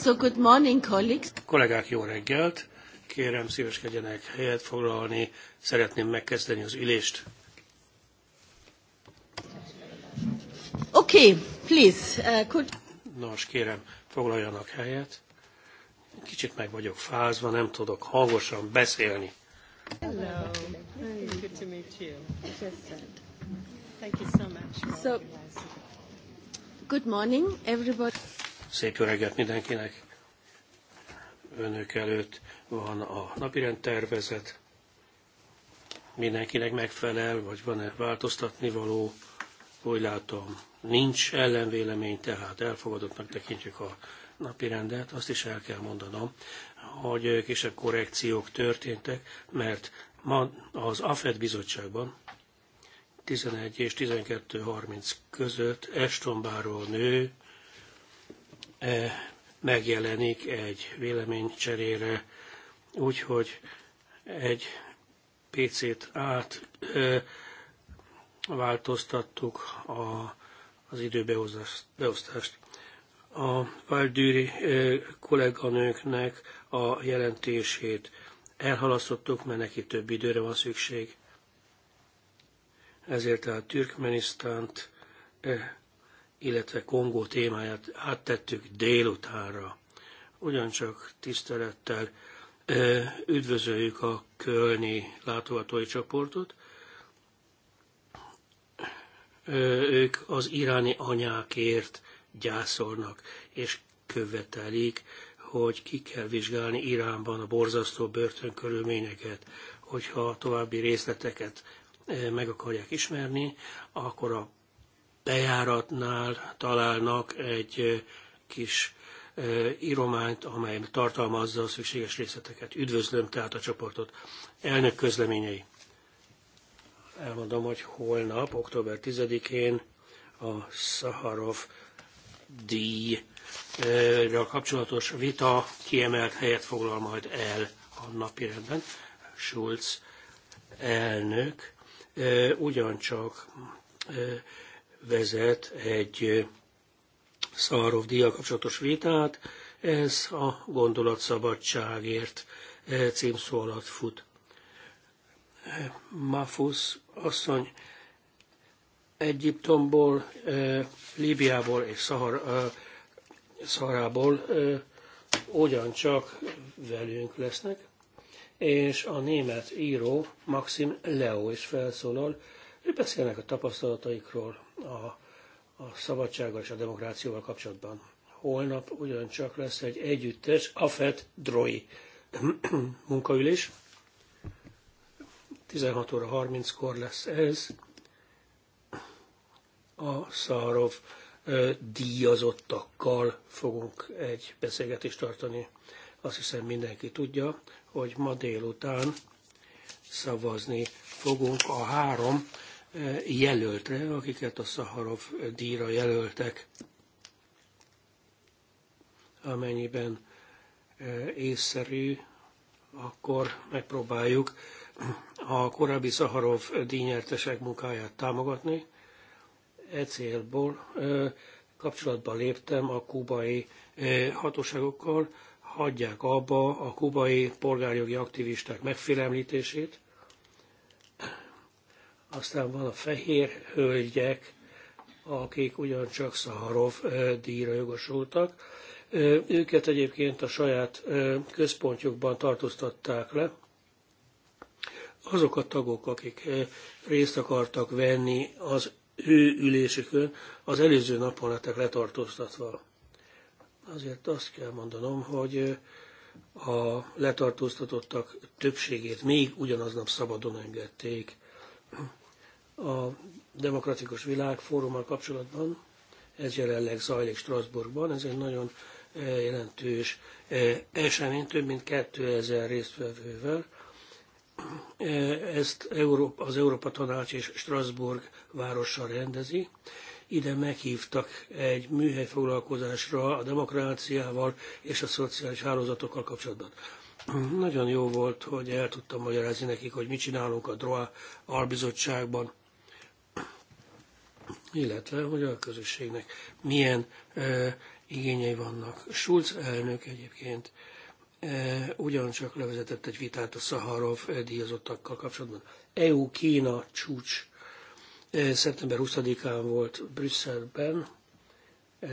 So good morning, colleagues. Kollégák, jó reggelt! Kérem, szíveskedjenek helyet foglalni. Szeretném megkezdeni az ülést. Okay, please. Uh, could... Nos, kérem, foglaljanak helyet. Kicsit meg vagyok fázva, nem tudok hangosan beszélni. Hello. Good to meet you. Thank you so much. So, good morning, everybody. Szép jó reggelt mindenkinek. Önök előtt van a napirend tervezet. Mindenkinek megfelel, vagy van-e változtatni való? Úgy látom, nincs ellenvélemény, tehát elfogadottnak tekintjük a napirendet. Azt is el kell mondanom, hogy kisebb korrekciók történtek, mert ma az AFED bizottságban 11 és 12.30 között Estombáról nő megjelenik egy véleménycserére, úgyhogy egy picit átváltoztattuk a, az időbeosztást. A Valdűri kolléganőknek a jelentését elhalasztottuk, mert neki több időre van szükség. Ezért tehát Türkmenisztánt illetve Kongó témáját áttettük délutánra. Ugyancsak tisztelettel üdvözöljük a Kölni látogatói csoportot. Ők az iráni anyákért gyászolnak, és követelik, hogy ki kell vizsgálni Iránban a borzasztó börtönkörülményeket, hogyha további részleteket meg akarják ismerni, akkor a bejáratnál találnak egy kis írományt, amely tartalmazza a szükséges részleteket. Üdvözlöm tehát a csoportot. Elnök közleményei. Elmondom, hogy holnap, október 10-én a Szaharov díjra kapcsolatos vita kiemelt helyet foglal majd el a rendben. Schulz elnök ugyancsak vezet egy Szarov díjjal kapcsolatos vitát, ez a gondolatszabadságért címszó alatt fut. Mafusz asszony Egyiptomból, Líbiából és Szahar, Szaharából ugyancsak velünk lesznek, és a német író Maxim Leo is felszólal, ő beszélnek a tapasztalataikról, a, a szabadsággal és a demokrációval kapcsolatban. Holnap ugyancsak lesz egy együttes AFET DROI munkaülés. 16 óra 30-kor lesz ez. A Szaharov díjazottakkal fogunk egy beszélgetést tartani. Azt hiszem mindenki tudja, hogy ma délután szavazni fogunk a három jelöltre, akiket a Szaharov díjra jelöltek. Amennyiben e, észszerű, akkor megpróbáljuk a korábbi Szaharov díjnyertesek munkáját támogatni. E célból e, kapcsolatba léptem a kubai e, hatóságokkal, hagyják abba a kubai polgárjogi aktivisták megfélemlítését, aztán van a fehér hölgyek, akik ugyancsak Szaharov díjra jogosultak. Őket egyébként a saját központjukban tartóztatták le. Azok a tagok, akik részt akartak venni az ő ülésükön, az előző napon lettek letartóztatva. Azért azt kell mondanom, hogy a letartóztatottak többségét még ugyanaznap szabadon engedték a Demokratikus világ Fórummal kapcsolatban, ez jelenleg zajlik Strasbourgban, ez egy nagyon eh, jelentős eh, esemény, több mint 2000 résztvevővel. Eh, ezt az Európa Tanács és Strasbourg városa rendezi. Ide meghívtak egy műhely foglalkozásra a demokráciával és a szociális hálózatokkal kapcsolatban. Nagyon jó volt, hogy el tudtam magyarázni nekik, hogy mit csinálunk a DROA albizottságban, illetve hogy a közösségnek milyen e, igényei vannak. Schulz elnök egyébként e, ugyancsak levezetett egy vitát a Szaharov díjazottakkal kapcsolatban. EU-Kína csúcs e, szeptember 20-án volt Brüsszelben, e,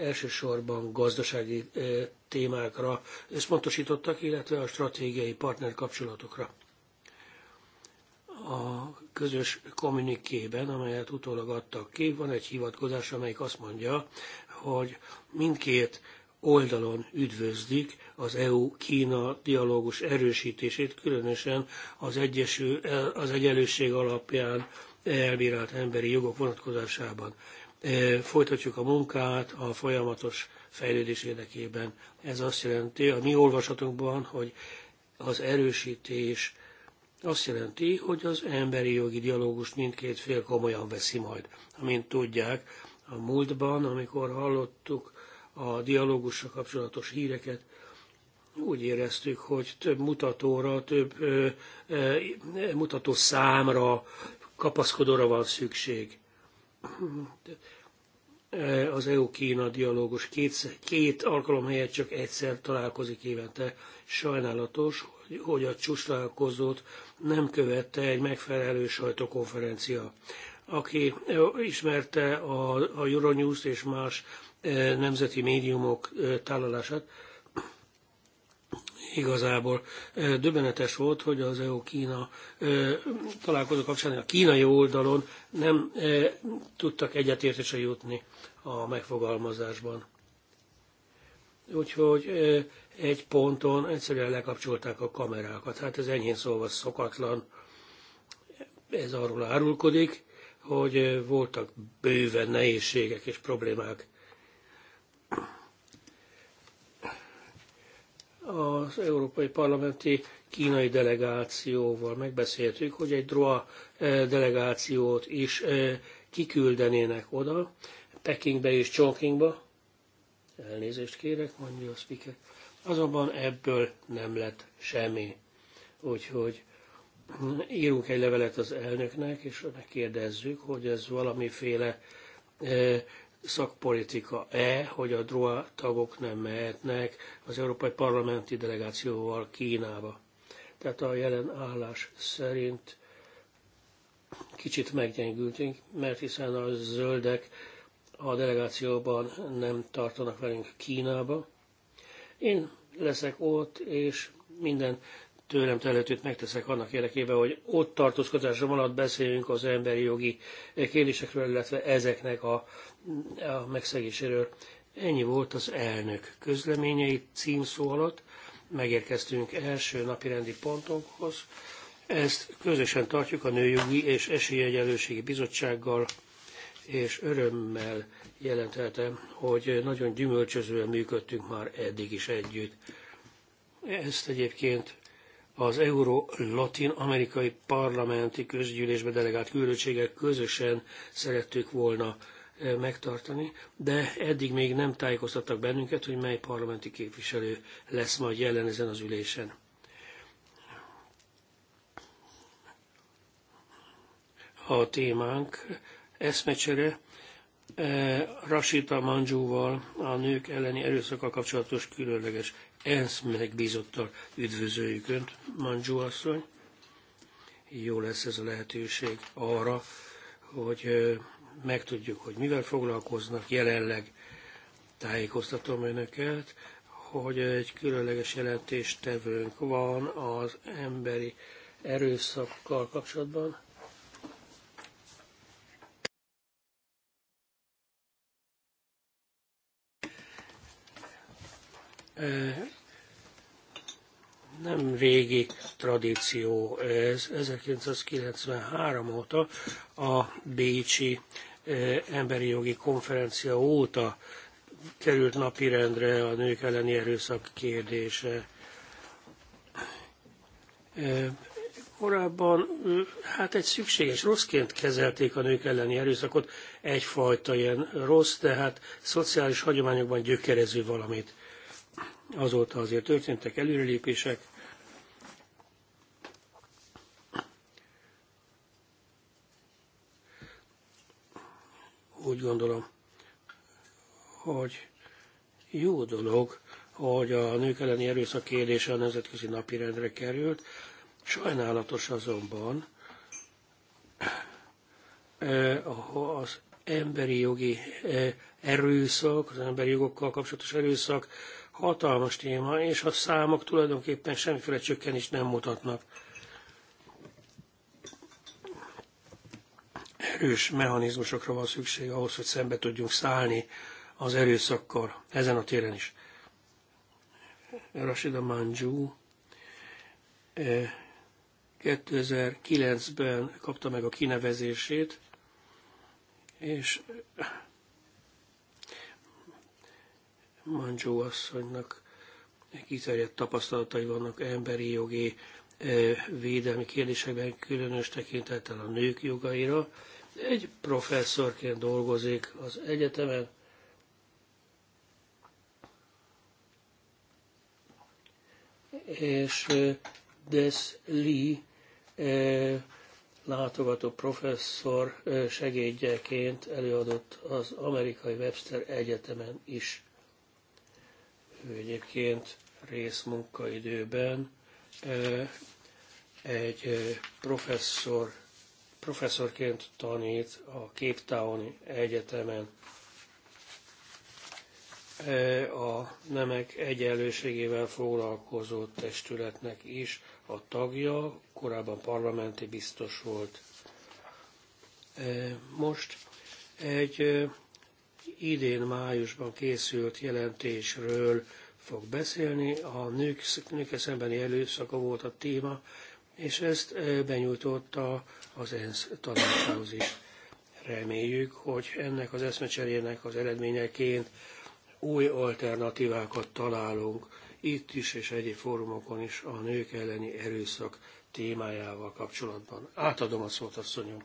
elsősorban gazdasági e, témákra összpontosítottak, illetve a stratégiai partner kapcsolatokra a közös kommunikében, amelyet utólag adtak ki, van egy hivatkozás, amelyik azt mondja, hogy mindkét oldalon üdvözlik az EU-Kína dialógus erősítését, különösen az, egyesül, az egyenlőség alapján elbírált emberi jogok vonatkozásában. E, folytatjuk a munkát a folyamatos fejlődés érdekében. Ez azt jelenti a mi olvasatunkban, hogy az erősítés azt jelenti, hogy az emberi jogi dialógus mindkét fél komolyan veszi majd. Amint tudják, a múltban, amikor hallottuk a dialógussal kapcsolatos híreket, úgy éreztük, hogy több mutatóra, több ö, ö, mutató számra, kapaszkodóra van szükség. Az EU-Kína dialógus két, két alkalom helyett csak egyszer találkozik évente. Sajnálatos, hogy a csúcs találkozót nem követte egy megfelelő sajtókonferencia. Aki ismerte a, a Euronews és más nemzeti médiumok tálalását, igazából döbbenetes volt, hogy az EU-Kína találkozó kapcsán a kínai oldalon nem tudtak egyetértésre jutni a megfogalmazásban. Úgyhogy egy ponton egyszerűen lekapcsolták a kamerákat. Hát ez enyhén szóval szokatlan. Ez arról árulkodik, hogy voltak bőven nehézségek és problémák. Az Európai Parlamenti kínai delegációval megbeszéltük, hogy egy DROA eh, delegációt is eh, kiküldenének oda, Pekingbe és Chongqingba. Elnézést kérek, mondja a speaker. Azonban ebből nem lett semmi. Úgyhogy írunk egy levelet az elnöknek, és megkérdezzük, hogy ez valamiféle szakpolitika-e, hogy a DROA tagok nem mehetnek az Európai Parlamenti Delegációval Kínába. Tehát a jelen állás szerint kicsit meggyengültünk, mert hiszen a zöldek a delegációban nem tartanak velünk Kínába, én leszek ott, és minden tőlem telhetőt megteszek annak érdekében, hogy ott tartózkodásom alatt beszéljünk az emberi jogi kérdésekről, illetve ezeknek a, a megszegéséről. Ennyi volt az elnök közleményei címszó alatt. Megérkeztünk első napi rendi pontunkhoz. Ezt közösen tartjuk a Nőjogi és Esélyegyelőségi Bizottsággal és örömmel jelenthetem, hogy nagyon gyümölcsözően működtünk már eddig is együtt. Ezt egyébként az Euró-Latin Amerikai Parlamenti Közgyűlésbe delegált küldöttségek közösen szerettük volna e, megtartani, de eddig még nem tájékoztattak bennünket, hogy mely parlamenti képviselő lesz majd jelen ezen az ülésen. A témánk eszmecsere e, Rasita Manjúval a nők elleni erőszakkal kapcsolatos különleges ENSZ megbízottal üdvözöljük Önt, Manzsú asszony. Jó lesz ez a lehetőség arra, hogy e, megtudjuk, hogy mivel foglalkoznak jelenleg. Tájékoztatom Önöket, hogy egy különleges jelentéstevőnk van az emberi erőszakkal kapcsolatban. nem végig tradíció ez. 1993 óta a Bécsi emberi jogi konferencia óta került napirendre a nők elleni erőszak kérdése. Korábban hát egy szükséges rosszként kezelték a nők elleni erőszakot, egyfajta ilyen rossz, tehát szociális hagyományokban gyökerező valamit Azóta azért történtek előrelépések. Úgy gondolom, hogy jó dolog, hogy a nők elleni erőszak kérdése a nemzetközi napirendre került. Sajnálatos azonban az emberi jogi erőszak, az emberi jogokkal kapcsolatos erőszak hatalmas téma, és a számok tulajdonképpen semmiféle csökkenést nem mutatnak. Erős mechanizmusokra van szükség ahhoz, hogy szembe tudjunk szállni az erőszakkal, ezen a téren is. Rashida Manju 2009-ben eh, kapta meg a kinevezését, és Mancsó asszonynak kiterjedt tapasztalatai vannak emberi jogi e, védelmi kérdésekben, különös tekintettel a nők jogaira. Egy professzorként dolgozik az egyetemen, és e, Des Lee e, látogató professzor segédjeként előadott az amerikai Webster Egyetemen is. Ő egyébként részmunkaidőben egy professzor, professzorként tanít a Cape Towni Egyetemen a nemek egyenlőségével foglalkozó testületnek is a tagja, korábban parlamenti biztos volt. Most egy idén májusban készült jelentésről fog beszélni. A nők, nők szembeni előszaka volt a téma, és ezt benyújtotta az ENSZ tanácsához is. Reméljük, hogy ennek az eszmecserének az eredményeként új alternatívákat találunk itt is és egyéb fórumokon is a nők elleni erőszak témájával kapcsolatban. Átadom a szót, asszonyom.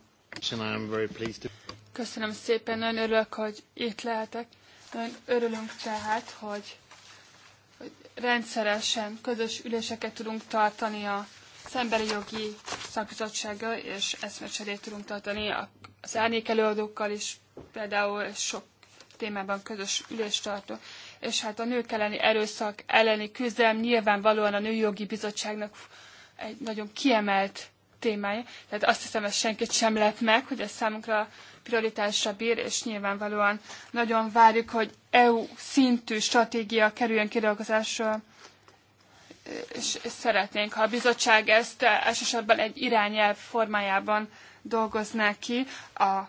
Köszönöm szépen, nagyon örülök, hogy itt lehetek. Nagyon örülünk tehát, hogy, hogy rendszeresen közös üléseket tudunk tartani a az emberi jogi szakbizottsággal, és eszmecserét tudunk tartani az árnyékelőadókkal előadókkal is, például sok témában közös ülést tartunk. És hát a nők elleni erőszak elleni küzdelem nyilvánvalóan a Nőjogi Bizottságnak egy nagyon kiemelt témája. Tehát azt hiszem, ez senkit sem lett meg, hogy ez számunkra prioritásra bír, és nyilvánvalóan nagyon várjuk, hogy EU szintű stratégia kerüljön kidolgozásra, és, szeretnénk, ha a bizottság ezt elsősorban egy irányelv formájában dolgozná ki a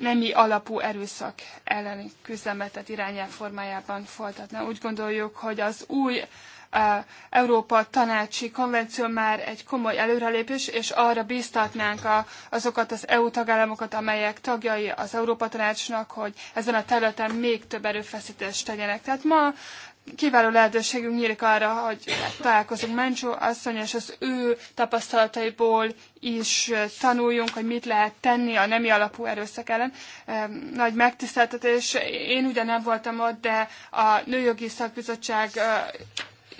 nemi alapú erőszak elleni küzdelmetet irányelv formájában folytatná. Úgy gondoljuk, hogy az új Európa Tanácsi Konvenció már egy komoly előrelépés, és arra bíztatnánk a, azokat az EU tagállamokat, amelyek tagjai az Európa Tanácsnak, hogy ezen a területen még több erőfeszítést tegyenek. Tehát ma kiváló lehetőségünk nyílik arra, hogy találkozunk Mencsó asszony, és az ő tapasztalataiból is tanuljunk, hogy mit lehet tenni a nemi alapú erőszak ellen. Nagy megtiszteltetés. Én ugyan nem voltam ott, de a Nőjogi Szakbizottság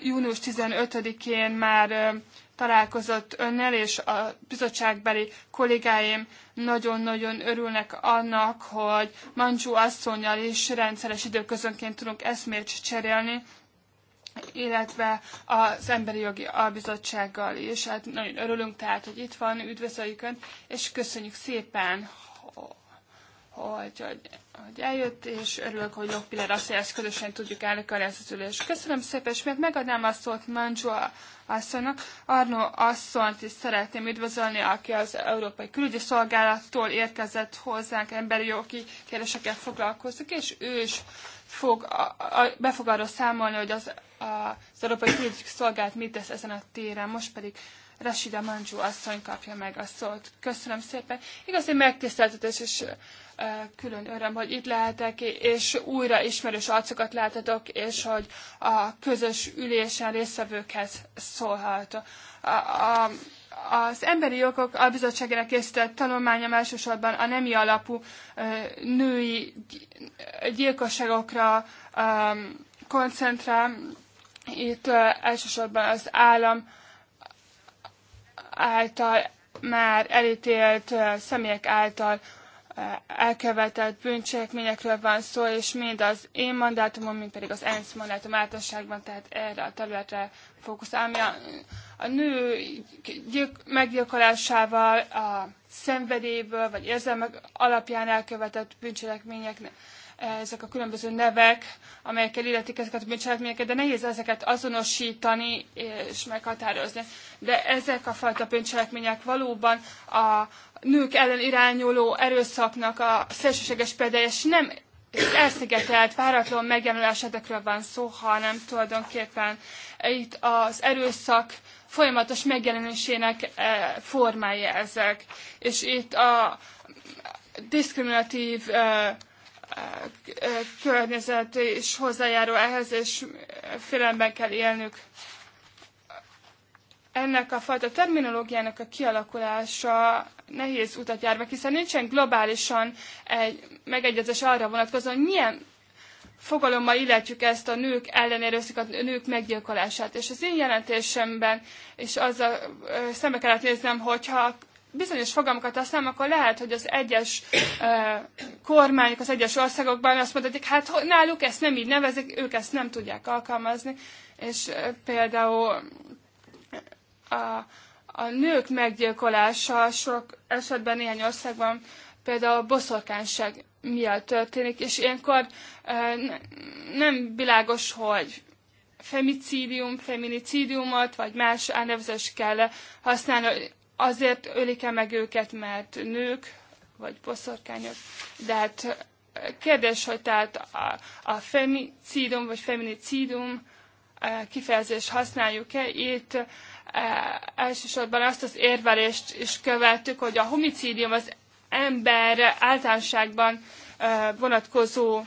június 15-én már találkozott önnel, és a bizottságbeli kollégáim nagyon-nagyon örülnek annak, hogy Mancsú asszonynal is rendszeres időközönként tudunk eszmét cserélni, illetve az Emberi Jogi Albizottsággal is. Hát nagyon örülünk tehát, hogy itt van, üdvözöljük ön és köszönjük szépen, hogy, hogy hogy eljött, és örülök, hogy Lokpiller asszonyhoz közösen tudjuk elkövelni ezt az ülést. Köszönöm szépen, és még megadnám a szót Manzsua asszonynak. Arno asszonyt is szeretném üdvözölni, aki az Európai Külügyi Szolgálattól érkezett hozzánk, emberi jogi kérdésekkel foglalkozik, és ő is fog, a, a, be fog arról számolni, hogy az, a, az Európai Külügyi Szolgálat mit tesz ezen a téren. Most pedig Rashida Manzsú asszony kapja meg a szót. Köszönöm szépen. Igazi megtiszteltetés és külön öröm, hogy itt lehetek, és újra ismerős arcokat láthatok, és hogy a közös ülésen résztvevőkhez szólhat. A, a, az Emberi Jogok Albizottságának készített tanulmányom elsősorban a nemi alapú női gyilkosságokra koncentrál. Itt elsősorban az állam által már elítélt személyek által elkövetett bűncselekményekről van szó, és mind az én mandátumom, mind pedig az ENSZ mandátum általánosságban, tehát erre a területre fókuszál, ami a, a nő gyök, meggyilkolásával, a szenvedélyből, vagy érzelmek alapján elkövetett bűncselekmények, eh, ezek a különböző nevek, amelyekkel illetik ezeket a bűncselekményeket, de nehéz ezeket azonosítani és meghatározni. De ezek a fajta bűncselekmények valóban a, nők ellen irányuló erőszaknak a szélsőséges példája, és nem elszigetelt, váratlan megjelenésedekről van szó, hanem tulajdonképpen itt az erőszak folyamatos megjelenésének eh, formája ezek. És itt a diszkriminatív eh, eh, környezet is hozzájárul ehhez, és félelemben kell élnünk ennek a fajta terminológiának a kialakulása nehéz utat jár meg, hiszen nincsen globálisan egy megegyezés arra vonatkozóan, hogy milyen fogalommal illetjük ezt a nők ellen a nők meggyilkolását. És az én jelentésemben, és azzal szembe kellett néznem, hogyha bizonyos fogalmakat használom, akkor lehet, hogy az egyes kormányok az egyes országokban azt mondhatják, hát náluk ezt nem így nevezik, ők ezt nem tudják alkalmazni, és például a, a nők meggyilkolása sok esetben néhány országban például a boszorkányság miatt történik, és ilyenkor e, nem világos, hogy femicídium, feminicídiumot, vagy más elnevezést kell használni, azért ölik -e meg őket, mert nők, vagy boszorkányok, de hát kérdés, hogy tehát a, a femicídum, vagy feminicídum kifejezést használjuk-e, itt E, elsősorban azt az érvelést is követtük, hogy a homicídium az ember általánosságban e, vonatkozó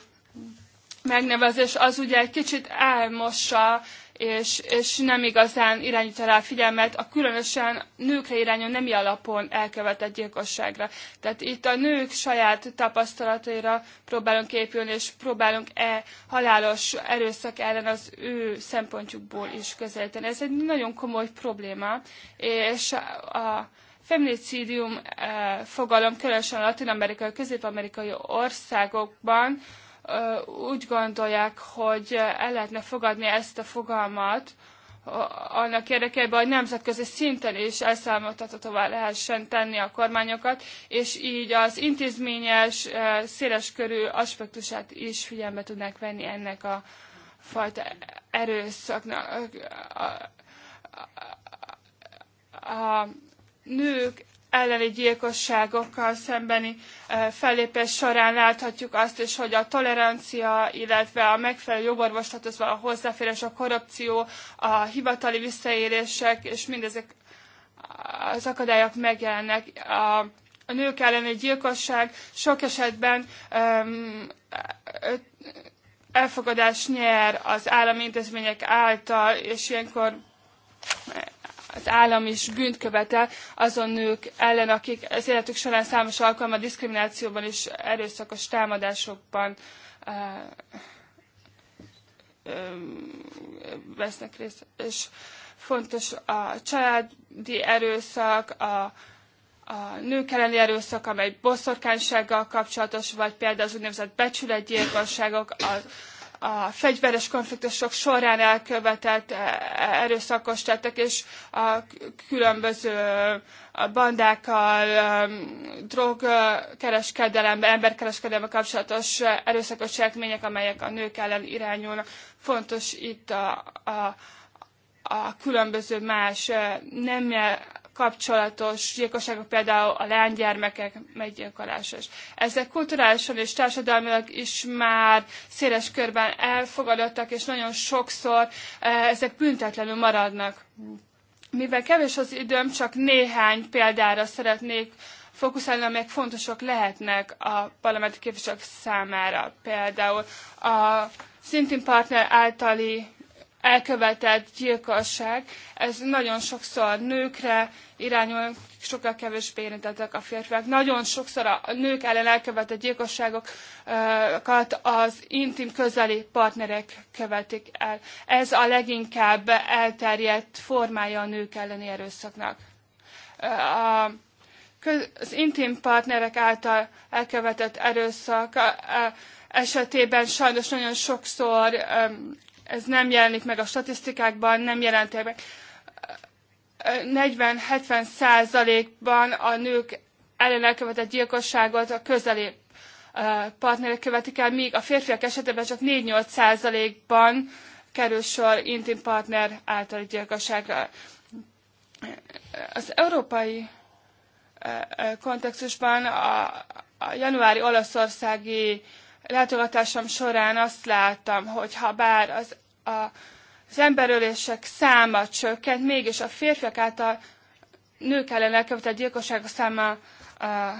megnevezés, az ugye egy kicsit elmossa és, és nem igazán irányítja rá a figyelmet a különösen nőkre irányuló nemi alapon elkövetett gyilkosságra. Tehát itt a nők saját tapasztalataira próbálunk épülni, és próbálunk e halálos erőszak ellen az ő szempontjukból is közelíteni. Ez egy nagyon komoly probléma, és a feminicidium e, fogalom különösen a latin-amerikai, közép-amerikai országokban úgy gondolják, hogy el lehetne fogadni ezt a fogalmat, annak érdekében, hogy nemzetközi szinten is elszámoltathatóvá lehessen tenni a kormányokat, és így az intézményes, széleskörű aspektusát is figyelme tudnák venni ennek a fajta erőszaknak. a nők elleni gyilkosságokkal szembeni fellépés során láthatjuk azt is, hogy a tolerancia, illetve a megfelelő jogorvoslathoz való hozzáférés, a korrupció, a hivatali visszaélések, és mindezek az akadályok megjelennek. A, a nők elleni gyilkosság sok esetben um, elfogadás nyer az állami intézmények által, és ilyenkor az állam is bűnt követel azon nők ellen, akik az életük során számos alkalommal diszkriminációban és erőszakos támadásokban eh, eh, vesznek részt. És fontos a családi erőszak, a, a nők elleni erőszak, amely boszorkánysággal kapcsolatos, vagy például az úgynevezett becsületgyilkosságok, a, a fegyveres konfliktusok során elkövetett e, erőszakos tettek, és a különböző bandákkal, e, drogkereskedelemben, emberkereskedelemben kapcsolatos erőszakos cselekmények, amelyek a nők ellen irányulnak. Fontos itt a, a a különböző más e, nem kapcsolatos gyilkosságok, például a lánygyermekek meggyilkolásos. Ezek kulturálisan és társadalmilag is már széles körben elfogadottak, és nagyon sokszor eh, ezek büntetlenül maradnak. Mivel kevés az időm, csak néhány példára szeretnék fókuszálni, amelyek fontosak lehetnek a parlamenti képviselők számára. Például a szintén partner általi elkövetett gyilkosság, ez nagyon sokszor nőkre irányul, sokkal kevésbé érintettek a férfiak. Nagyon sokszor a nők ellen elkövetett gyilkosságokat az intim közeli partnerek követik el. Ez a leginkább elterjedt formája a nők elleni erőszaknak. A az intim partnerek által elkövetett erőszak esetében sajnos nagyon sokszor ez nem jelenik meg a statisztikákban, nem jelentik meg. 40-70 százalékban a nők ellen elkövetett gyilkosságot a közeli partnerek követik el, míg a férfiak esetében csak 4-8 százalékban kerül sor intim partner által gyilkosságra. Az európai kontextusban a, a januári olaszországi uh, látogatásom során azt láttam, hogy ha bár az, a, az emberölések száma csökkent, mégis a férfiak által nők ellen elkövetett gyilkosságok száma a, a,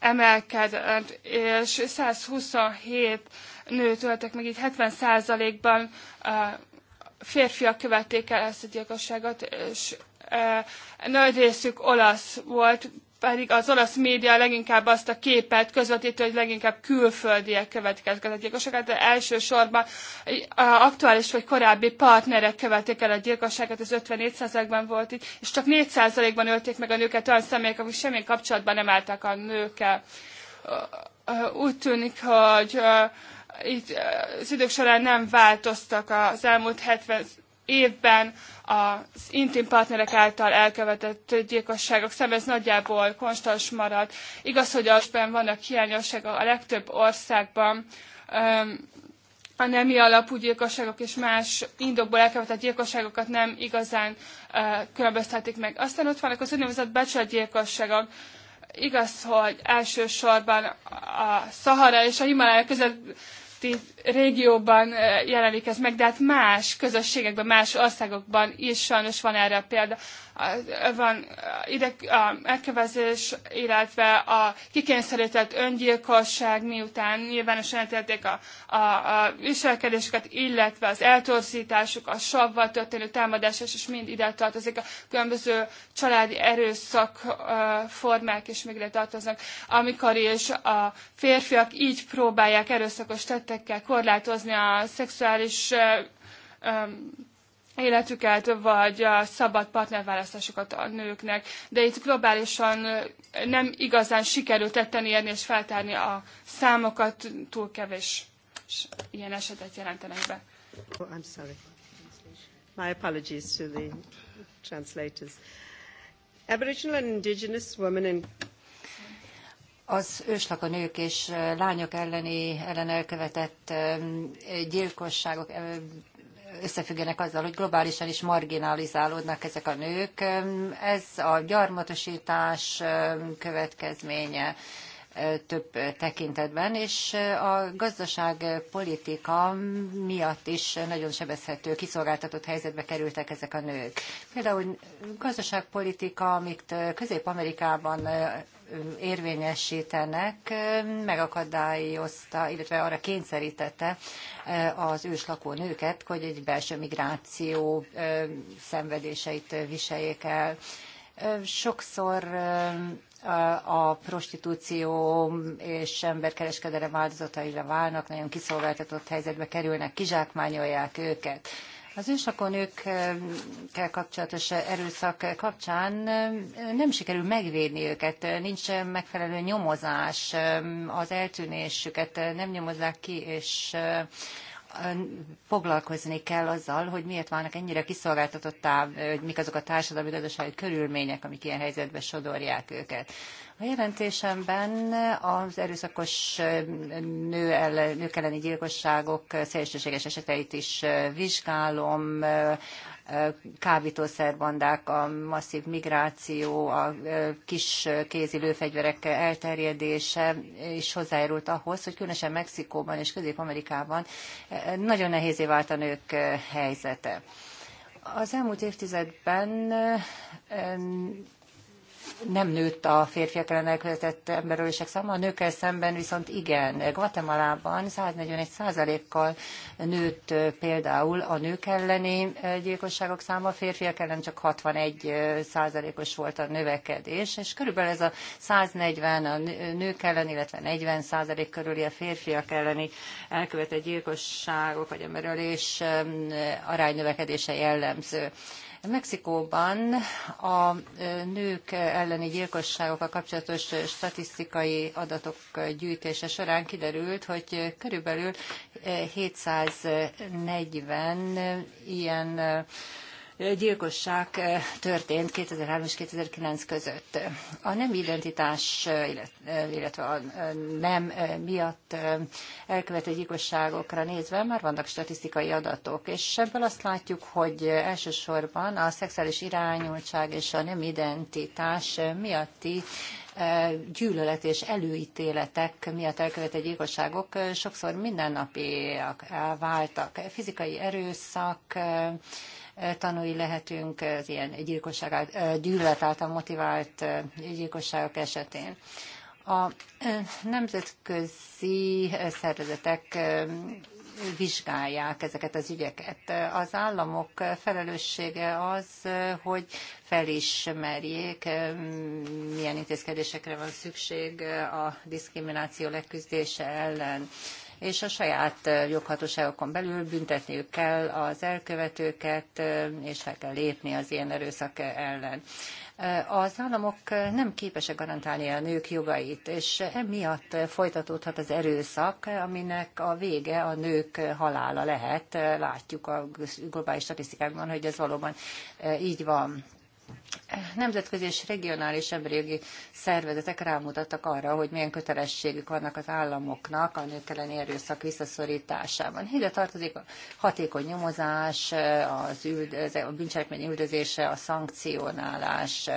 emelkedett, és 127 nőt öltek meg, így 70%-ban férfiak követték el ezt a gyilkosságot, és nagy részük olasz volt, pedig az olasz média leginkább azt a képet közvetítő, hogy leginkább külföldiek követik el a gyilkosságot, de elsősorban a aktuális vagy korábbi partnerek követik el a gyilkosságot, ez 54%-ban volt itt, és csak 4%-ban ölték meg a nőket olyan személyek, akik semmilyen kapcsolatban nem álltak a nőkkel. Úgy tűnik, hogy itt az idők során nem változtak az elmúlt 70 évben az intim partnerek által elkövetett gyilkosságok szem, ez nagyjából konstans maradt. Igaz, hogy azben vannak hiányosságok a legtöbb országban, a nemi alapú gyilkosságok és más indokból elkövetett gyilkosságokat nem igazán különböztetik meg. Aztán ott vannak az úgynevezett becsületgyilkosságok, igaz, hogy elsősorban a Szahara és a Himalája közötti régióban jelenik ez meg, de hát más közösségekben, más országokban is sajnos van erre példa. Van ide a megkövezés, illetve a kikényszerített öngyilkosság, miután nyilvánosan eltérték a, a, a viselkedéseket, illetve az eltorzításuk, a savval történő támadás, és mind ide tartozik a különböző családi erőszak formák, és még ide tartoznak, amikor is a férfiak így próbálják erőszakos tettekkel korlátozni a szexuális életüket, vagy a szabad partnerválasztásokat a nőknek. De itt globálisan nem igazán sikerült tetten érni és feltárni a számokat, túl kevés ilyen esetet jelentenek be. Oh, I'm sorry. My apologies to the translators. Aboriginal and Indigenous women and az őslaka nők és lányok elleni ellen elkövetett gyilkosságok összefüggenek azzal, hogy globálisan is marginalizálódnak ezek a nők. Ez a gyarmatosítás következménye több tekintetben, és a gazdaságpolitika miatt is nagyon sebezhető, kiszolgáltatott helyzetbe kerültek ezek a nők. Például gazdaságpolitika, amit Közép-Amerikában érvényesítenek, megakadályozta, illetve arra kényszerítette az őslakó nőket, hogy egy belső migráció szenvedéseit viseljék el. Sokszor a prostitúció és emberkereskedelem áldozataira válnak, nagyon kiszolgáltatott helyzetbe kerülnek, kizsákmányolják őket az őslakon nőkkel kapcsolatos erőszak kapcsán nem sikerül megvédni őket, nincs megfelelő nyomozás, az eltűnésüket nem nyomozzák ki, és foglalkozni kell azzal, hogy miért válnak ennyire kiszolgáltatottá, hogy mik azok a társadalmi gazdasági körülmények, amik ilyen helyzetbe sodorják őket. A jelentésemben az erőszakos nő ellen, nők elleni gyilkosságok szélsőséges eseteit is vizsgálom, kábítószerbandák, a masszív migráció, a kis kézi lőfegyverek elterjedése is hozzájárult ahhoz, hogy különösen Mexikóban és Közép-Amerikában nagyon nehézé vált a nők helyzete. Az elmúlt évtizedben nem nőtt a férfiak ellen elkövetett emberölések száma, a nőkkel szemben viszont igen. Guatemalában 141 százalékkal nőtt például a nők elleni gyilkosságok száma, a férfiak ellen csak 61 százalékos volt a növekedés, és körülbelül ez a 140 a nők ellen, illetve 40 százalék körüli a férfiak elleni elkövetett gyilkosságok vagy emberölés aránynövekedése jellemző. Mexikóban a nők elleni gyilkosságokkal kapcsolatos statisztikai adatok gyűjtése során kiderült, hogy körülbelül 740 eh, ilyen gyilkosság történt 2003 és 2009 között. A nem identitás, illetve a nem miatt elkövetett gyilkosságokra nézve már vannak statisztikai adatok, és ebből azt látjuk, hogy elsősorban a szexuális irányultság és a nem identitás miatti gyűlölet és előítéletek miatt elkövetett gyilkosságok sokszor mindennapiak váltak. Fizikai erőszak, tanúi lehetünk az ilyen gyilkosság, gyűlölet által motivált gyilkosságok esetén. A nemzetközi szervezetek vizsgálják ezeket az ügyeket. Az államok felelőssége az, hogy felismerjék, milyen intézkedésekre van szükség a diszkrimináció leküzdése ellen és a saját joghatóságokon belül büntetniük kell az elkövetőket, és fel kell lépni az ilyen erőszak ellen. Az államok nem képesek garantálni a nők jogait, és emiatt folytatódhat az erőszak, aminek a vége a nők halála lehet. Látjuk a globális statisztikákban, hogy ez valóban így van. Nemzetközi és regionális emberi jogi szervezetek rámutattak arra, hogy milyen kötelességük vannak az államoknak a nők elleni erőszak visszaszorításában. Ide tartozik a hatékony nyomozás, az a bűncselekmény üldözése, a szankcionálás,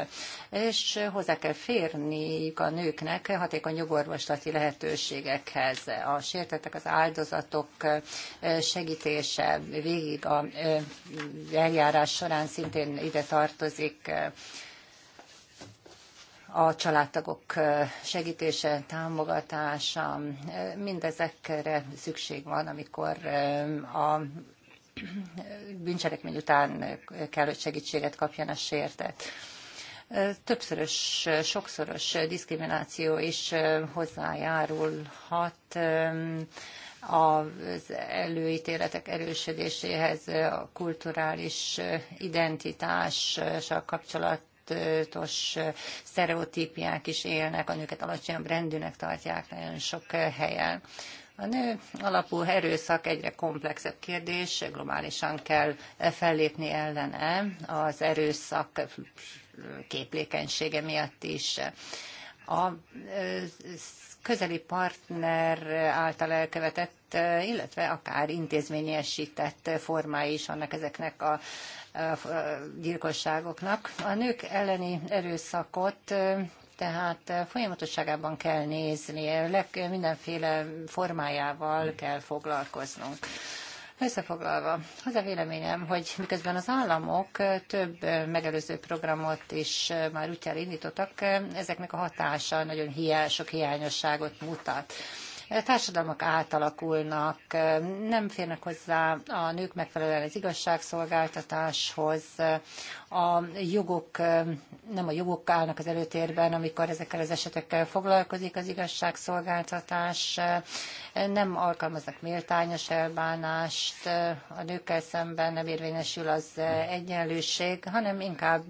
és hozzá kell férniük a nőknek hatékony jogorvoslati lehetőségekhez. A sértettek az áldozatok segítése végig a eljárás során szintén ide tartozik a családtagok segítése, támogatása, mindezekre szükség van, amikor a bűncselekmény után kell, hogy segítséget kapjon a sértet. Többszörös, sokszoros diszkrimináció is hozzájárulhat az előítéletek erősödéséhez, a kulturális identitással kapcsolatos sztereotípiák is élnek, a nőket alacsonyabb rendűnek tartják nagyon sok helyen. A nő alapú erőszak egyre komplexebb kérdés, globálisan kell fellépni ellene az erőszak képlékenysége miatt is. A közeli partner által elkövetett illetve akár intézményesített formái is vannak ezeknek a gyilkosságoknak. A nők elleni erőszakot tehát folyamatosságában kell nézni, mindenféle formájával kell foglalkoznunk. Összefoglalva, az a véleményem, hogy miközben az államok több megelőző programot is már útjára indítottak, ezeknek a hatása nagyon hiány, sok hiányosságot mutat társadalmak átalakulnak, nem férnek hozzá a nők megfelelően az igazságszolgáltatáshoz, a jogok, nem a jogok állnak az előtérben, amikor ezekkel az esetekkel foglalkozik az igazságszolgáltatás, nem alkalmaznak méltányos elbánást, a nőkkel szemben nem érvényesül az egyenlőség, hanem inkább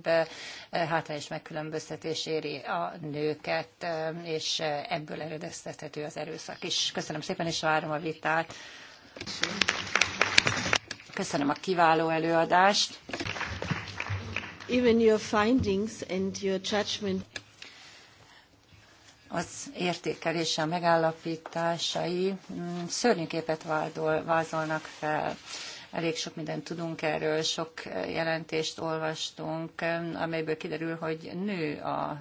hátrányos megkülönböztetés éri a nőket, és ebből eredeztethető az erőszak is. Köszönöm szépen, és várom a vitát. Köszönöm a kiváló előadást even your findings and your judgment. Az értékelése, a megállapításai mm, szörnyű képet vádol, vázolnak fel elég sok mindent tudunk erről, sok jelentést olvastunk, amelyből kiderül, hogy nő a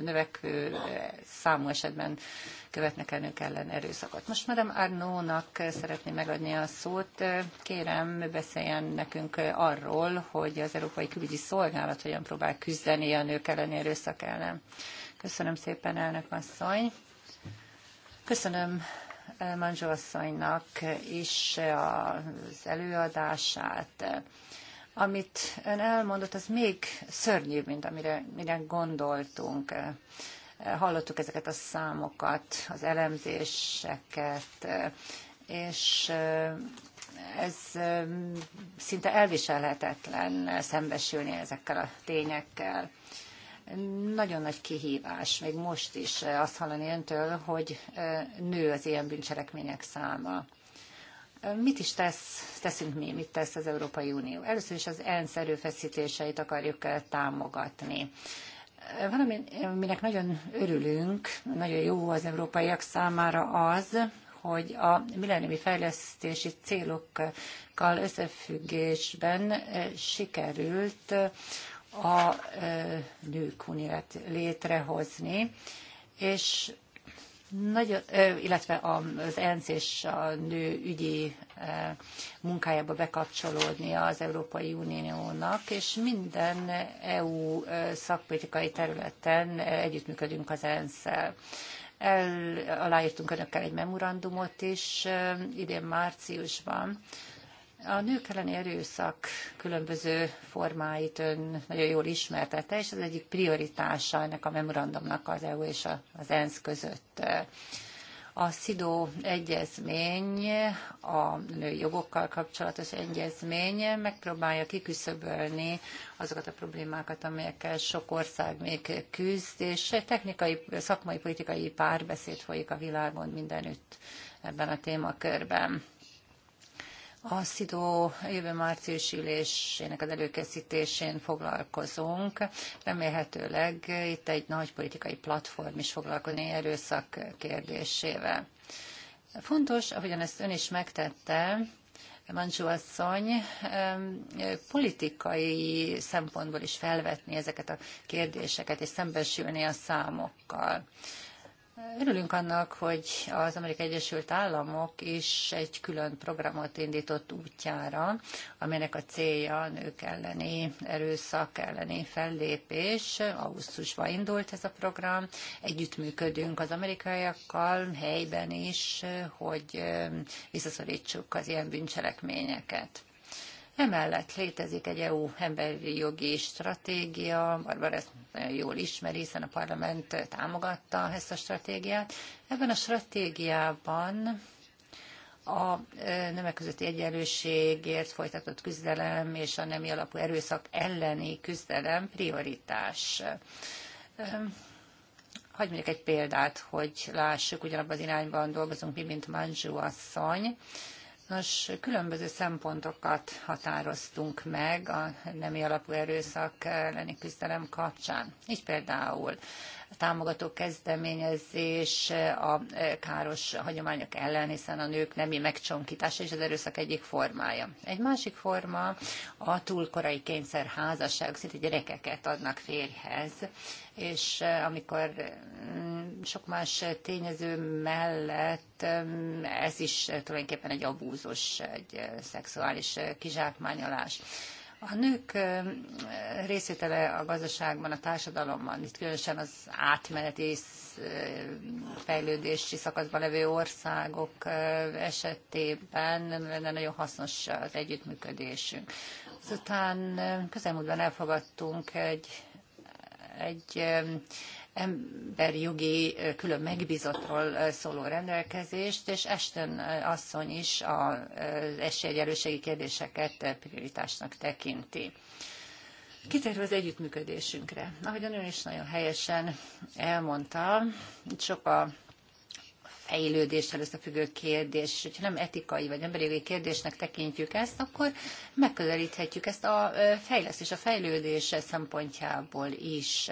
növekvő számú esetben követnek el nők ellen erőszakot. Most Madame Arnónak szeretném megadni a szót. Kérem, beszéljen nekünk arról, hogy az Európai Külügyi Szolgálat hogyan próbál küzdeni a nők elleni erőszak ellen. Köszönöm szépen, elnök asszony. Köszönöm Manzsó asszonynak is az előadását. Amit ön elmondott, az még szörnyűbb, mint amire mire gondoltunk. Hallottuk ezeket a számokat, az elemzéseket, és ez szinte elviselhetetlen szembesülni ezekkel a tényekkel. Nagyon nagy kihívás, még most is azt hallani öntől, hogy nő az ilyen bűncselekmények száma. Mit is tesz, teszünk mi, mit tesz az Európai Unió? Először is az ENSZ erőfeszítéseit akarjuk eh, támogatni. Valami, eh, minek nagyon örülünk, nagyon jó az európaiak számára az, hogy a millenniumi fejlesztési célokkal összefüggésben eh, sikerült a nők létrehozni, és nagyon, illetve az ENSZ és a nő ügyi munkájába bekapcsolódni az Európai Uniónak, és minden EU szakpolitikai területen együttműködünk az ENSZ-szel. El, aláírtunk önökkel egy memorandumot is idén márciusban, a nők elleni erőszak különböző formáit ön nagyon jól ismertette, és az egyik prioritása ennek a memorandumnak az EU és az ENSZ között. A SZIDO egyezmény, a női jogokkal kapcsolatos egyezmény megpróbálja kiküszöbölni azokat a problémákat, amelyekkel sok ország még küzd, és technikai, szakmai, politikai párbeszéd folyik a világon mindenütt ebben a témakörben. A SZIDÓ jövő március ülésének az előkészítésén foglalkozunk. Remélhetőleg itt egy nagy politikai platform is foglalkozni erőszak kérdésével. Fontos, ahogyan ezt ön is megtette, Mancsú asszony, politikai szempontból is felvetni ezeket a kérdéseket, és szembesülni a számokkal. Örülünk annak, hogy az Amerikai Egyesült Államok is egy külön programot indított útjára, amelynek a célja a nők elleni erőszak elleni fellépés. Augusztusban indult ez a program. Együttműködünk az amerikaiakkal helyben is, hogy visszaszorítsuk az ilyen bűncselekményeket. Emellett létezik egy EU emberi jogi stratégia, Barbara ezt jól ismeri, hiszen a parlament támogatta ezt a stratégiát. Ebben a stratégiában a nemek közötti egyenlőségért folytatott küzdelem és a nemi alapú erőszak elleni küzdelem prioritás. Hagy mondjuk egy példát, hogy lássuk, ugyanabban az irányban dolgozunk mi, mint Manzsú asszony. Nos, különböző szempontokat határoztunk meg a nemi alapú erőszak elleni küzdelem kapcsán. Így például a támogató kezdeményezés a káros hagyományok ellen, hiszen a nők nemi megcsonkítása és az erőszak egyik formája. Egy másik forma a túlkorai kényszer házasság, szinte gyerekeket adnak férjhez, és eh, amikor sok más tényező mellett ez is tulajdonképpen egy abúzus, egy eh, szexuális eh, kizsákmányolás. A nők részvétele a gazdaságban, a társadalomban, itt különösen az átmeneti eh, fejlődési szakaszban levő országok esetében lenne nagyon hasznos az együttműködésünk. Azután közelmúltban elfogadtunk egy, egy emberjogi külön megbizotról szóló rendelkezést, és Ashton asszony is az esélyegyenlőségi kérdéseket prioritásnak tekinti. Kitérve az együttműködésünkre. Ahogyan ön is nagyon helyesen elmondta, itt sok a fejlődéssel összefüggő kérdés, és hogyha nem etikai vagy emberi jogi kérdésnek tekintjük ezt, akkor megközelíthetjük ezt a fejlesztés, a fejlődés szempontjából is.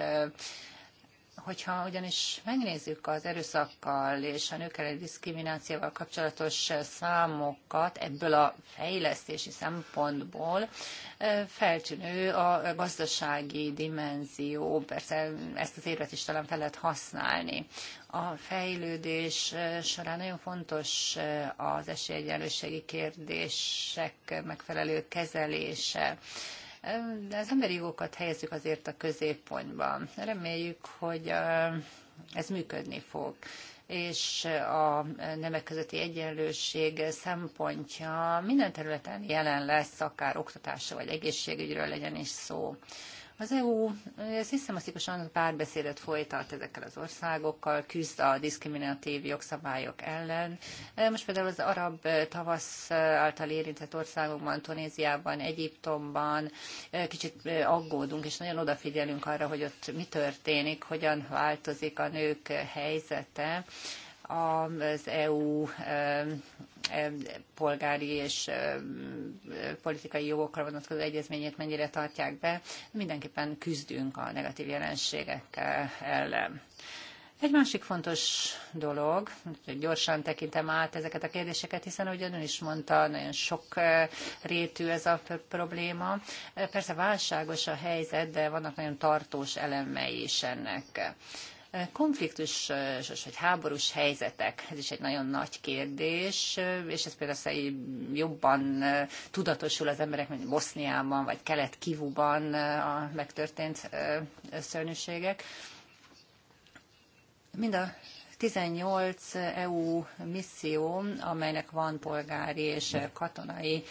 Hogyha ugyanis megnézzük az erőszakkal és a nők elleni diszkriminációval kapcsolatos eh, számokat ebből a fejlesztési szempontból, eh, feltűnő a gazdasági dimenzió, persze ezt az érvet is talán fel lehet használni. A fejlődés eh, során nagyon fontos az esélyegyenlőségi kérdések megfelelő kezelése de az emberi jogokat helyezzük azért a középpontban. Reméljük, hogy ez működni fog és a nemek közötti egyenlőség szempontja minden területen jelen lesz, akár oktatásra vagy egészségügyről legyen is szó. Az EU eh, szisztematikusan párbeszédet folytat ezekkel az országokkal, küzd a diszkriminatív jogszabályok ellen. Eh, most például az arab eh, tavasz által érintett országokban, Tunéziában, Egyiptomban kicsit aggódunk, és nagyon odafigyelünk arra, hogy ott mi történik, hogyan változik a nők helyzete az EU e, e, polgári és e, politikai jogokra vonatkozó egyezményét mennyire tartják be. Mindenképpen küzdünk a negatív jelenségek ellen. Egy másik fontos dolog, hogy gyorsan tekintem át ezeket a kérdéseket, hiszen ahogy ön is mondta, nagyon sok rétű ez a probléma. Persze válságos a helyzet, de vannak nagyon tartós elemei is ennek konfliktusos vagy háborús helyzetek, ez is egy nagyon nagy kérdés, és ez például jobban tudatosul az emberek, mint Boszniában vagy Kelet-Kivuban a megtörtént szörnyűségek. Mind a 18 EU misszió, amelynek van polgári és katonai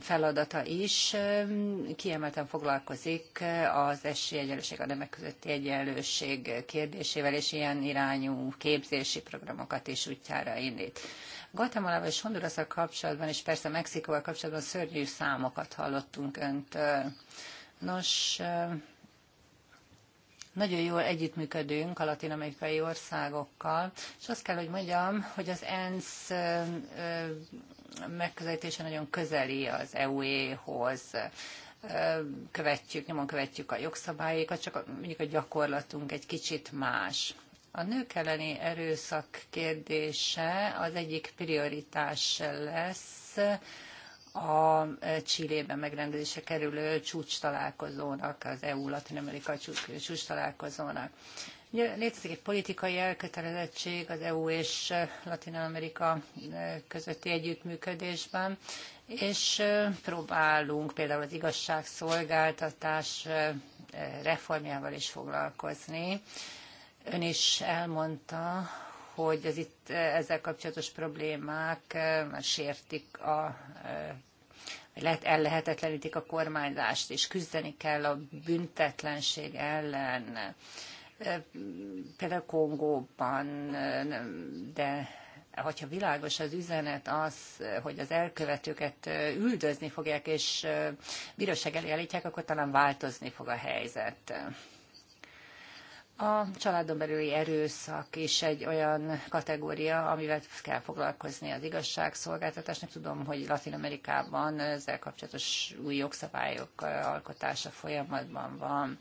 feladata is kiemelten foglalkozik az esélyegyenlőség, a nemek közötti egyenlőség kérdésével, és ilyen irányú képzési programokat is útjára indít. Guatemalával és Honduraszal kapcsolatban, és persze Mexikóval kapcsolatban szörnyű számokat hallottunk öntől. Nos, nagyon jól együttműködünk a latin-amerikai országokkal, és azt kell, hogy mondjam, hogy az ENSZ megközelítése nagyon közeli az eu hoz követjük, nyomon követjük a jogszabályokat, csak mondjuk a gyakorlatunk egy kicsit más. A nők elleni erőszak kérdése az egyik prioritás lesz a e, Csillében megrendezése kerülő csúcs találkozónak, az EU-Latin-Amerika csúcs találkozónak. Létezik egy politikai elkötelezettség az EU és eh, Latin Amerika eh, közötti együttműködésben, és eh, próbálunk például az igazságszolgáltatás reformjával is foglalkozni. Ön is elmondta, hogy az itt ezzel kapcsolatos problémák sértik a lehet, ellehetetlenítik a kormányzást, és küzdeni kell a büntetlenség ellen például Kongóban, de hogyha világos az üzenet az, hogy az elkövetőket üldözni fogják, és bíróság elé állítják, akkor talán változni fog a helyzet. A családon belüli erőszak is egy olyan kategória, amivel kell foglalkozni az igazságszolgáltatásnak. Tudom, hogy Latin Amerikában ezzel kapcsolatos új jogszabályok alkotása folyamatban van.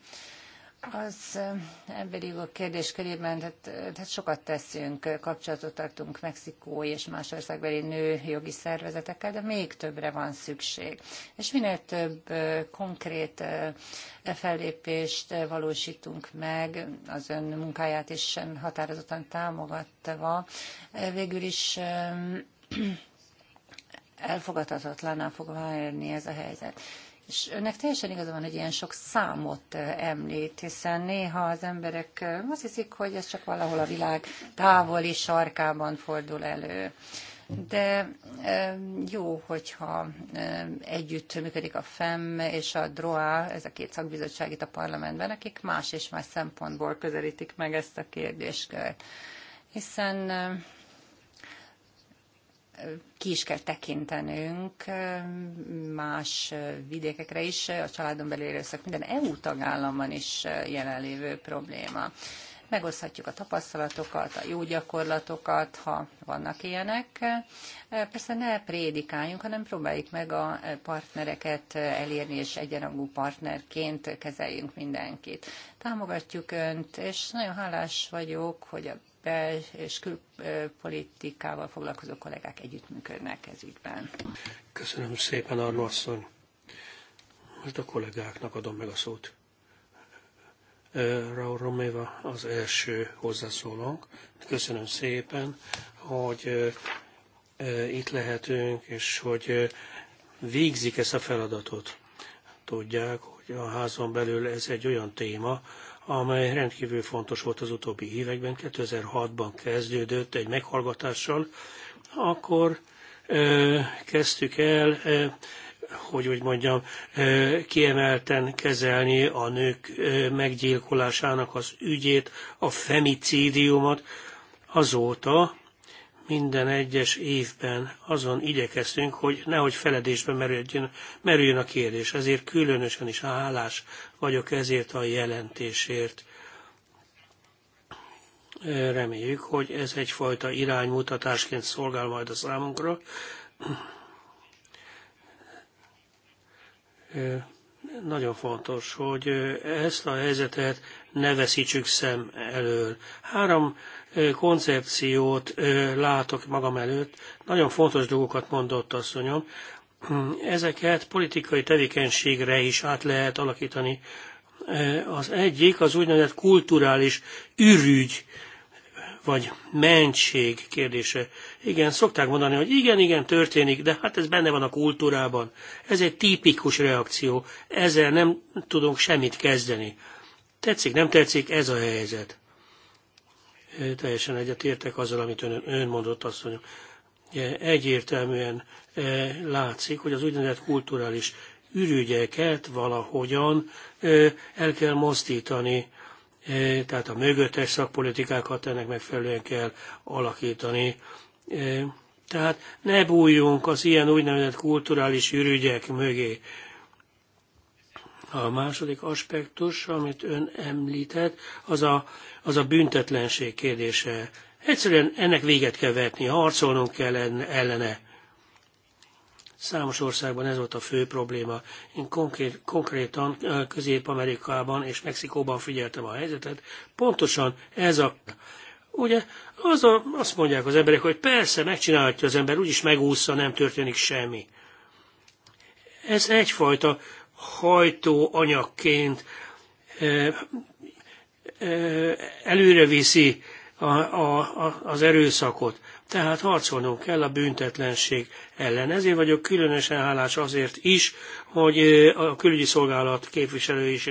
Az eh, emberi jogok kérdéskörében tehát, eh, tehát sokat teszünk, eh, kapcsolatot tartunk mexikói és más országbeli nő jogi szervezetekkel, de még többre van szükség. És minél több konkrét e fellépést valósítunk meg, az ön munkáját is határozottan támogatva, végül is elfogadhatatlaná fog válni ez a helyzet. És önnek teljesen igaza van, hogy ilyen sok számot említ, hiszen néha az emberek azt hiszik, hogy ez csak valahol a világ távoli sarkában fordul elő. De jó, hogyha együtt működik a FEM és a DROA, ez a két szakbizottság itt a parlamentben, akik más és más szempontból közelítik meg ezt a kérdéskört. Hiszen ki is kell tekintenünk más vidékekre is, a családon belül erőszak minden EU tagállamban is jelenlévő probléma. Megoszthatjuk a tapasztalatokat, a jó gyakorlatokat, ha vannak ilyenek. Persze ne prédikáljunk, hanem próbáljuk meg a partnereket elérni, és egyenrangú partnerként kezeljünk mindenkit. Támogatjuk Önt, és nagyon hálás vagyok, hogy a bel- és külpolitikával foglalkozó kollégák együttműködnek ez ügyben. Köszönöm szépen, Arno asszony. Most a kollégáknak adom meg a szót. Raúl Roméva az első hozzászólónk. Köszönöm szépen, hogy itt lehetünk, és hogy végzik ezt a feladatot. Tudják, hogy a házon belül ez egy olyan téma, amely rendkívül fontos volt az utóbbi években, 2006-ban kezdődött egy meghallgatással, akkor ö, kezdtük el, ö, hogy úgy mondjam, ö, kiemelten kezelni a nők ö, meggyilkolásának az ügyét, a femicídiumot. Azóta minden egyes évben azon igyekeztünk, hogy nehogy feledésbe merüljön, merüljön a kérdés. Ezért különösen is hálás vagyok ezért a jelentésért. Reméljük, hogy ez egyfajta iránymutatásként szolgál majd a számunkra. Nagyon fontos, hogy ezt a helyzetet ne veszítsük szem elől. Három koncepciót látok magam előtt. Nagyon fontos dolgokat mondott asszonyom. Ezeket politikai tevékenységre is át lehet alakítani. Az egyik az úgynevezett kulturális ürügy, vagy mentség kérdése. Igen, szokták mondani, hogy igen, igen, történik, de hát ez benne van a kultúrában. Ez egy tipikus reakció, ezzel nem tudunk semmit kezdeni. Tetszik, nem tetszik, ez a helyzet. Teljesen egyetértek azzal, amit ön, ön mondott, asszonyom. Egyértelműen látszik, hogy az úgynevezett kulturális ürügyeket valahogyan el kell mozdítani, tehát a mögöttes szakpolitikákat ennek megfelelően kell alakítani. Tehát ne bújjunk az ilyen úgynevezett kulturális ürügyek mögé. A második aspektus, amit ön említett, az a, az a büntetlenség kérdése. Egyszerűen ennek véget kell vetni, harcolnunk kell ellene. Számos országban ez volt a fő probléma. Én konkrét, konkrétan Közép-Amerikában és Mexikóban figyeltem a helyzetet. Pontosan ez a... Ugye az a, azt mondják az emberek, hogy persze, megcsinálhatja az ember, úgyis megúszza, nem történik semmi. Ez egyfajta hajtóanyagként előre viszi a, a, az erőszakot. Tehát harcolnunk kell a büntetlenség ellen. Ezért vagyok különösen hálás azért is, hogy a külügyi szolgálat képviselői is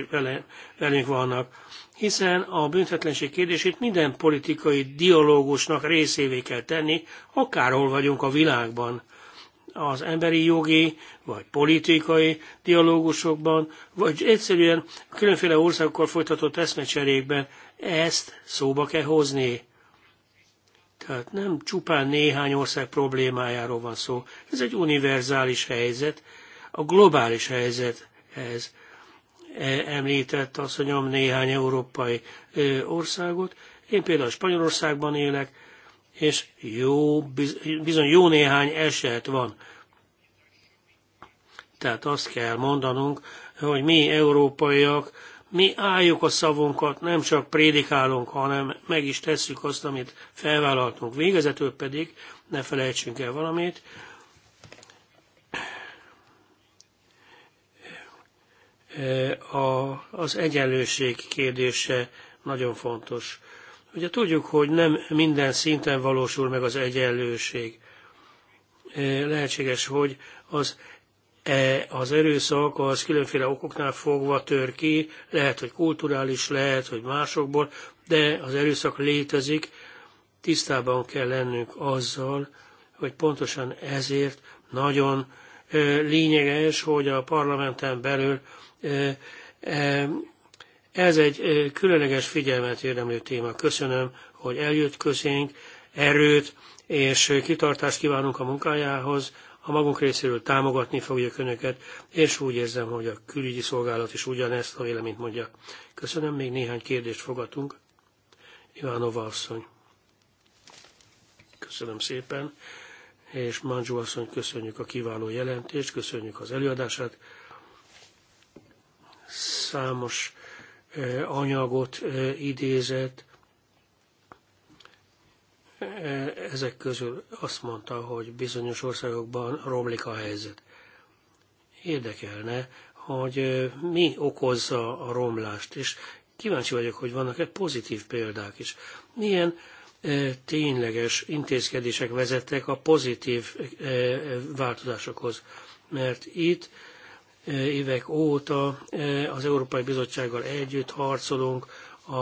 velünk vannak, hiszen a büntetlenség kérdését minden politikai dialógusnak részévé kell tenni, akárhol vagyunk a világban az emberi jogi vagy politikai dialógusokban, vagy egyszerűen különféle országokkal folytatott eszmecserékben ezt szóba kell hozni. Tehát nem csupán néhány ország problémájáról van szó. Ez egy univerzális helyzet, a globális helyzet, ez e, említett asszonyom néhány európai országot. Én például Spanyolországban élek, és jó, bizony jó néhány eset van. Tehát azt kell mondanunk, hogy mi európaiak, mi álljuk a szavunkat, nem csak prédikálunk, hanem meg is tesszük azt, amit felvállaltunk. Végezetül pedig ne felejtsünk el valamit. A, az egyenlőség kérdése nagyon fontos. Ugye tudjuk, hogy nem minden szinten valósul meg az egyenlőség. E, lehetséges, hogy az, e, az erőszak az különféle okoknál fogva tör ki, lehet, hogy kulturális, lehet, hogy másokból, de az erőszak létezik, tisztában kell lennünk azzal, hogy pontosan ezért nagyon e, lényeges, hogy a parlamenten belül ez egy különleges figyelmet érdemlő téma. Köszönöm, hogy eljött közénk, erőt és kitartást kívánunk a munkájához. A magunk részéről támogatni fogjuk Önöket, és úgy érzem, hogy a külügyi szolgálat is ugyanezt a véleményt mondja. Köszönöm, még néhány kérdést fogadunk. Ivánova asszony. Köszönöm szépen, és Manzsó asszony, köszönjük a kiváló jelentést, köszönjük az előadását. Számos anyagot idézett. Ezek közül azt mondta, hogy bizonyos országokban romlik a helyzet. Érdekelne, hogy mi okozza a romlást, és kíváncsi vagyok, hogy vannak-e pozitív példák is. Milyen tényleges intézkedések vezettek a pozitív változásokhoz, mert itt Eh, évek óta eh, az Európai Bizottsággal együtt harcolunk a,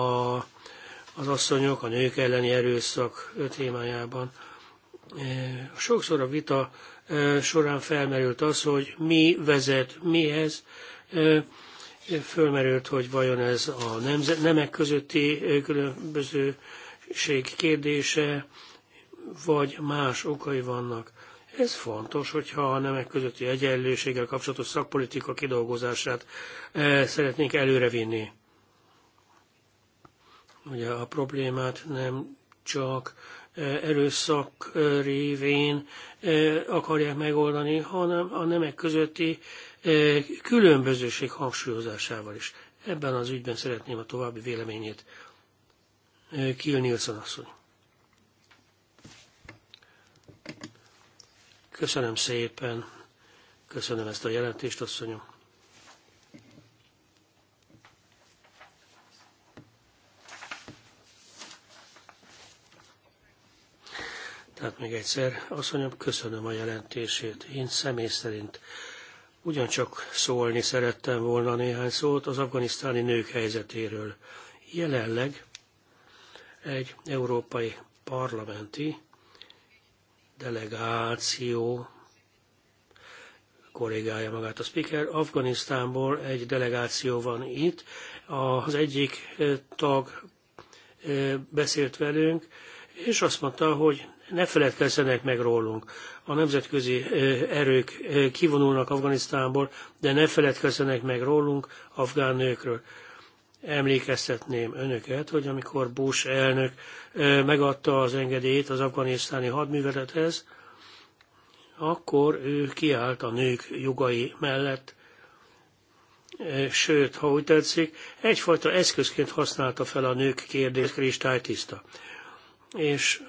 az asszonyok, a nők elleni erőszak témájában. Eh, sokszor a vita során felmerült az, hogy mi vezet mihez, fölmerült, hogy vajon ez a nemzet, nemek közötti különbözőség kérdése, vagy más okai vannak. Ez fontos, hogyha a nemek közötti egyenlőséggel kapcsolatos szakpolitika kidolgozását eh, szeretnénk előrevinni. Ugye a problémát nem csak eh, erőszak eh, révén akarják megoldani, hanem a nemek közötti különbözőség hangsúlyozásával is. Ebben az ügyben szeretném a további véleményét. Kill Nielsen asszony. Köszönöm szépen. Köszönöm ezt a jelentést, asszonyom. Tehát még egyszer, asszonyom, köszönöm a jelentését. Én személy szerint ugyancsak szólni szerettem volna néhány szót az afganisztáni nők helyzetéről. Jelenleg egy európai parlamenti delegáció korrigálja magát a speaker. Afganisztánból egy delegáció van itt. Az egyik eh, tag eh, beszélt velünk, és azt mondta, hogy ne feledkezzenek meg rólunk. A nemzetközi eh, erők kivonulnak Afganisztánból, de ne feledkezzenek meg rólunk, afgán nőkről. Emlékeztetném önöket, hogy amikor Bush elnök megadta az engedélyt az afganisztáni hadművelethez, akkor ő kiállt a nők jogai mellett, sőt, ha úgy tetszik, egyfajta eszközként használta fel a nők kérdést kristálytiszta. És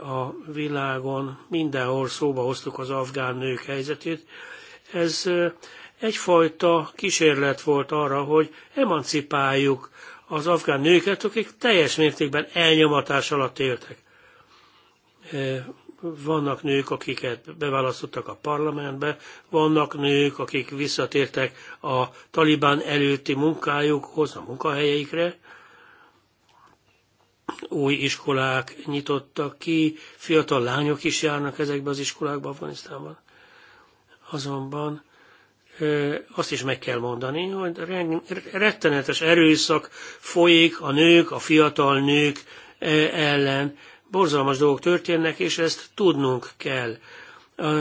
a világon mindenhol szóba hoztuk az afgán nők helyzetét. Ez egyfajta kísérlet volt arra, hogy emancipáljuk az afgán nőket, akik teljes mértékben elnyomatás alatt éltek. E, vannak nők, akiket beválasztottak a parlamentbe, vannak nők, akik visszatértek a talibán előtti munkájukhoz, a munkahelyeikre. Új iskolák nyitottak ki, fiatal lányok is járnak ezekbe az iskolákba Afganisztánban. Azonban azt is meg kell mondani, hogy rettenetes erőszak folyik a nők, a fiatal nők ellen. Borzalmas dolgok történnek, és ezt tudnunk kell.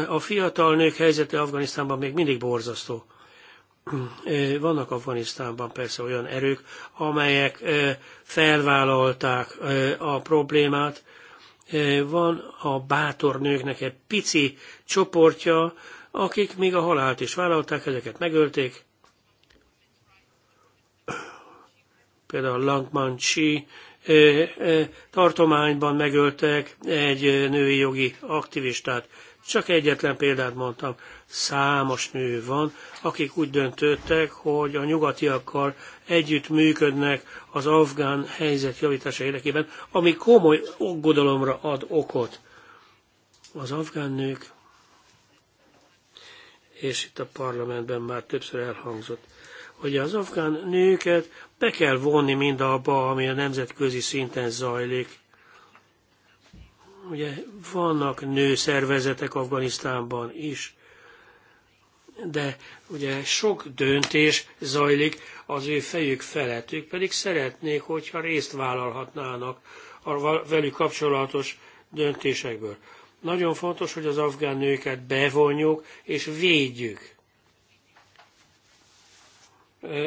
A fiatal nők helyzete Afganisztánban még mindig borzasztó. Vannak Afganisztánban persze olyan erők, amelyek felvállalták a problémát. Van a bátor nőknek egy pici csoportja, akik még a halált is vállalták, ezeket megölték. Például Langman Chi tartományban megöltek egy női jogi aktivistát. Csak egyetlen példát mondtam. Számos nő van, akik úgy döntöttek, hogy a nyugatiakkal együtt működnek az afgán helyzet javítása érdekében, ami komoly aggodalomra ad okot. Az afgán nők és itt a parlamentben már többször elhangzott, hogy az afgán nőket be kell vonni mind abba, ami a nemzetközi szinten zajlik. Ugye vannak nőszervezetek Afganisztánban is, de ugye sok döntés zajlik az ő fejük felett, ők pedig szeretnék, hogyha részt vállalhatnának a velük kapcsolatos döntésekből. Nagyon fontos, hogy az afgán nőket bevonjuk és védjük.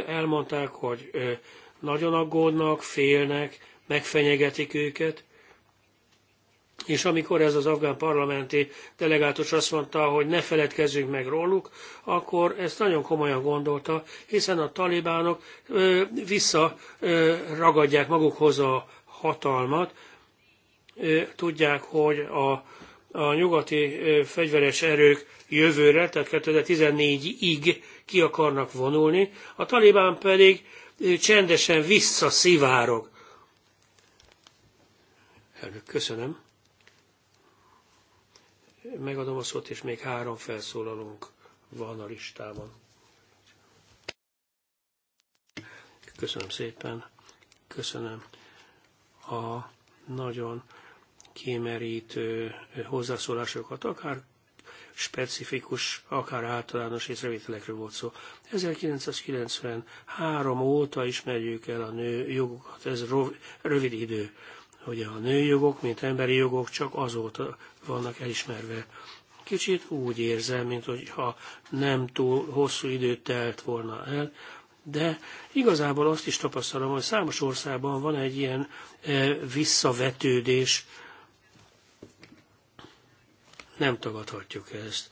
Elmondták, hogy nagyon aggódnak, félnek, megfenyegetik őket. És amikor ez az afgán parlamenti delegátus azt mondta, hogy ne feledkezzünk meg róluk, akkor ezt nagyon komolyan gondolta, hiszen a talibánok ö, vissza ö, ragadják magukhoz a hatalmat, ö, tudják, hogy a a nyugati fegyveres erők jövőre, tehát 2014-ig ki akarnak vonulni, a talibán pedig csendesen visszaszivárog. Elnök, köszönöm. Megadom a szót, és még három felszólalunk van a listában. Köszönöm szépen. Köszönöm a nagyon kimerítő hozzászólásokat, akár specifikus, akár általános észrevételekről volt szó. 1993 óta ismerjük el a jogokat, ez rövid idő, hogy a nőjogok, mint emberi jogok csak azóta vannak elismerve. Kicsit úgy érzem, mint hogyha nem túl hosszú időt telt volna el, de igazából azt is tapasztalom, hogy számos országban van egy ilyen eh, visszavetődés nem tagadhatjuk ezt.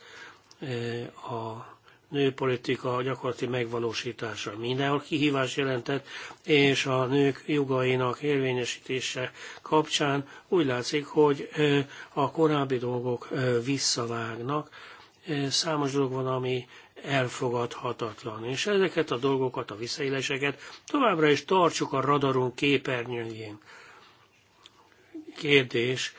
E, a nőpolitika gyakorlati megvalósítása mindenhol kihívás jelentett, és a nők jogainak érvényesítése kapcsán úgy látszik, hogy e, a korábbi dolgok e, visszavágnak. Számos dolog van, ami elfogadhatatlan. És ezeket a dolgokat, a visszaéléseket továbbra is tartsuk a radarunk képernyőjén. Kérdés,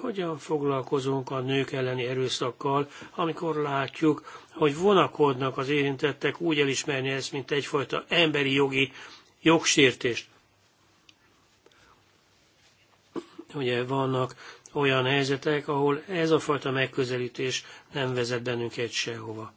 hogyan foglalkozunk a nők elleni erőszakkal, amikor látjuk, hogy vonakodnak az érintettek úgy elismerni ezt, mint egyfajta emberi jogi jogsértést. Ugye vannak olyan helyzetek, ahol ez a fajta megközelítés nem vezet bennünket sehova.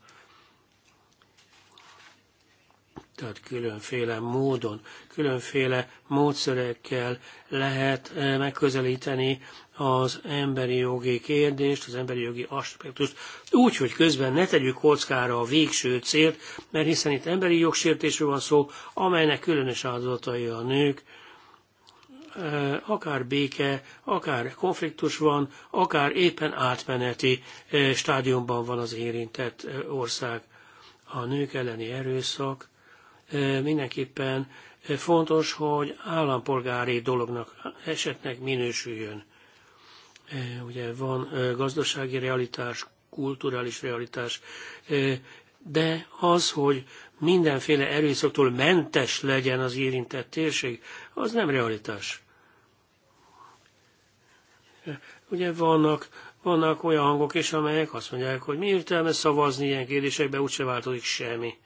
tehát különféle módon, különféle módszerekkel lehet megközelíteni az emberi jogi kérdést, az emberi jogi aspektust, úgy, hogy közben ne tegyük kockára a végső célt, mert hiszen itt emberi jogsértésről van szó, amelynek különös áldozatai a nők, akár béke, akár konfliktus van, akár éppen átmeneti stádiumban van az érintett ország. A nők elleni erőszak mindenképpen fontos, hogy állampolgári dolognak, esetnek minősüljön. E, ugye van e, gazdasági realitás, kulturális realitás, e, de az, hogy mindenféle erőszaktól mentes legyen az érintett térség, az nem realitás. Ugye vannak, vannak olyan hangok is, amelyek azt mondják, hogy mi értelme szavazni ilyen kérdésekben, úgyse változik semmi.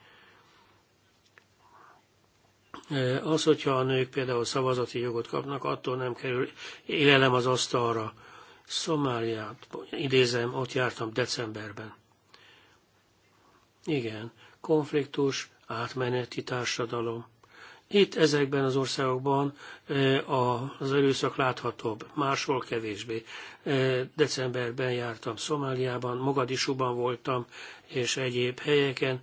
Az, hogyha a nők például szavazati jogot kapnak, attól nem kerül élelem az asztalra. Szomáliát, idézem, ott jártam decemberben. Igen, konfliktus, átmeneti társadalom. Itt ezekben az országokban eh, az erőszak láthatóbb, máshol kevésbé. Eh, decemberben jártam Szomáliában, Mogadisúban voltam, és egyéb helyeken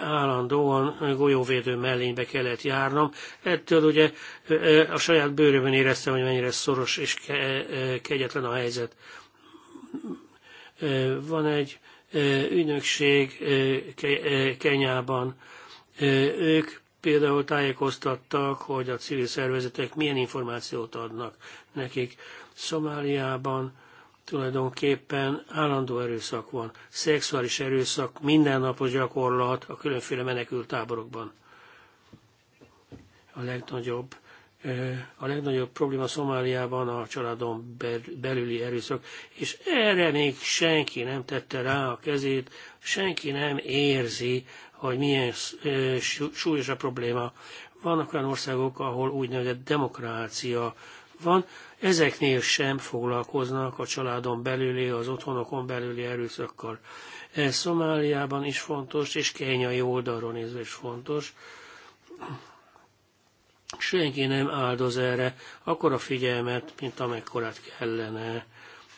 állandóan golyóvédő mellénybe kellett járnom. Ettől ugye a saját bőrömön éreztem, hogy mennyire szoros és kegyetlen a helyzet. Van egy ügynökség Kenyában. Ők például tájékoztattak, hogy a civil szervezetek milyen információt adnak nekik. Szomáliában tulajdonképpen állandó erőszak van. Szexuális erőszak, mindennapos gyakorlat a különféle menekültáborokban. A legnagyobb, a legnagyobb probléma Szomáliában a családon belüli erőszak, és erre még senki nem tette rá a kezét, senki nem érzi, hogy milyen súlyos a probléma. Vannak olyan országok, ahol úgynevezett demokrácia van, ezeknél sem foglalkoznak a családon belüli, az otthonokon belüli erőszakkal. Ez Szomáliában is fontos, és kenyai oldalról nézve is fontos. Senki nem áldoz erre akkor a figyelmet, mint amekkorát kellene.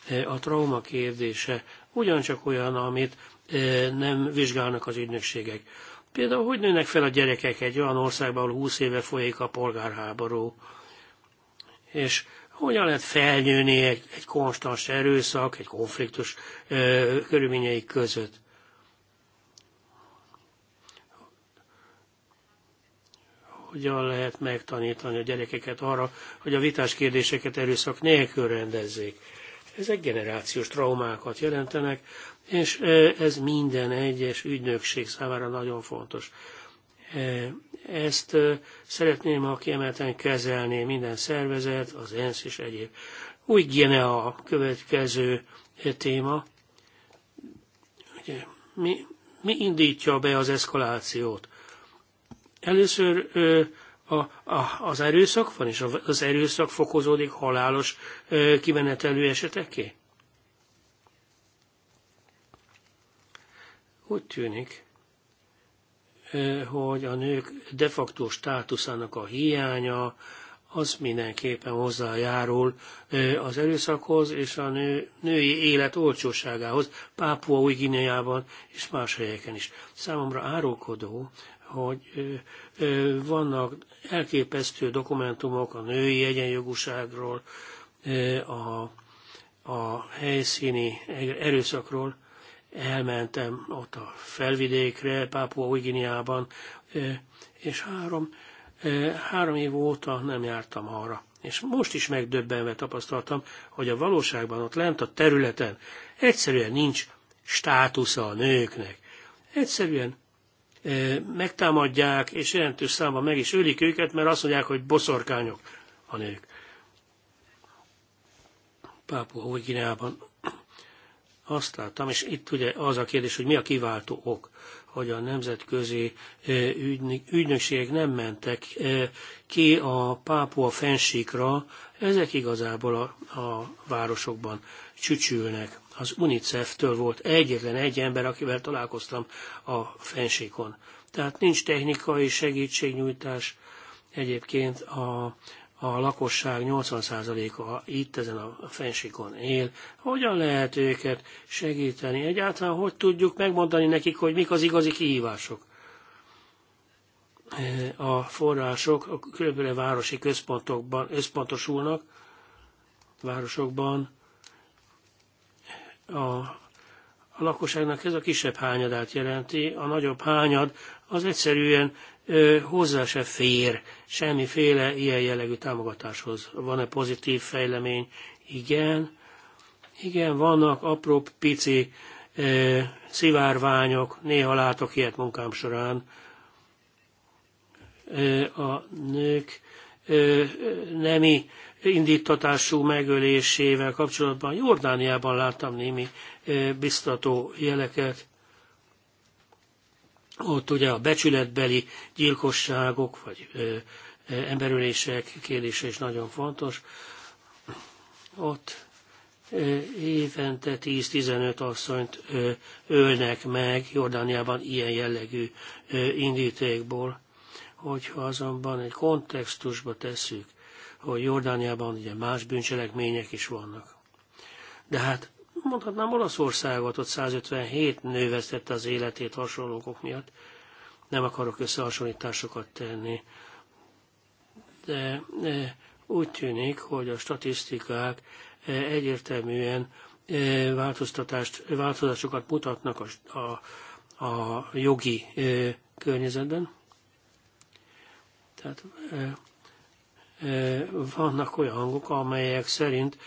E, a trauma kérdése ugyancsak olyan, amit e, nem vizsgálnak az ügynökségek. Például hogy nőnek fel a gyerekek egy olyan országban, ahol 20 éve folyik a polgárháború, és hogyan lehet felnőni egy, egy konstans erőszak, egy konfliktus ö, körülményei között. Hogyan lehet megtanítani a gyerekeket arra, hogy a vitás kérdéseket erőszak nélkül rendezzék. Ezek generációs traumákat jelentenek, és ez minden egyes ügynökség számára nagyon fontos. E, ezt szeretném, ha kiemelten kezelné minden szervezet, az ENSZ és egyéb. Új Guinea a következő e, téma. Ugye, mi, mi indítja be az eszkalációt? Először a, a, az erőszak van, és az erőszak fokozódik halálos kimenetelő eseteké? Úgy tűnik, hogy a nők de facto státuszának a hiánya az mindenképpen hozzájárul az erőszakhoz és a nő, női élet olcsóságához Pápua új Gineában és más helyeken is. Számomra árulkodó, hogy vannak elképesztő dokumentumok a női egyenjogúságról, a, a helyszíni erőszakról, elmentem ott a felvidékre, Pápua Uiginiában, és három, három év óta nem jártam arra. És most is megdöbbenve tapasztaltam, hogy a valóságban ott lent a területen egyszerűen nincs státusza a nőknek. Egyszerűen megtámadják, és jelentős számban meg is ölik őket, mert azt mondják, hogy boszorkányok a nők. Pápua Uiginiában azt láttam, és itt ugye az a kérdés, hogy mi a kiváltó ok, hogy a nemzetközi e, ügynökségek nem mentek e, ki a pápua fensíkra, ezek igazából a, a városokban csücsülnek. Az UNICEF-től volt egyetlen egy ember, akivel találkoztam a fensíkon. Tehát nincs technikai segítségnyújtás, egyébként a, a lakosság 80%-a itt ezen a fensikon él. Hogyan lehet őket segíteni? Egyáltalán hogy tudjuk megmondani nekik, hogy mik az igazi kihívások? A források a különböző városi központokban összpontosulnak, városokban a a lakosságnak ez a kisebb hányadát jelenti, a nagyobb hányad az egyszerűen ö, hozzá se fér semmiféle ilyen jellegű támogatáshoz. Van-e pozitív fejlemény? Igen. Igen, vannak apró pici ö, szivárványok, néha látok ilyet munkám során. Ö, a nők ö, nemi indítatású megölésével kapcsolatban Jordániában láttam némi biztató jeleket. Ott ugye a becsületbeli gyilkosságok vagy emberülések kérdése is nagyon fontos. Ott évente 10-15 asszonyt ölnek meg Jordániában ilyen jellegű indítékból. Hogyha azonban egy kontextusba tesszük hogy Jordániában ugye más bűncselekmények is vannak. De hát mondhatnám Olaszországot, ott 157 nő vesztette az életét hasonlókok miatt. Nem akarok összehasonlításokat tenni. De, de úgy tűnik, hogy a statisztikák e, egyértelműen e, változtatást, változásokat mutatnak a, a, a jogi e, környezetben. Tehát vannak olyan hangok, amelyek szerint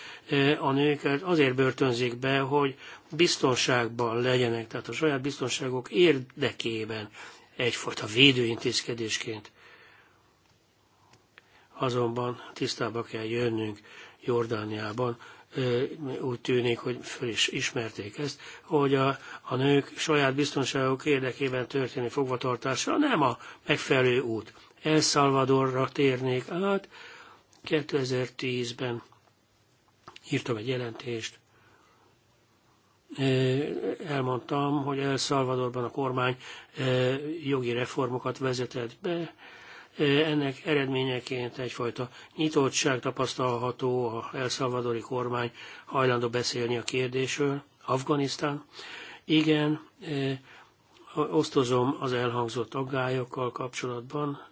a nőket azért börtönzik be, hogy biztonságban legyenek, tehát a saját biztonságok érdekében egyfajta védőintézkedésként. Azonban tisztába kell jönnünk Jordániában, úgy tűnik, hogy föl is ismerték ezt, hogy a, a nők saját biztonságok érdekében történő fogvatartása nem a megfelelő út. El Salvadorra térnék át. 2010-ben írtam egy jelentést, elmondtam, hogy El Salvadorban a kormány jogi reformokat vezetett be, ennek eredményeként egyfajta nyitottság tapasztalható, a El Salvadori kormány hajlandó beszélni a kérdésről. Afganisztán. Igen, osztozom az elhangzott aggályokkal kapcsolatban.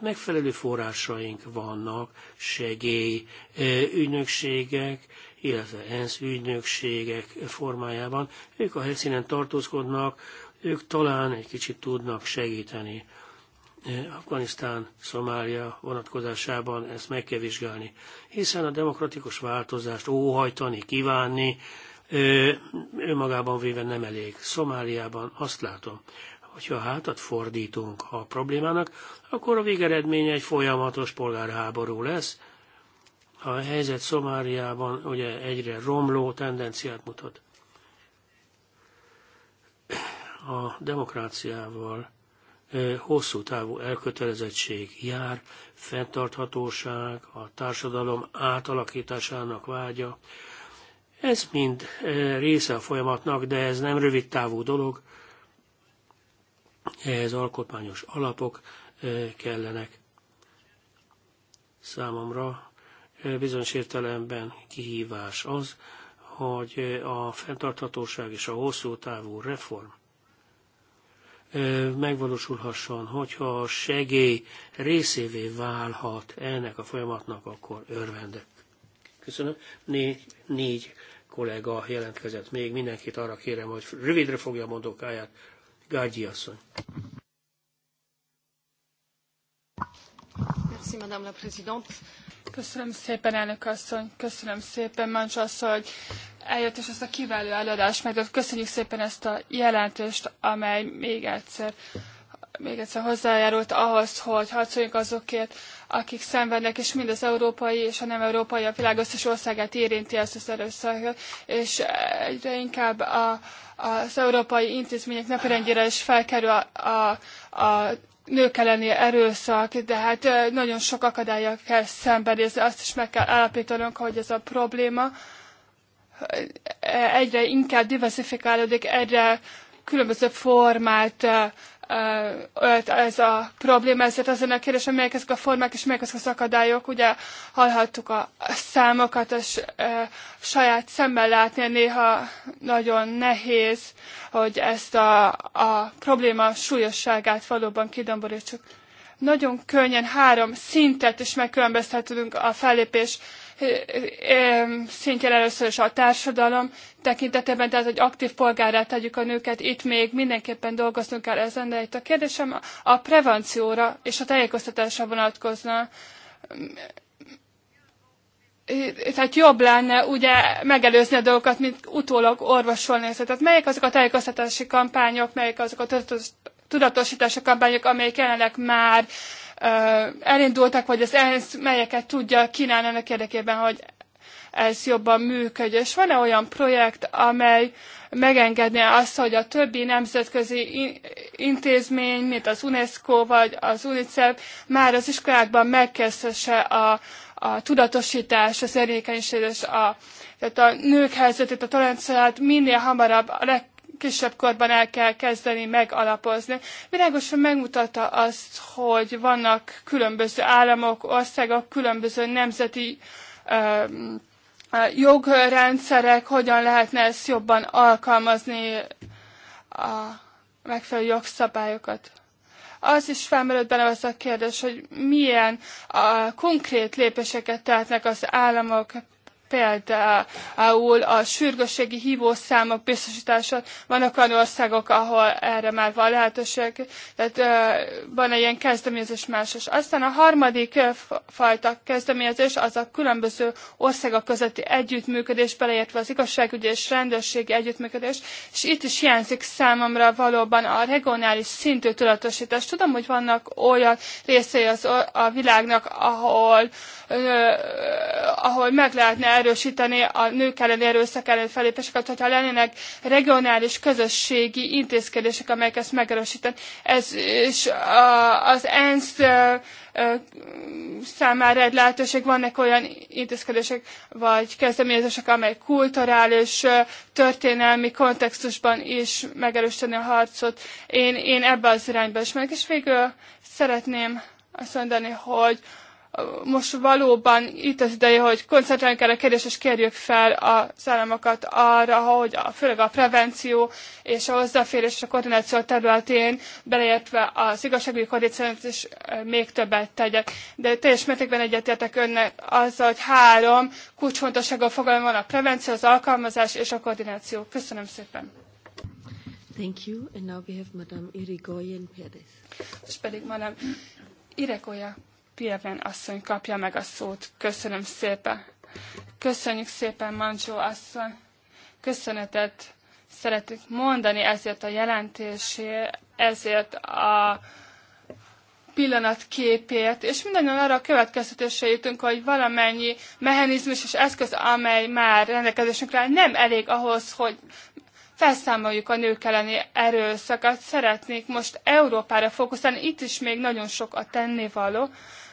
Megfelelő forrásaink vannak, segély, ügynökségek, illetve ENSZ ügynökségek formájában. Ők a helyszínen tartózkodnak, ők talán egy kicsit tudnak segíteni. Afganisztán, Szomália vonatkozásában ezt meg kell vizsgálni, hiszen a demokratikus változást óhajtani, kívánni, önmagában véve nem elég. Szomáliában azt látom, hogyha hátat fordítunk a problémának, akkor a végeredménye egy folyamatos polgárháború lesz. A helyzet Szomáliában ugye egyre romló tendenciát mutat. A demokráciával hosszú távú elkötelezettség jár, fenntarthatóság, a társadalom átalakításának vágya, ez mind része a folyamatnak, de ez nem rövid távú dolog. Ehhez alkotmányos alapok kellenek. Számomra bizonyos értelemben kihívás az, hogy a fenntarthatóság és a hosszú távú reform megvalósulhasson, hogyha a segély részévé válhat ennek a folyamatnak, akkor örvendek. Köszönöm. Négy, négy kollega jelentkezett még. Mindenkit arra kérem, hogy rövidre fogja a mondókáját. Gágyi asszony. Merci, Madame la Présidente. Köszönöm szépen, elnök asszony, köszönöm szépen, Mancs asszony, eljött és ezt a kiváló előadást, mert köszönjük szépen ezt a jelentést, amely még egyszer még egyszer hozzájárult ahhoz, hogy harcoljunk azokért, akik szenvednek, és mind az európai és a nem európai, a világ összes országát érinti ezt az erőszakot, és egyre inkább a, az európai intézmények napirendjére is felkerül a, a, a nők elleni erőszak, de hát nagyon sok akadálya kell szembenézni, azt is meg kell állapítanunk, hogy ez a probléma egyre inkább diversifikálódik, egyre különböző formát ez a probléma, ezért az a kérdés, melyek ezek a formák és melyek ezek az akadályok. Ugye hallhattuk a számokat, és e, saját szemmel látni néha nagyon nehéz, hogy ezt a, a probléma súlyosságát valóban kidomborítsuk. Nagyon könnyen három szintet is megkülönböztetünk a fellépés szintjén először is a társadalom tekintetében, tehát hogy aktív polgárá tegyük a nőket, itt még mindenképpen dolgoznunk kell ezen, de itt a kérdésem a prevencióra és a tájékoztatásra vonatkozna tehát jobb lenne ugye megelőzni a dolgokat, mint utólag orvosolni ezeket. Tehát melyek azok a tájékoztatási kampányok, melyek azok a tudatosítási kampányok, amelyek jelenleg már elindultak, vagy az ENSZ melyeket tudja kínálni ennek érdekében, hogy ez jobban működjön. És van-e olyan projekt, amely megengedné azt, hogy a többi nemzetközi intézmény, mint az UNESCO vagy az UNICEF már az iskolákban megkezdhesse a, a tudatosítás, az érékenység és a, tehát a nők helyzetét, a toleranciát minél hamarabb a leg, kisebb korban el kell kezdeni megalapozni. Világosan megmutatta azt, hogy vannak különböző államok, országok, különböző nemzeti jogrendszerek, hogyan lehetne ezt jobban alkalmazni a megfelelő jogszabályokat. Az is felmerült benne az a kérdés, hogy milyen a konkrét lépéseket tehetnek az államok, például a sürgősségi hívószámok biztosítása. Vannak olyan országok, ahol erre már van lehetőség, tehát van egy ilyen kezdeményezés másos. Aztán a harmadik fajta kezdeményezés az a különböző országok közötti együttműködés, beleértve az igazságügyi és rendőrségi együttműködés, és itt is hiányzik számomra valóban a regionális szintű tudatosítás. Tudom, hogy vannak olyan részei az, a világnak, ahol ahol meg lehetne erősíteni a nők elleni erőszak elleni felépéseket, hogyha lennének regionális közösségi intézkedések, amelyek ezt megerősítenek. Ez is az ENSZ számára egy lehetőség, vannak olyan intézkedések vagy kezdeményezések, amely kulturális, történelmi kontextusban is megerősíteni a harcot. Én, én ebbe az irányba is meg, és végül szeretném azt mondani, hogy most valóban itt az ideje, hogy koncentrálni kell a kérdés, és kérjük fel az államokat arra, hogy a, főleg a prevenció és a hozzáférés és a koordináció területén, beleértve az igazságügyi koordinációt is még többet tegyek. De teljes mértékben egyetértek önnek azzal, hogy három kulcsfontosságú fogalom van a prevenció, az alkalmazás és a koordináció. Köszönöm szépen! Thank you. And now we have Madame Irigoyen Perez. És pedig Madame Irigoyen Pirven asszony kapja meg a szót. Köszönöm szépen. Köszönjük szépen, Mancsó asszony. Köszönetet szeretnék mondani ezért a jelentésért, ezért a pillanatképért, és mindannyian arra a következtetésre jutunk, hogy valamennyi mechanizmus és eszköz, amely már rendelkezésünkre áll, nem elég ahhoz, hogy felszámoljuk a nők elleni erőszakot. Szeretnék most Európára fókuszálni, itt is még nagyon sok a tennivaló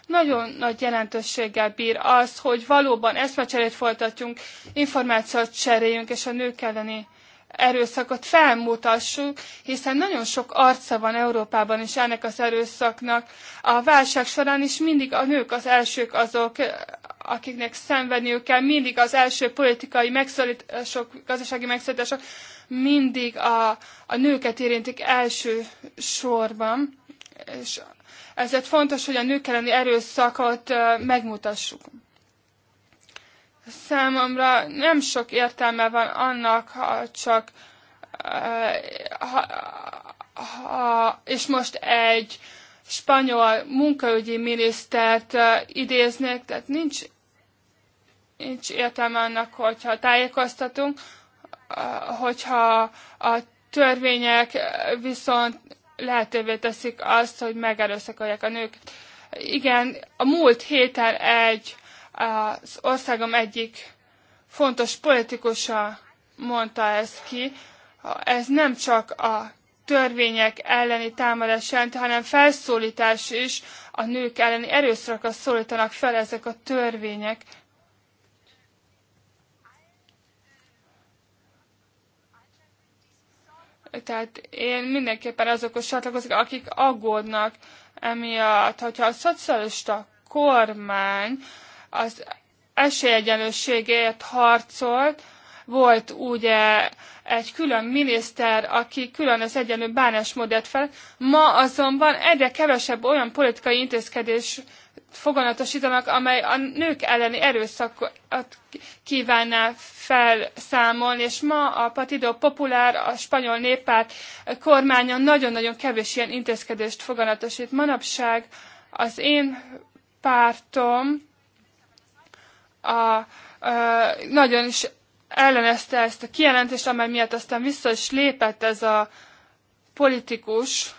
nagyon nagy jelentőséggel bír az, hogy valóban eszmecserét folytatjunk, információt cseréljünk, és a nők elleni erőszakot felmutassuk, hiszen nagyon sok arca van Európában is ennek az erőszaknak. A válság során is mindig a nők az elsők azok, eh, akiknek szenvedniük kell, mindig az első politikai megszorítások, gazdasági megszorítások mindig a, a nőket érintik első sorban, és ezért fontos, hogy a nők elleni erőszakot megmutassuk. Számomra nem sok értelme van annak, ha csak ha, ha, és most egy spanyol munkaügyi minisztert idéznék, tehát nincs, nincs értelme annak, hogyha tájékoztatunk, hogyha a törvények viszont lehetővé teszik azt, hogy megerőszakolják a nők. Igen, a múlt héten egy az országom egyik fontos politikusa mondta ezt ki. Ez nem csak a törvények elleni támadás jelent, hanem felszólítás is a nők elleni erőszakra szólítanak fel ezek a törvények Tehát én mindenképpen azokhoz csatlakozok, akik aggódnak emiatt, hogyha a szocialista kormány az esélyegyenlőségért harcolt, volt ugye egy külön miniszter, aki külön az egyenlő bánásmódért fel. Ma azonban egyre kevesebb olyan politikai intézkedés foganatosítanak, amely a nők elleni erőszakot kívánná felszámolni, és ma a Patido Popular, a spanyol néppárt kormányon nagyon-nagyon kevés ilyen intézkedést foganatosít. Manapság az én pártom a, a, nagyon is ellenezte ezt a kijelentést, amely miatt aztán vissza is lépett ez a politikus,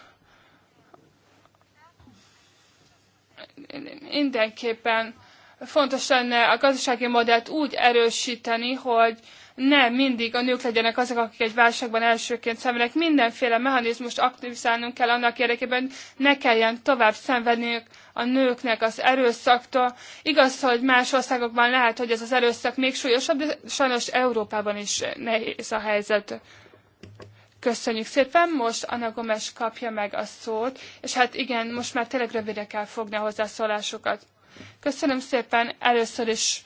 mindenképpen fontos lenne a gazdasági modellt úgy erősíteni, hogy ne mindig a nők legyenek azok, akik egy válságban elsőként szenvednek. Mindenféle mechanizmust aktivizálnunk kell annak érdekében, ne kelljen tovább szenvedniük a nőknek az erőszaktól. Igaz, hogy más országokban lehet, hogy ez az erőszak még súlyosabb, de sajnos Európában is nehéz a helyzet Köszönjük szépen, most Anna Gomes kapja meg a szót, és hát igen, most már tényleg rövidre kell fogni a hozzászólásokat. Köszönöm szépen, először is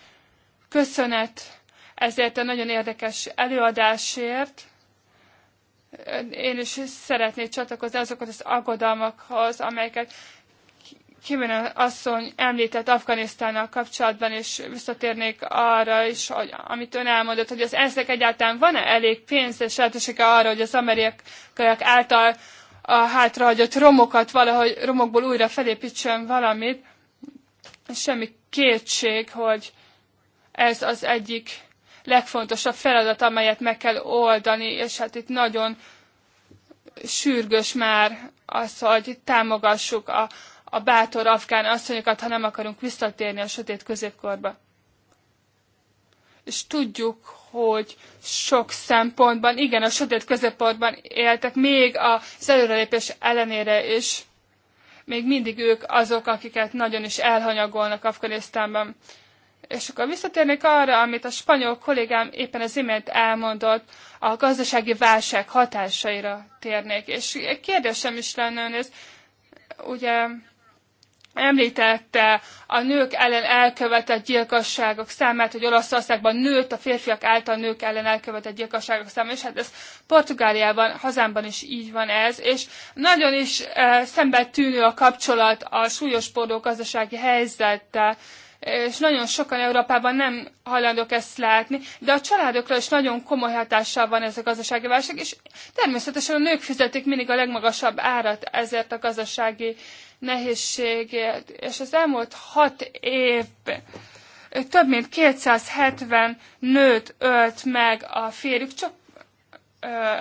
köszönet ezért a nagyon érdekes előadásért. Én is szeretnék csatlakozni azokat az aggodalmakhoz, amelyeket Kimene asszony említett Afganisztánnal kapcsolatban, és visszatérnék arra is, hogy, amit ön elmondott, hogy az ensz egyáltalán van-e elég pénz és lehetősége arra, hogy az amerikaiak által a hátrahagyott romokat valahogy romokból újra felépítsen valamit. Semmi kétség, hogy ez az egyik legfontosabb feladat, amelyet meg kell oldani, és hát itt nagyon sürgős már az, hogy támogassuk a, a bátor afgán asszonyokat, ha nem akarunk visszatérni a sötét középkorba. És tudjuk, hogy sok szempontban, igen, a sötét középkorban éltek, még az előrelépés ellenére is. Még mindig ők azok, akiket nagyon is elhanyagolnak Afganisztánban. És akkor visszatérnék arra, amit a spanyol kollégám éppen az imént elmondott, a gazdasági válság hatásaira térnék. És kérdésem is lenne ez, ugye említette a nők ellen elkövetett gyilkosságok számát, hogy Olaszországban nőtt a férfiak által nők ellen elkövetett gyilkosságok száma, és hát ez Portugáliában, hazámban is így van ez, és nagyon is e, szembe tűnő a kapcsolat a súlyos gazdasági helyzettel, és nagyon sokan Európában nem hajlandók ezt látni, de a családokra is nagyon komoly hatással van ez a gazdasági válság, és természetesen a nők fizetik mindig a legmagasabb árat ezért a gazdasági nehézségért, és az elmúlt hat évben több mint 270 nőt ölt meg a férjük csak ö,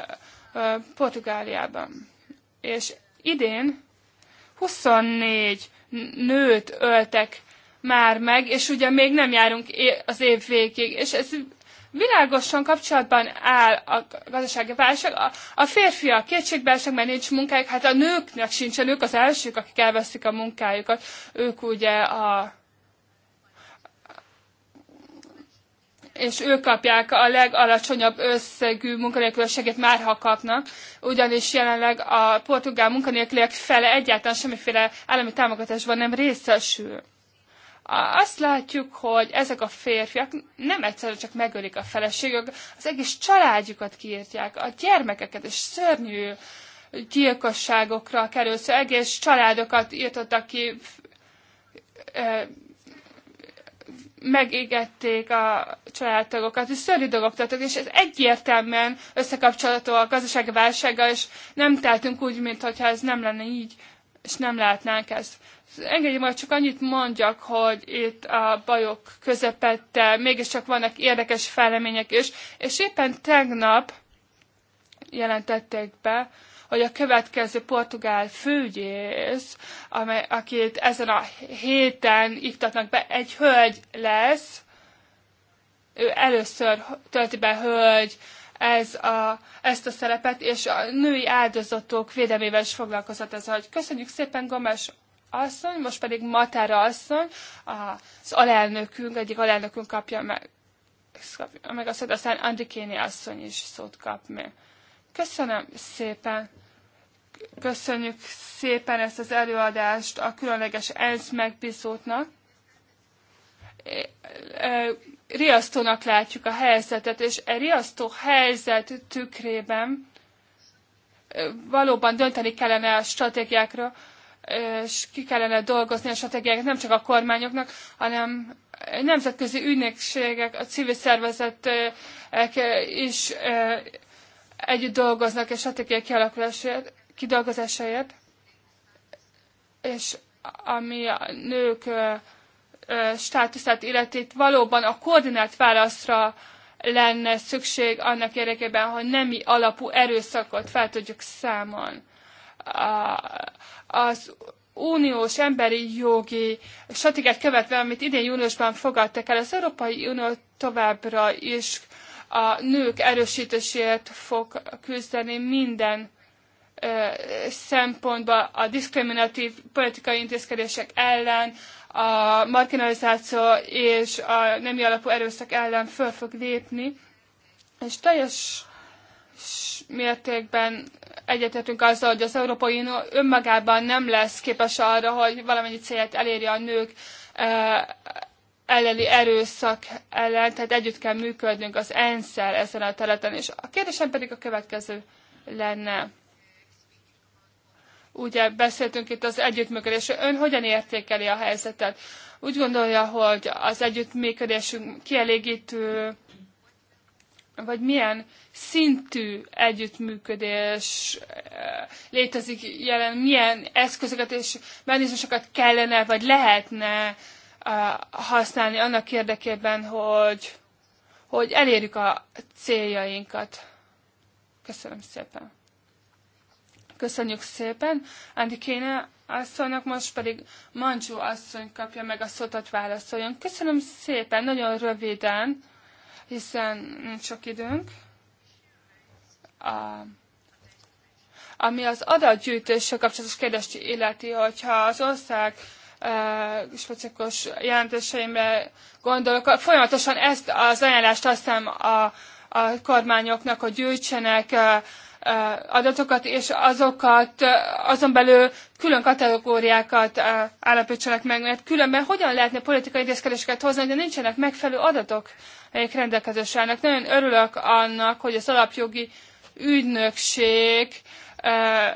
ö, Portugáliában. És idén 24 nőt öltek már meg, és ugye még nem járunk az év végig, és ez világosan kapcsolatban áll a gazdasági válság. A, a férfiak kétségbeesnek, mert nincs munkájuk, hát a nőknek sincsen, ők az elsők, akik elveszik a munkájukat. Ők ugye a és ők kapják a legalacsonyabb összegű munkanélküliséget már ha kapnak, ugyanis jelenleg a portugál munkanélküliek fele egyáltalán semmiféle állami támogatásban nem részesül azt látjuk, hogy ezek a férfiak nem egyszerűen csak megölik a feleségük, az egész családjukat kiírtják, a gyermekeket, és szörnyű gyilkosságokra kerül, szóval egész családokat írtottak ki, megégették a családtagokat, és szörnyű dolgok tettek, és ez egyértelműen összekapcsolható a gazdasági válsággal, és nem teltünk úgy, mintha ez nem lenne így, és nem látnánk ezt. Engedjék majd csak annyit mondjak, hogy itt a bajok közepette mégiscsak vannak érdekes fejlemények is, és éppen tegnap jelentették be, hogy a következő portugál főgyész, amely, akit ezen a héten iktatnak be, egy hölgy lesz, ő először tölti be hölgy ez a, ezt a szerepet, és a női áldozatok védelmével is foglalkozott ez. Hogy köszönjük szépen, Gomes asszony, most pedig Matára asszony, az alelnökünk, egyik alelnökünk kapja meg, kapja meg a szót, aztán Andrikéni asszony is szót kap meg. Köszönöm szépen! Köszönjük szépen ezt az előadást a különleges ENSZ megbízótnak. Riasztónak látjuk a helyzetet, és a e riasztó helyzet tükrében valóban dönteni kellene a stratégiákra, és ki kellene dolgozni a stratégiákat nem csak a kormányoknak, hanem nemzetközi ügynökségek, a civil szervezetek eh, is eh, együtt dolgoznak a stratégiai kialakulásáért, kidolgozásáért, és ami a nők eh, státuszát illeti, valóban a koordinált válaszra lenne szükség annak érdekében, hogy nemi alapú erőszakot fel tudjuk számolni a, az uniós emberi jogi stratégiát követve, amit idén júniusban fogadtak el, az Európai Unió továbbra is a nők erősítésért fog küzdeni minden ö, szempontban a diszkriminatív politikai intézkedések ellen, a marginalizáció és a nemi alapú erőszak ellen föl fog lépni, és teljes mértékben egyetértünk azzal, hogy az Európai Unió önmagában nem lesz képes arra, hogy valamennyi célt elérje a nők eh, elleni erőszak ellen, tehát együtt kell működnünk az ensz ezen a területen. És a kérdésem pedig a következő lenne. Ugye beszéltünk itt az együttműködésről. Ön hogyan értékeli a helyzetet? Úgy gondolja, hogy az együttműködésünk kielégítő, vagy milyen szintű együttműködés eh, létezik jelen, milyen eszközöket és mechanizmusokat kellene, vagy lehetne eh, használni annak érdekében, hogy, hogy elérjük a céljainkat. Köszönöm szépen. Köszönjük szépen. Andi Kéne asszonynak, most pedig Mancsó asszony kapja meg a szót, hogy válaszoljon. Köszönöm szépen, nagyon röviden hiszen nincs sok időnk. A, ami az adatgyűjtéssel kapcsolatos kérdést illeti, hogyha az ország e, specifikus jelentéseimre gondolok, folyamatosan ezt az ajánlást aztán a, a kormányoknak, hogy gyűjtsenek e, e, adatokat, és azokat azon belül külön kategóriákat állapítsanak meg, mert különben hogyan lehetne politikai intézkedéseket hozni, de nincsenek megfelelő adatok amelyek rendelkezésre állnak. Nagyon örülök annak, hogy az alapjogi ügynökség eh,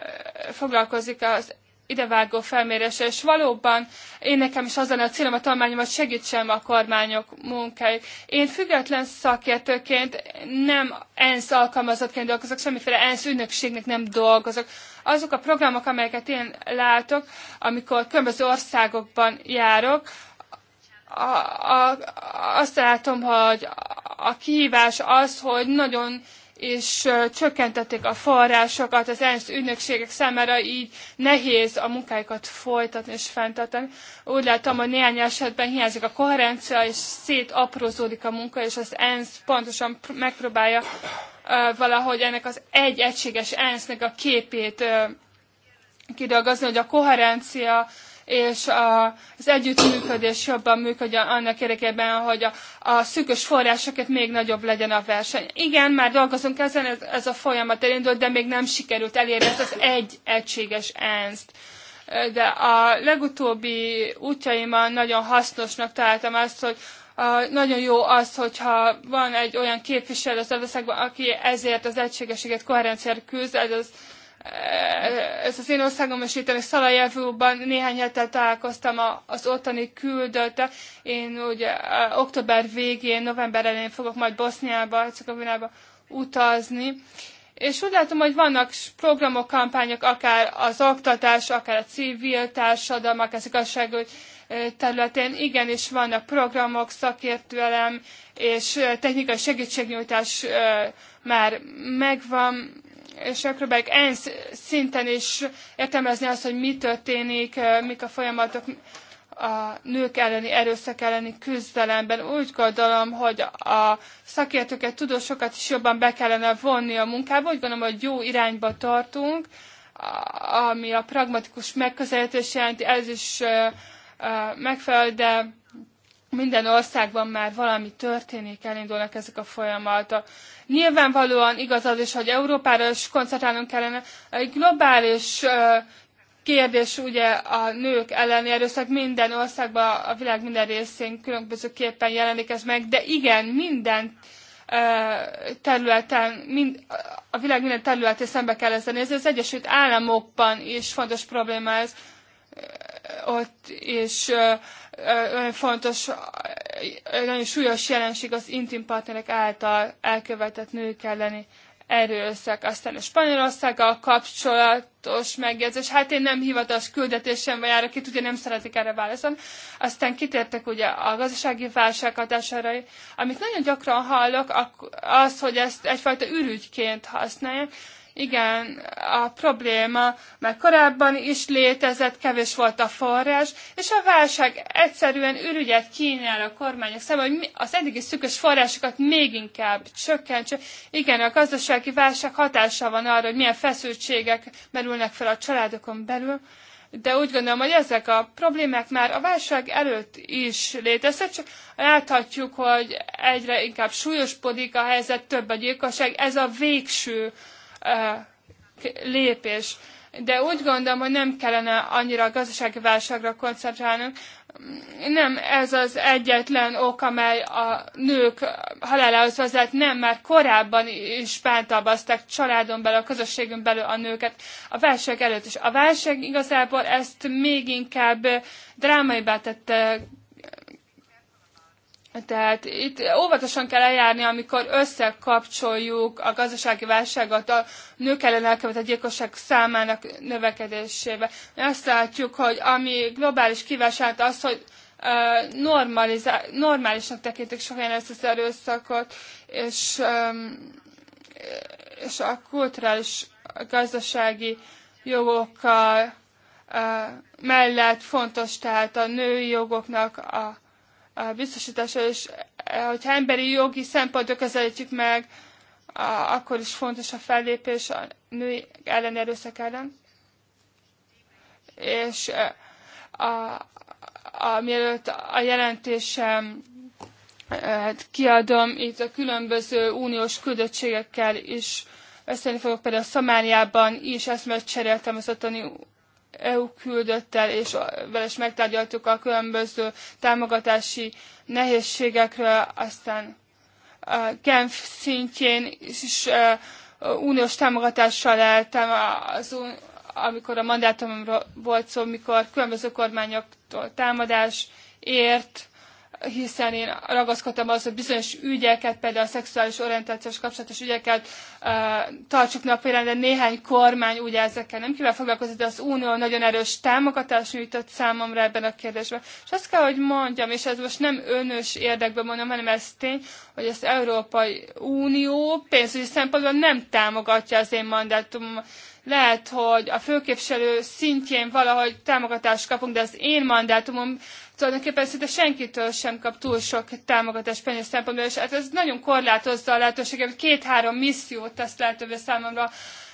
foglalkozik az idevágó felmérése, és valóban én nekem is az lenne a célom a tanulmányomat, segítsem a kormányok munkáit. Én független szakértőként nem ENSZ alkalmazottként dolgozok, semmiféle ENSZ ügynökségnek nem dolgozok. Azok a programok, amelyeket én látok, amikor különböző országokban járok, a, azt látom, hogy a kihívás az, hogy nagyon és csökkentették a forrásokat az ENSZ ügynökségek számára, így nehéz a munkáikat folytatni és fenntartani. Úgy látom, hogy néhány esetben hiányzik a koherencia, és szétaprózódik a munka, és az ENSZ pontosan megpróbálja valahogy ennek az egy egységes ENSZ-nek a képét kidolgozni, hogy a koherencia és az együttműködés jobban működjön annak érdekében, hogy a, a szűkös forrásokért még nagyobb legyen a verseny. Igen, már dolgozunk ezen, ez, ez a folyamat elindult, de még nem sikerült elérni ezt az egy egységes ENSZ-t de a legutóbbi útjaimban nagyon hasznosnak találtam azt, hogy nagyon jó az, hogyha van egy olyan képviselő az országban, aki ezért az egységességet, koherenciára küzd, ez az ez az én országom és itt Szalajevóban néhány hetet találkoztam az ottani küldötte. Én ugye október végén, november elején fogok majd Boszniába, Cekovinába utazni. És úgy látom, hogy vannak programok, kampányok, akár az oktatás, akár a civil társadalmak, az igazságügy területén igenis vannak programok, szakértőelem és technikai segítségnyújtás már megvan és megpróbáljuk ENSZ szinten is értelmezni azt, hogy mi történik, mik a folyamatok a nők elleni erőszak elleni küzdelemben. Úgy gondolom, hogy a szakértőket, tudósokat is jobban be kellene vonni a munkába. Úgy gondolom, hogy jó irányba tartunk, ami a pragmatikus megközelítés jelenti, ez is megfelelő, de minden országban már valami történik, elindulnak ezek a folyamatok. Nyilvánvalóan igaz az is, hogy Európára is koncentrálnunk kellene. Egy globális kérdés ugye a nők elleni erőszak minden országban, a világ minden részén különbözőképpen jelenik ez meg, de igen, minden területen, mind, a világ minden területén szembe kell ezzel nézni. Az Egyesült Államokban is fontos probléma ez, ott is nagyon fontos, nagyon súlyos jelenség az intim partnerek által elkövetett nők elleni erőszak. Aztán a Spanyolországgal kapcsolatos megjegyzés. Hát én nem hivatalos vagy járok akit ugye nem szeretik erre válaszolni. Aztán kitértek ugye a gazdasági válság hatására, amit nagyon gyakran hallok, az, hogy ezt egyfajta ürügyként használják. Igen, a probléma már korábban is létezett, kevés volt a forrás, és a válság egyszerűen ürügyet kínál a kormányok szemben, hogy az eddigi szükös forrásokat még inkább csökkentse. Igen, a gazdasági válság hatása van arra, hogy milyen feszültségek merülnek fel a családokon belül, de úgy gondolom, hogy ezek a problémák már a válság előtt is léteztek, csak láthatjuk, hogy egyre inkább súlyosbodik a helyzet, több a gyilkosság, ez a végső lépés. De úgy gondolom, hogy nem kellene annyira a gazdasági válságra koncentrálnunk. Nem ez az egyetlen ok, amely a nők halálához vezet, nem, már korábban is bántalmazták családon belül, a közösségünk belül a nőket a válság előtt is. A válság igazából ezt még inkább drámaibbá tette tehát itt óvatosan kell eljárni, amikor összekapcsoljuk a gazdasági válságot a nők ellen elkövetett gyilkosság számának növekedésébe. Azt látjuk, hogy ami globális kívánság az, hogy normálisnak tekintik sok ezt az erőszakot, és, és a kulturális a gazdasági jogokkal mellett fontos tehát a női jogoknak a biztosítása, és e, hogyha emberi jogi szempontok közelítjük meg, akkor is fontos a fellépés a női ellen erőszak ellen. És a, e, a, a, mielőtt a jelentésem e, hát kiadom, itt a különböző uniós küldöttségekkel is beszélni fogok, például Szamáriában is eszmet cseréltem az ottani EU el, és vele is megtárgyaltuk a különböző támogatási nehézségekről, aztán a Genf szintjén is uniós támogatással leltem, az, amikor a mandátumomról volt szó, mikor különböző kormányoktól támadás ért, hiszen én ragaszkodtam az, hogy bizonyos ügyeket, például a szexuális orientációs kapcsolatos ügyeket tartsuk napirend, de néhány kormány ugye ezekkel nem kíván foglalkozni, de az Unió nagyon erős támogatást nyújtott számomra ebben a kérdésben. És azt kell, hogy mondjam, és ez most nem önös érdekben mondom, hanem ez tény, hogy az Európai Unió pénzügyi szempontból nem támogatja az én mandátumom. Lehet, hogy a főképviselő szintjén valahogy támogatást kapunk, de az én mandátumom tulajdonképpen szinte senkitől sem kap túl sok támogatást pénzügyi szempontból, és hát ez nagyon korlátozza a lehetőséget, hogy két-három missziót tesz lehetővé számomra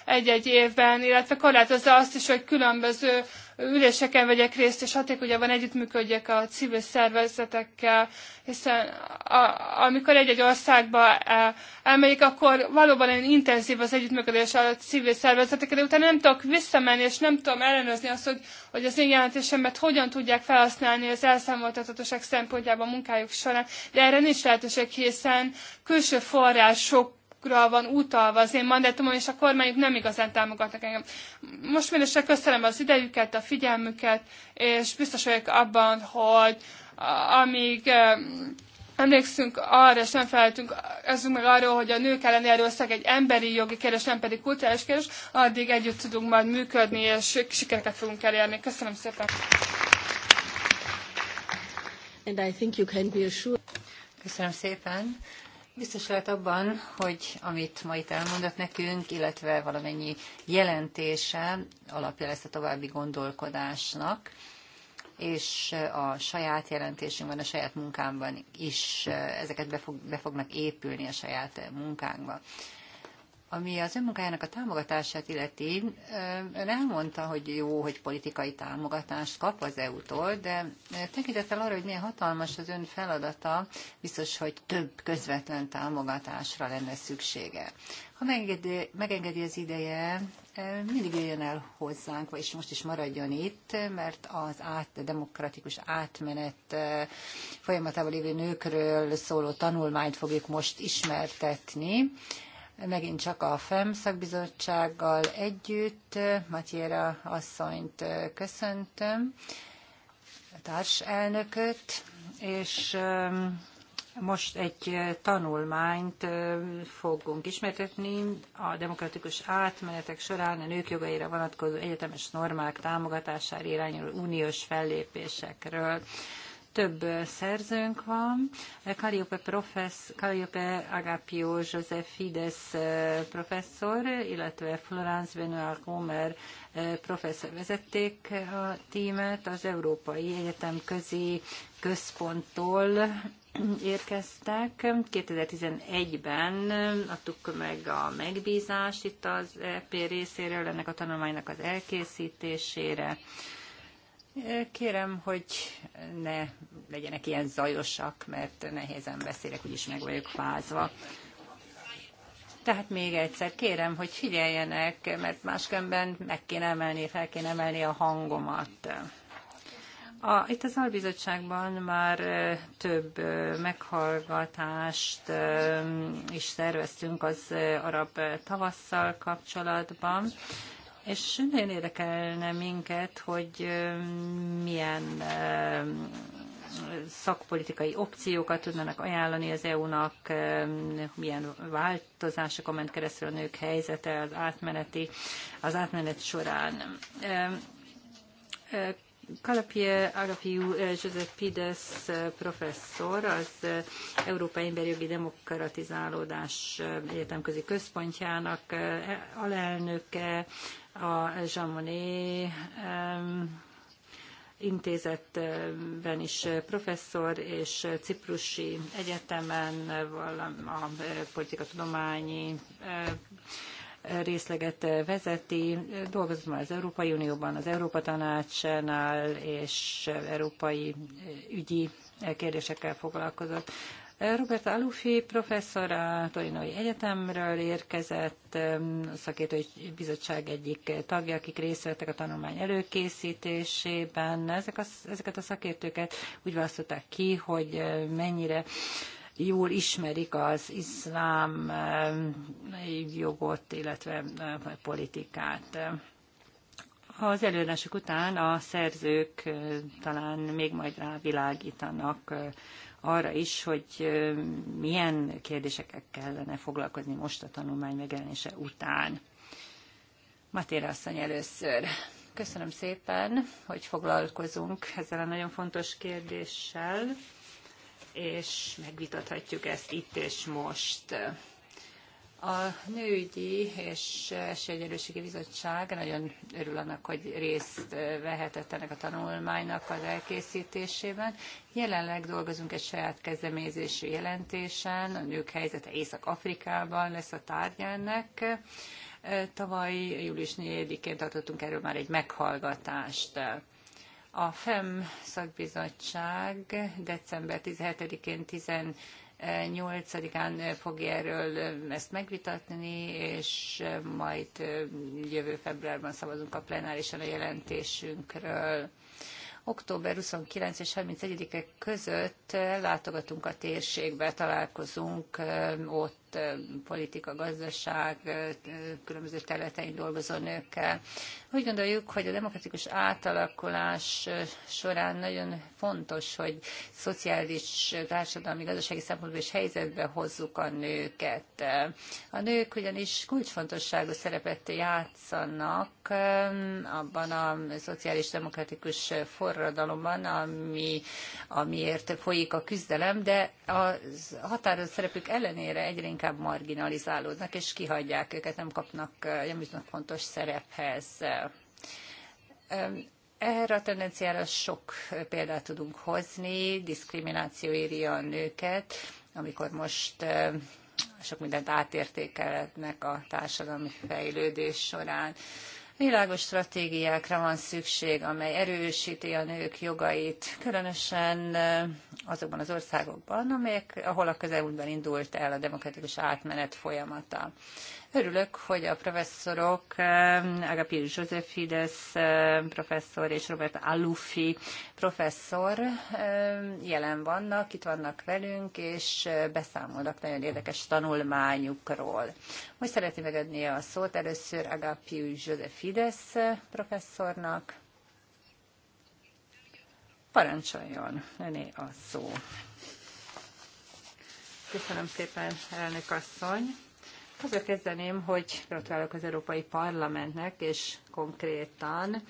egy-egy évben, illetve korlátozza azt is, hogy különböző üléseken vegyek részt, és hatékonyabban együttműködjek a civil szervezetekkel, hiszen a, amikor egy-egy országba e, elmegyek, akkor valóban olyan intenzív az együttműködés a civil szervezetekkel, de utána nem tudok visszamenni, és nem tudom ellenőrizni azt, hogy, hogy az én jelentésemet hogyan tudják felhasználni az elszámoltathatóság szempontjában a munkájuk során, de erre nincs lehetőség, hiszen külső források dolgokra van utalva az én mandátumom, és a kormányok nem igazán támogatnak engem. Most mindössze köszönöm az idejüket, a figyelmüket, és biztos vagyok abban, hogy amíg emlékszünk arra, és nem felejtünk ezünk meg arról, hogy a nők elleni erőszak egy emberi jogi kérdés, nem pedig kulturális kérdés, addig együtt tudunk majd működni, és sikereket fogunk elérni. Köszönöm szépen! And I think you can be assured. Köszönöm szépen biztos lehet abban, hogy amit ma itt elmondott nekünk, illetve valamennyi jelentése alapja lesz a további gondolkodásnak, és a saját jelentésünkben, a saját munkámban is ezeket be, fog, be fognak épülni a saját munkánkban. Ami az önmunkájának a támogatását illeti, ön elmondta, hogy jó, hogy politikai támogatást kap az EU-tól, de tekintettel arra, hogy milyen hatalmas az ön feladata, biztos, hogy több közvetlen támogatásra lenne szüksége. Ha megengedi, megengedi az ideje, mindig jöjjön el hozzánk, és most is maradjon itt, mert az át, demokratikus átmenet folyamatában lévő nőkről szóló tanulmányt fogjuk most ismertetni megint csak a FEM szakbizottsággal együtt Matyéra asszonyt köszöntöm, a társelnököt, és most egy tanulmányt fogunk ismertetni a demokratikus átmenetek során a nők jogaira vonatkozó egyetemes normák támogatására irányuló uniós fellépésekről több szerzőnk van. Calliope, professz, Calliope Agapio Joseph Fides professzor, illetve Florence Benoit Gomer professzor vezették a tímet az Európai Egyetem Közi Központtól érkeztek. 2011-ben adtuk meg a megbízást itt az EP részéről, ennek a tanulmánynak az elkészítésére. Kérem, hogy ne legyenek ilyen zajosak, mert nehézen beszélek, úgyis meg vagyok fázva. Tehát még egyszer kérem, hogy figyeljenek, mert máskönben meg kéne emelni, fel kéne emelni a hangomat. A, itt az albizottságban már több meghallgatást is szerveztünk az arab tavasszal kapcsolatban és nagyon érdekelne minket, hogy milyen szakpolitikai opciókat tudnának ajánlani az EU-nak, milyen a ment keresztül a nők helyzete az átmeneti, az átmenet során. Kalapie Agafiú Joseph Pides professzor az Európai Emberi Jogi Demokratizálódás Egyetemközi Központjának alelnöke, a Jean Monnet intézetben is professzor, és Ciprusi Egyetemen a eh, politikatudományi eh, részleget vezeti, dolgozott már az Európai Unióban, az Európa Tanácsnál, és európai eh, ügyi kérdésekkel foglalkozott. Robert Alufi professzor a Torinoi Egyetemről érkezett, szakértői bizottság egyik tagja, akik részt vettek a tanulmány előkészítésében. Ezek a, ezeket a szakértőket úgy választották ki, hogy mennyire jól ismerik az iszlám jogot, illetve politikát. Az előadások után a szerzők talán még majd rávilágítanak arra is, hogy milyen kérdésekkel kellene foglalkozni most a tanulmány megjelenése után. Matéra asszony először. Köszönöm szépen, hogy foglalkozunk ezzel a nagyon fontos kérdéssel, és megvitathatjuk ezt itt és most. A nőügyi és Esélyegyenlőségi Bizottság nagyon örül annak, hogy részt vehetett ennek a tanulmánynak az elkészítésében. Jelenleg dolgozunk egy saját kezdeményezésű jelentésen, a nők helyzete Észak-Afrikában lesz a tárgyának. Tavaly július 4-én tartottunk erről már egy meghallgatást. A FEM szakbizottság december 17-én 10 8-án fogja erről ezt megvitatni, és majd jövő februárban szavazunk a plenárisan a jelentésünkről október 29 és 31-e között látogatunk a térségbe, találkozunk ott között, politika, gazdaság, különböző területein dolgozó nőkkel. Úgy gondoljuk, hogy a demokratikus átalakulás során nagyon fontos, hogy szociális, társadalmi, gazdasági szempontból is helyzetbe hozzuk a nőket. A nők ugyanis kulcsfontosságú szerepet játszanak abban a szociális demokratikus forradalomban, ami, amiért folyik a küzdelem, de a határozott szerepük ellenére egyre inkább marginalizálódnak, és kihagyják őket, nem kapnak, nem jutnak fontos szerephez. Erre a tendenciára sok példát tudunk hozni, diszkrimináció éri a nőket, amikor most sok mindent átértékelnek a társadalmi fejlődés során. Világos stratégiákra van szükség, amely erősíti a nők jogait, különösen azokban az országokban, amelyek, ahol a közelmúltban indult el a demokratikus átmenet folyamata. Örülök, hogy a professzorok eh, Agapir Zsózsefides eh, professzor és Robert Alufi professzor eh, jelen vannak, itt vannak velünk, és beszámolnak nagyon érdekes tanulmányukról. Most szeretném megadni a szót először Agapir Zsózsefides professzornak. Parancsoljon, öné a szó. Köszönöm szépen, elnök asszony. Azzal kezdeném, hogy gratulálok az Európai Parlamentnek, és konkrétan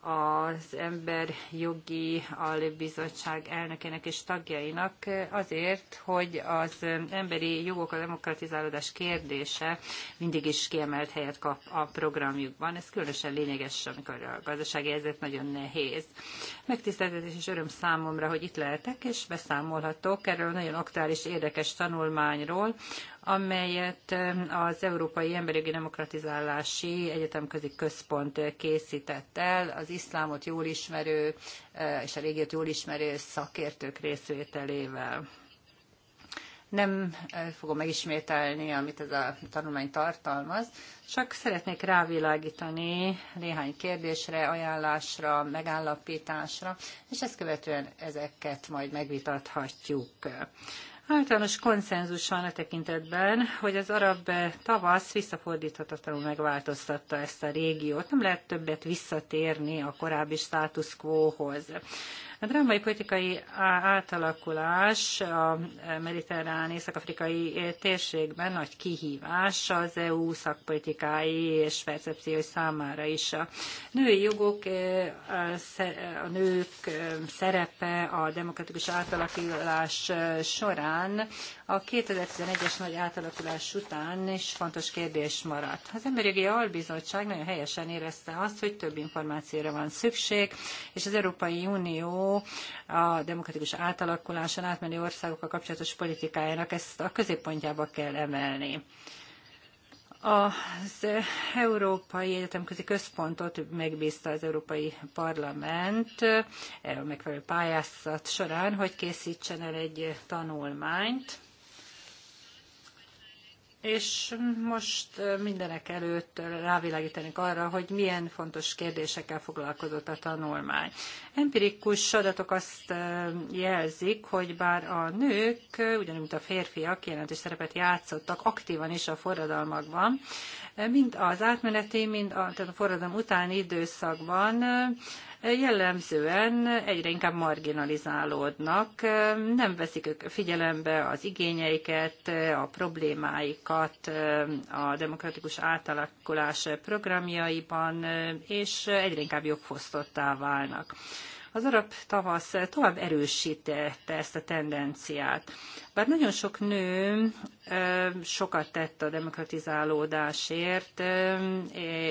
az Ember Jogi Albizottság elnökének és tagjainak azért, hogy az emberi jogok a demokratizálódás kérdése mindig is kiemelt helyet kap a programjukban. Ez különösen lényeges, amikor a gazdasági helyzet nagyon nehéz. Megtiszteltetés és öröm számomra, hogy itt lehetek, és beszámolhatok erről a nagyon aktuális érdekes tanulmányról, amelyet az Európai Emberjogi Demokratizálási Egyetemközi Központ készített el, az iszlámot jól ismerő e, és a régiót jól ismerő szakértők részvételével. Nem e, fogom megismételni, amit ez a tanulmány tartalmaz, csak szeretnék rávilágítani néhány kérdésre, ajánlásra, megállapításra, és ezt követően ezeket majd megvitathatjuk. Általános konszenzus van a tekintetben, hogy az arab tavasz visszafordíthatatlanul megváltoztatta ezt a régiót. Nem lehet többet visszatérni a korábbi status quohoz. A drámai politikai átalakulás a mediterrán észak-afrikai térségben nagy kihívás az EU szakpolitikái és percepciói számára is. A női jogok, e, a nők e, szerepe a demokratikus átalakulás során a 2011-es nagy átalakulás után is fontos kérdés maradt. Az Emberjogi Albizottság nagyon helyesen érezte azt, hogy több információra van szükség, és az Európai Unió a demokratikus átalakuláson átmenő országokkal kapcsolatos politikájának ezt a középpontjába kell emelni. Az Európai Egyetemközi Központot megbízta az Európai Parlament erről megfelelő pályázat során, hogy készítsen el egy tanulmányt, és most mindenek előtt rávilágítanék arra, hogy milyen fontos kérdésekkel foglalkozott a tanulmány. Empirikus adatok azt jelzik, hogy bár a nők, ugyanúgy mint a férfiak jelentős szerepet játszottak aktívan is a forradalmakban, mind az átmeneti, mind a, tehát a forradalom utáni időszakban jellemzően egyre inkább marginalizálódnak, nem veszik ők figyelembe az igényeiket, a problémáikat a demokratikus átalakulás programjaiban, és egyre inkább jogfosztottá válnak. Az arab tavasz tovább erősítette ezt a tendenciát. Bár nagyon sok nő sokat tett a demokratizálódásért,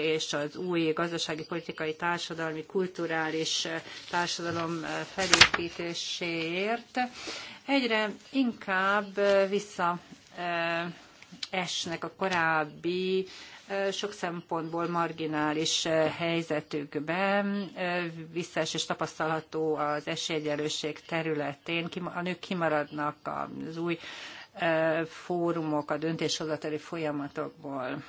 és az új gazdasági, politikai, társadalmi, kulturális társadalom felépítéséért, egyre inkább vissza esnek a korábbi sok szempontból marginális helyzetükben visszaesés tapasztalható az esélyegyenlőség területén. A nők kimaradnak az új fórumok, a döntéshozatali folyamatokból.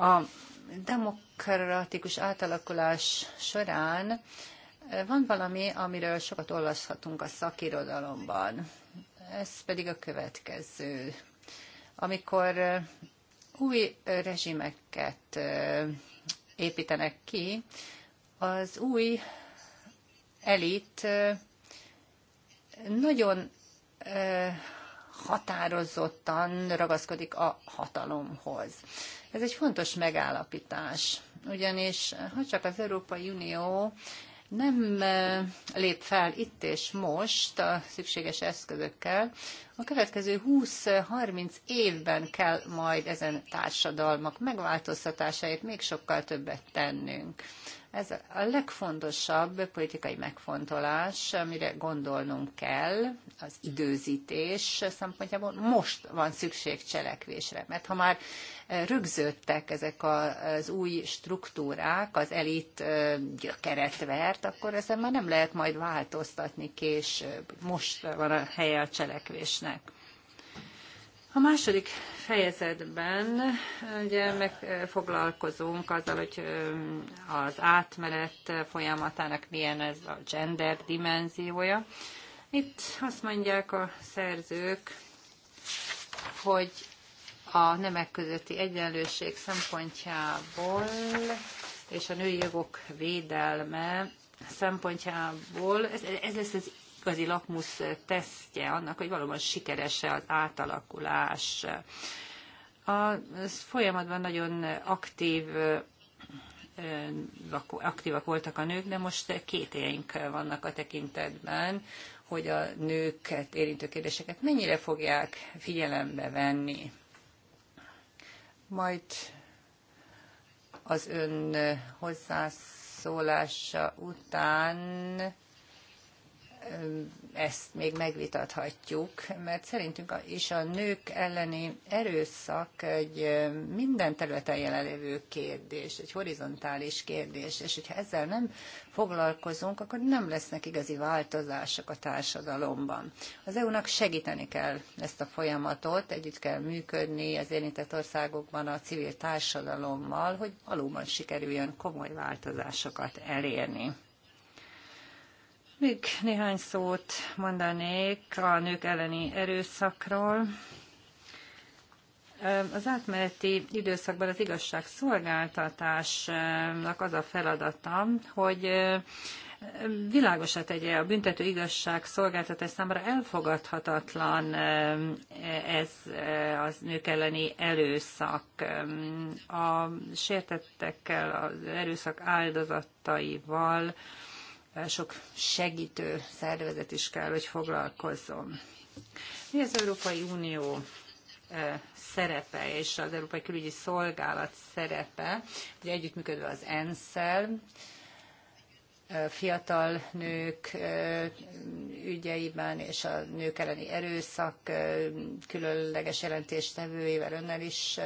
A demokratikus átalakulás során van valami, amiről sokat olvashatunk a szakirodalomban ez pedig a következő. Amikor eh, új rezsimeket eh, építenek ki, az új elit eh, nagyon határozottan ragaszkodik a hatalomhoz. Ez egy fontos megállapítás, ugyanis ha csak az Európai Unió nem eh, lép fel itt és most a szükséges eszközökkel, a következő 20-30 évben kell majd ezen társadalmak megváltoztatásáért még sokkal többet tennünk. Ez a legfontosabb politikai megfontolás, amire gondolnunk kell, az időzítés szempontjából most van szükség cselekvésre, mert ha már eh, rögzöttek ezek az új struktúrák, az elit eh, gyökeret vert, akkor ezen már nem lehet majd változtatni később. Most van a helye a cselekvésnek lépésnek. A második fejezetben eh, ugye megfoglalkozunk azzal, hogy eh, az átmenet folyamatának milyen ez a gender dimenziója. Itt azt mondják a szerzők, hogy a nemek közötti egyenlőség szempontjából és a női jogok védelme szempontjából ez, ez lesz az igazi lakmusz tesztje annak, hogy valóban sikeres-e az átalakulás. A, folyamatban nagyon aktív aktívak voltak a nők, de most kétélyeink vannak a tekintetben, hogy a nőket érintő kérdéseket mennyire fogják figyelembe venni. Majd az ön hozzászólása után ezt még megvitathatjuk, mert szerintünk is a nők elleni erőszak egy minden területen jelenlévő kérdés, egy horizontális kérdés, és hogyha ezzel nem foglalkozunk, akkor nem lesznek igazi változások a társadalomban. Az EU-nak segíteni kell ezt a folyamatot, együtt kell működni az érintett országokban a civil társadalommal, hogy valóban sikerüljön komoly változásokat elérni. Még néhány szót mondanék a nők elleni erőszakról. Az átmeneti időszakban az igazságszolgáltatásnak az a feladata, hogy világosá tegye a büntető igazság szolgáltatás számára elfogadhatatlan ez az nők elleni erőszak. A sértettekkel, az erőszak áldozataival, sok segítő szervezet is kell, hogy foglalkozzon. Mi az Európai Unió e, szerepe és az Európai Külügyi Szolgálat szerepe, ugye együttműködve az ENSZ-szel, e, fiatal nők e, ügyeiben és a nők elleni erőszak különleges jelentéstevőjével önnel is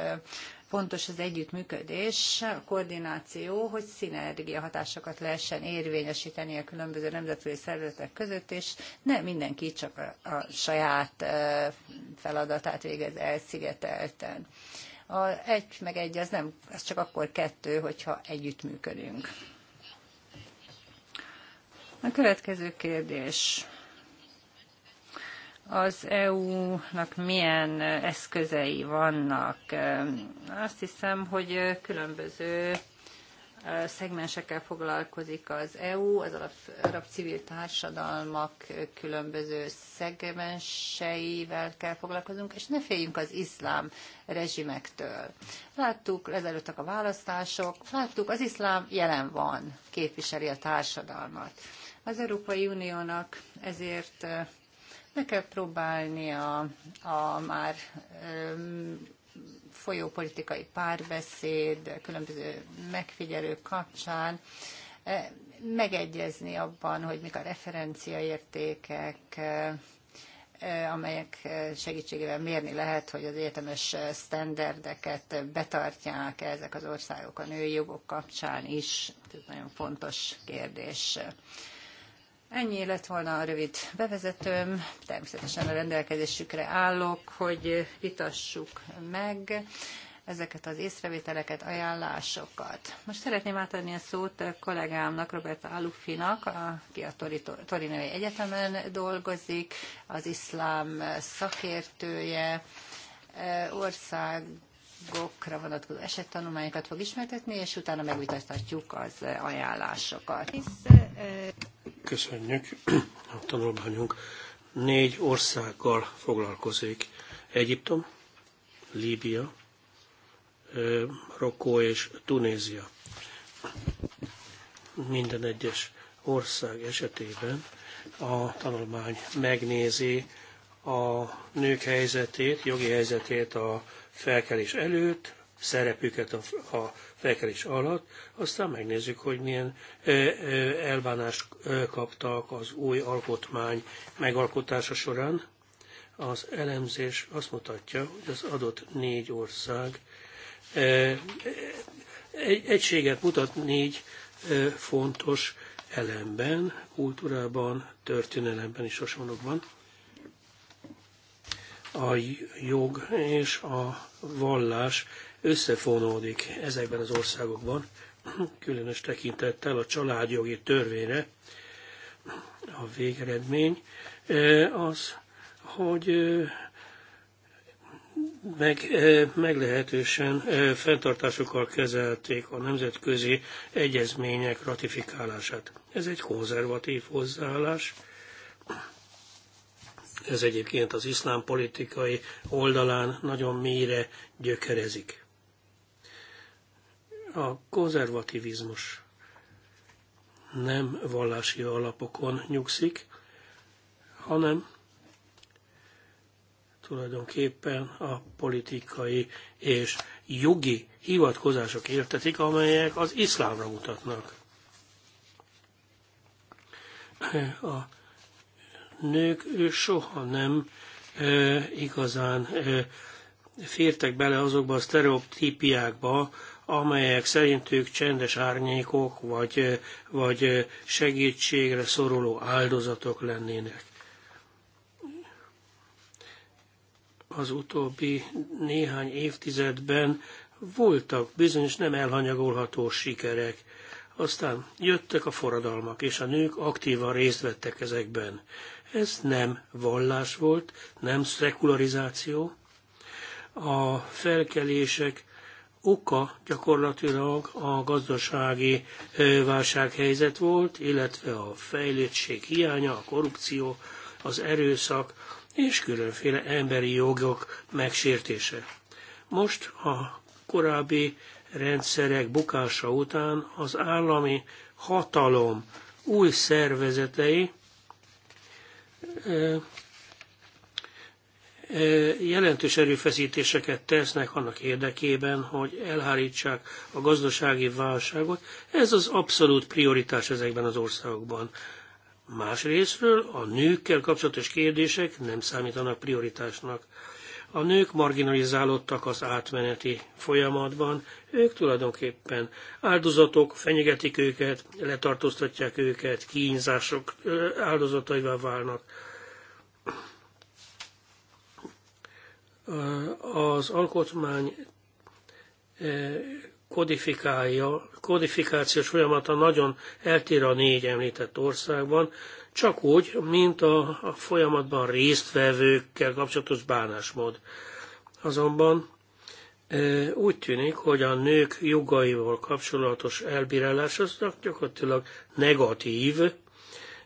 fontos az együttműködés, a koordináció, hogy szinergia hatásokat lehessen érvényesíteni a különböző nemzetközi szervezetek között, és ne mindenki csak a, a saját feladatát végez elszigetelten. A egy meg egy, az nem, az csak akkor kettő, hogyha együttműködünk. A következő kérdés az EU-nak milyen eszközei vannak. Azt hiszem, hogy különböző szegmensekkel foglalkozik az EU, az arab civil társadalmak különböző szegmenseivel kell foglalkozunk, és ne féljünk az iszlám rezsimektől. Láttuk, ezelőttek a választások, láttuk, az iszlám jelen van, képviseli a társadalmat. Az Európai Uniónak ezért meg kell próbálni a, a már folyó folyópolitikai párbeszéd, különböző megfigyelők kapcsán megegyezni abban, hogy mik a referenciaértékek, amelyek segítségével mérni lehet, hogy az értemes sztenderdeket betartják ezek az országok a női jogok kapcsán is. Ez nagyon fontos kérdés. Ennyi lett volna a rövid bevezetőm. Természetesen a rendelkezésükre állok, hogy vitassuk meg ezeket az észrevételeket, ajánlásokat. Most szeretném átadni a szót a kollégámnak, Robert Alufinak, aki a Torinói Egyetemen dolgozik, az iszlám szakértője, országokra vonatkozó esettanulmányokat fog ismertetni, és utána megvitathatjuk az ajánlásokat. Eh, Köszönjük. A tanulmányunk négy országgal foglalkozik. Egyiptom, Líbia, Rokó és Tunézia. Minden egyes ország esetében a tanulmány megnézi a nők helyzetét, jogi helyzetét a felkelés előtt, szerepüket a, a felkelés alatt, aztán megnézzük, hogy milyen elbánást kaptak az új alkotmány megalkotása során. Az elemzés azt mutatja, hogy az adott négy ország egy egységet mutat négy fontos elemben, kultúrában, történelemben és hasonlókban. A jog és a vallás összefonódik ezekben az országokban, különös tekintettel a családjogi törvényre. A végeredmény az, hogy meg, meglehetősen fenntartásokkal kezelték a nemzetközi egyezmények ratifikálását. Ez egy konzervatív hozzáállás. Ez egyébként az iszlám politikai oldalán nagyon mélyre gyökerezik. A konzervativizmus nem vallási alapokon nyugszik, hanem tulajdonképpen a politikai és jogi hivatkozások értetik, amelyek az iszlámra mutatnak. A nők soha nem igazán fértek bele azokba a sztereotípiákba, amelyek szerintük csendes árnyékok vagy, vagy segítségre szoruló áldozatok lennének. Az utóbbi néhány évtizedben voltak bizonyos nem elhanyagolható sikerek. Aztán jöttek a forradalmak, és a nők aktívan részt vettek ezekben. Ez nem vallás volt, nem szekularizáció. A felkelések oka gyakorlatilag a gazdasági válsághelyzet volt, illetve a fejlődtség hiánya, a korrupció, az erőszak és különféle emberi jogok megsértése. Most a korábbi rendszerek bukása után az állami hatalom új szervezetei jelentős erőfeszítéseket tesznek annak érdekében, hogy elhárítsák a gazdasági válságot. Ez az abszolút prioritás ezekben az országokban. Másrésztről a nőkkel kapcsolatos kérdések nem számítanak prioritásnak. A nők marginalizálódtak az átmeneti folyamatban, ők tulajdonképpen áldozatok, fenyegetik őket, letartóztatják őket, kínzások áldozataival válnak Az alkotmány eh, kodifikálja, kodifikációs folyamata nagyon eltér a négy említett országban, csak úgy, mint a, folyamatban résztvevőkkel kapcsolatos bánásmód. Azonban eh, úgy tűnik, hogy a nők jogaival kapcsolatos elbírálás az gyakorlatilag negatív.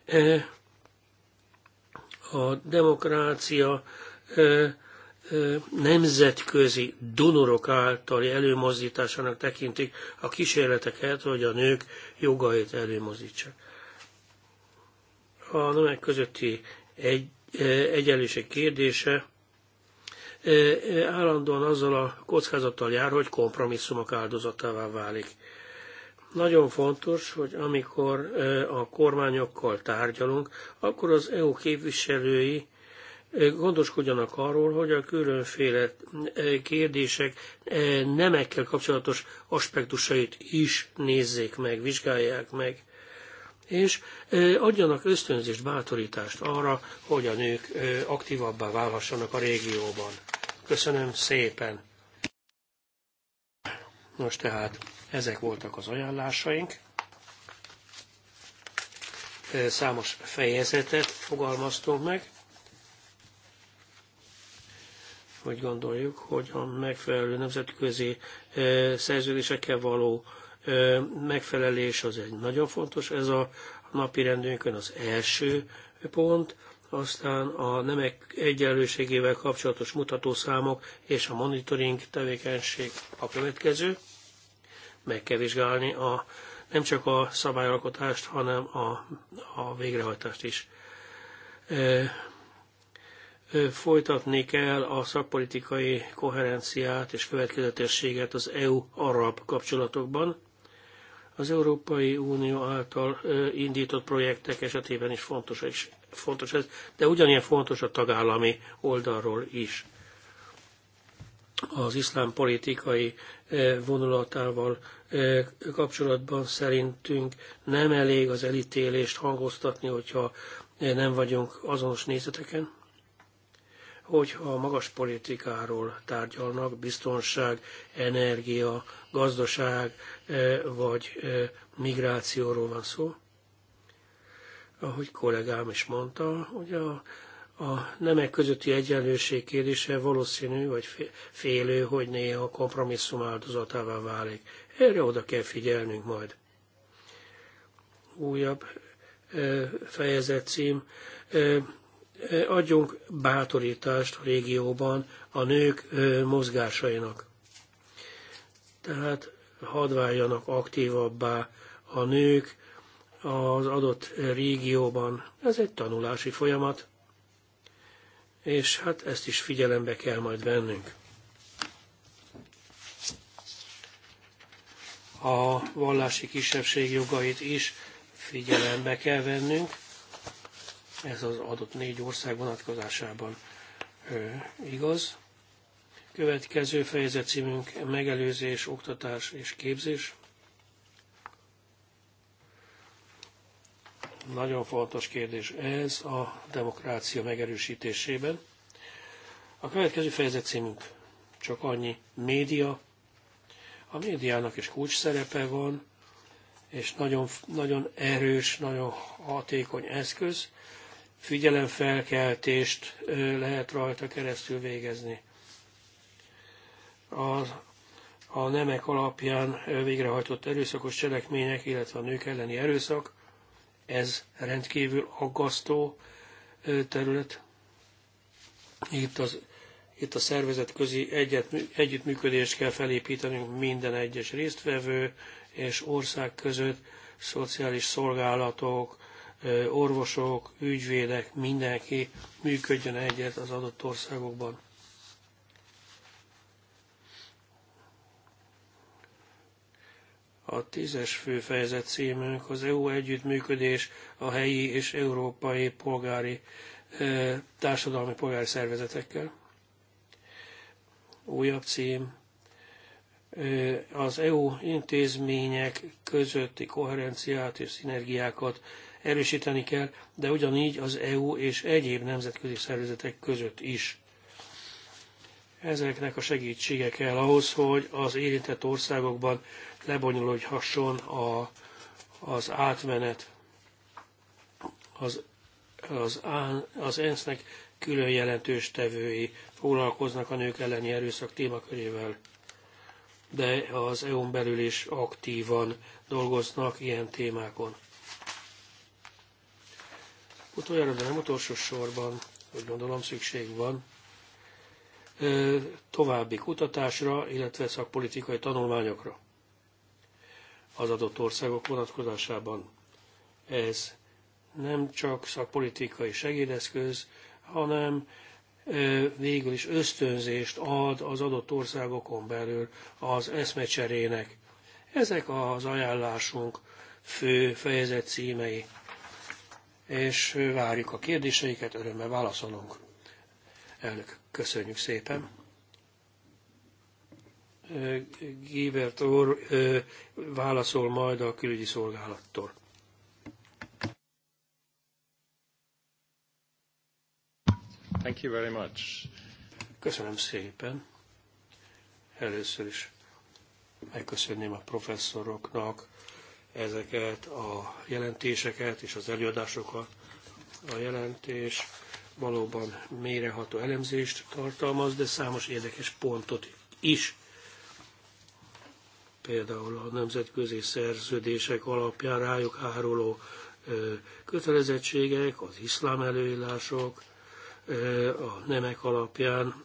Eh, a demokrácia nemzetközi donorok általi előmozdításának tekintik a kísérleteket, hogy a nők jogait előmozdítsák. A nemek közötti egy, egyenlőség kérdése állandóan azzal a kockázattal jár, hogy kompromisszumok áldozatává válik. Nagyon fontos, hogy amikor a kormányokkal tárgyalunk, akkor az EU képviselői gondoskodjanak arról, hogy a különféle eh, kérdések eh, nemekkel kapcsolatos aspektusait is nézzék meg, vizsgálják meg, és eh, adjanak ösztönzést, bátorítást arra, hogy a nők aktívabbá válhassanak a régióban. Köszönöm szépen! Nos tehát ezek voltak az ajánlásaink számos fejezetet fogalmaztunk meg. úgy gondoljuk, hogy a megfelelő nemzetközi szerződésekkel való megfelelés az egy nagyon fontos, ez a napi rendünkön az első pont, aztán a nemek egyenlőségével kapcsolatos mutatószámok és a monitoring tevékenység a következő. Meg kell vizsgálni a, nem csak a szabályalkotást, hanem a, a végrehajtást is folytatni kell a szakpolitikai koherenciát és következetességet az EU-arab kapcsolatokban. Az Európai Unió által indított projektek esetében is fontos, és fontos ez, de ugyanilyen fontos a tagállami oldalról is. Az iszlám politikai vonulatával kapcsolatban szerintünk nem elég az elítélést hangoztatni, hogyha nem vagyunk azonos nézeteken hogy a magas politikáról tárgyalnak, biztonság, energia, gazdaság e, vagy e, migrációról van szó. Ahogy kollégám is mondta, hogy a, a nemek közötti egyenlőség kérdése valószínű, vagy félő, hogy néha kompromisszum áldozatává válik. Erre oda kell figyelnünk majd. Újabb e, fejezet cím adjunk bátorítást a régióban a nők mozgásainak. Tehát hadd váljanak aktívabbá a nők az adott régióban. Ez egy tanulási folyamat, és hát ezt is figyelembe kell majd vennünk. A vallási kisebbség jogait is figyelembe kell vennünk, ez az adott négy ország vonatkozásában igaz. Következő fejezet címünk megelőzés, oktatás és képzés. Nagyon fontos kérdés ez a demokrácia megerősítésében. A következő fejezet címünk csak annyi média. A médiának is kulcs szerepe van, és nagyon, nagyon erős, nagyon hatékony eszköz figyelemfelkeltést lehet rajta keresztül végezni. A, a nemek alapján végrehajtott erőszakos cselekmények, illetve a nők elleni erőszak, ez rendkívül aggasztó terület. Itt, az, itt a szervezetközi együttműködést kell felépítenünk minden egyes résztvevő és ország között, szociális szolgálatok, orvosok, ügyvédek, mindenki működjön egyet az adott országokban. A tízes főfejezet címünk az EU együttműködés a helyi és európai polgári társadalmi polgári szervezetekkel. Újabb cím az EU intézmények közötti koherenciát és szinergiákat erősíteni kell, de ugyanígy az EU és egyéb nemzetközi szervezetek között is. Ezeknek a segítsége kell ahhoz, hogy az érintett országokban lebonyolódhasson a, az átmenet az, az, az ENSZ-nek külön jelentős tevői foglalkoznak a nők elleni erőszak témakörével, de az EU-n belül is aktívan dolgoznak ilyen témákon. Utoljára, de nem utolsó sorban, hogy gondolom szükség van további kutatásra, illetve szakpolitikai tanulmányokra az adott országok vonatkozásában. Ez nem csak szakpolitikai segédeszköz, hanem végül is ösztönzést ad az adott országokon belül az eszmecserének. Ezek az ajánlásunk fő fejezet címei és várjuk a kérdéseiket, örömmel válaszolunk. Elnök, köszönjük szépen. Gébert úr válaszol majd a külügyi szolgálattól. Thank you very much. Köszönöm szépen. Először is megköszönném a professzoroknak ezeket a jelentéseket és az előadásokat. A jelentés valóban méreható elemzést tartalmaz, de számos érdekes pontot is. Például a nemzetközi szerződések alapján rájuk áruló kötelezettségek, az iszlám előírások, a nemek alapján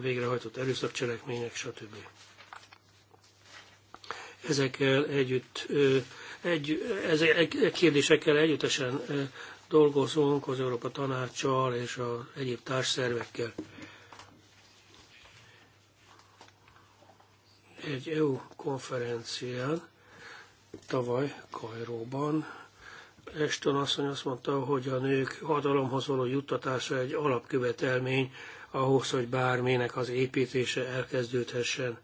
végrehajtott erőszakcselekmények, stb ezekkel együtt, egy, ezek kérdésekkel együttesen dolgozunk az Európa Tanácssal és az egyéb társszervekkel. Egy EU konferencián tavaly Kajróban Eston asszony azt mondta, hogy a nők hatalomhoz való juttatása egy alapkövetelmény ahhoz, hogy bárminek az építése elkezdődhessen.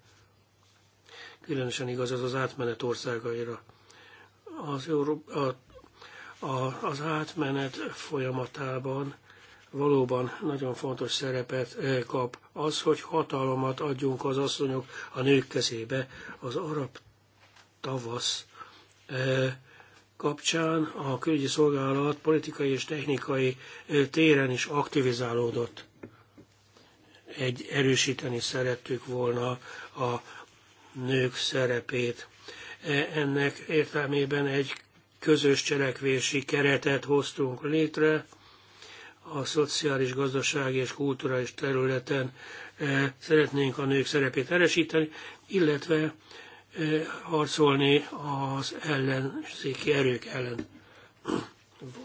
Különösen igaz ez az átmenet országaira. Az, Európa, a, a, az átmenet folyamatában valóban nagyon fontos szerepet eh, kap az, hogy hatalmat adjunk az asszonyok a nők kezébe. Az arab tavasz eh, kapcsán a külügyi szolgálat politikai és technikai eh, téren is aktivizálódott. Egy erősíteni szerettük volna a nők szerepét. E, ennek értelmében egy közös cselekvési keretet hoztunk létre a szociális, gazdasági és kulturális területen e, szeretnénk a nők szerepét erősíteni, illetve e, harcolni az ellenzéki erők ellen.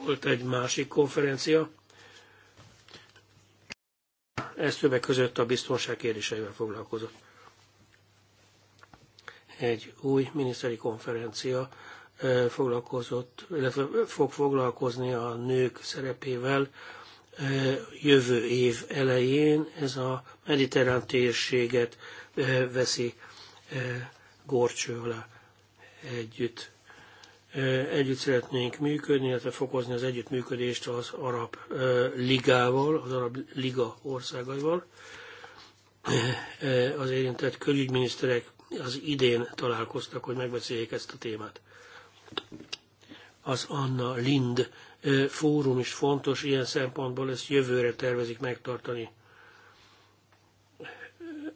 Volt egy másik konferencia, ez többek között a biztonság kérdéseivel foglalkozott egy új miniszteri konferencia foglalkozott, illetve fog foglalkozni a nők szerepével jövő év elején. Ez a mediterrán térséget veszi gorcső alá együtt. Együtt szeretnénk működni, illetve fokozni az együttműködést az Arab Ligával, az Arab Liga országaival. Az érintett külügyminiszterek az idén találkoztak, hogy megbeszéljék ezt a témát. Az Anna Lind fórum is fontos, ilyen szempontból ezt jövőre tervezik megtartani.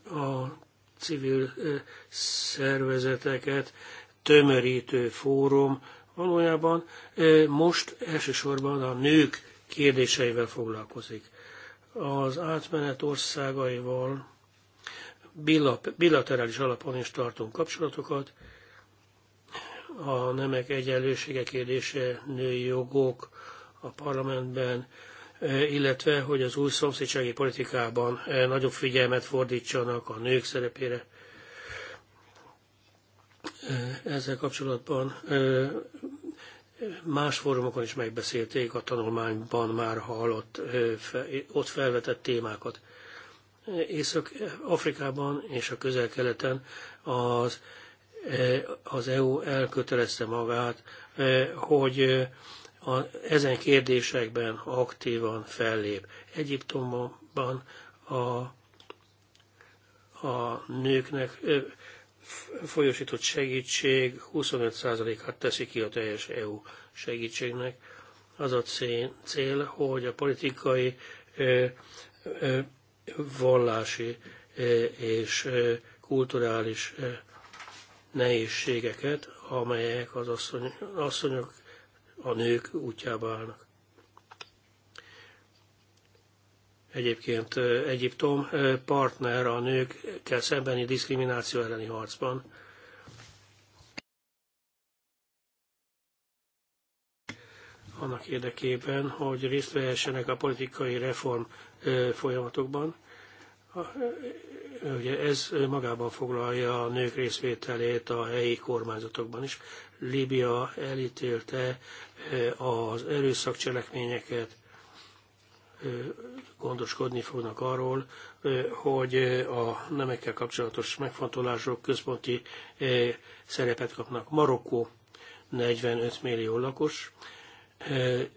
A civil szervezeteket tömörítő fórum valójában most elsősorban a nők kérdéseivel foglalkozik. Az átmenet országaival bilaterális alapon is tartunk kapcsolatokat. A nemek egyenlősége kérdése, női jogok a parlamentben, e, illetve hogy az új szomszédsági politikában e, nagyobb figyelmet fordítsanak a nők szerepére. E, ezzel kapcsolatban más fórumokon is megbeszélték, a tanulmányban már hallott, ott felvetett témákat. Észak-Afrikában és a közel-keleten az, e, az EU elkötelezte magát, e, hogy e, a, ezen kérdésekben aktívan fellép. Egyiptomban a, a nőknek folyosított segítség 25%-át teszi ki a teljes EU segítségnek. Az a cél, hogy a politikai vallási e, és e, kulturális e, nehézségeket, amelyek az asszony, asszonyok, a nők útjába állnak. Egyébként Egyiptom partner a nőkkel szembeni diszkrimináció elleni harcban annak érdekében, hogy részt vehessenek a politikai reform folyamatokban. Ugye ez magában foglalja a nők részvételét a helyi kormányzatokban is. Líbia elítélte az erőszakcselekményeket, gondoskodni fognak arról, hogy a nemekkel kapcsolatos megfontolások központi szerepet kapnak. Marokkó 45 millió lakos,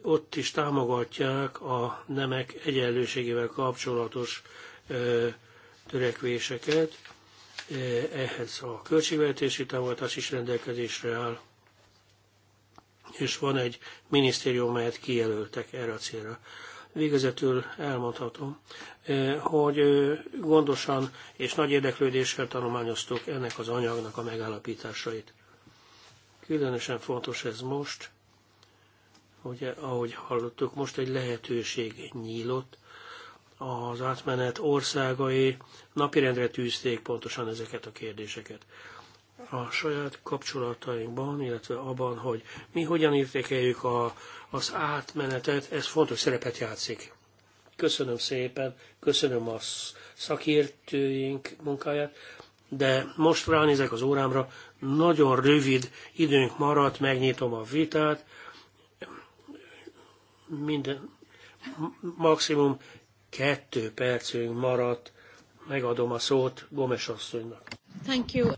ott is támogatják a nemek egyenlőségével kapcsolatos törekvéseket. Ehhez a költségvetési támogatás is rendelkezésre áll, és van egy minisztérium, melyet kijelöltek erre a célra. Végezetül elmondhatom, hogy gondosan és nagy érdeklődéssel tanulmányoztuk ennek az anyagnak a megállapításait. Különösen fontos ez most, Ugye, ahogy hallottuk, most egy lehetőség nyílott, az átmenet országai napirendre tűzték pontosan ezeket a kérdéseket. A saját kapcsolatainkban, illetve abban, hogy mi hogyan értékeljük a, az átmenetet, ez fontos szerepet játszik. Köszönöm szépen, köszönöm a szakértőink munkáját, de most ránézek az órámra, nagyon rövid időnk maradt, megnyitom a vitát, minden maximum kettő percünk maradt. Megadom a szót Gomes asszonynak. Thank you.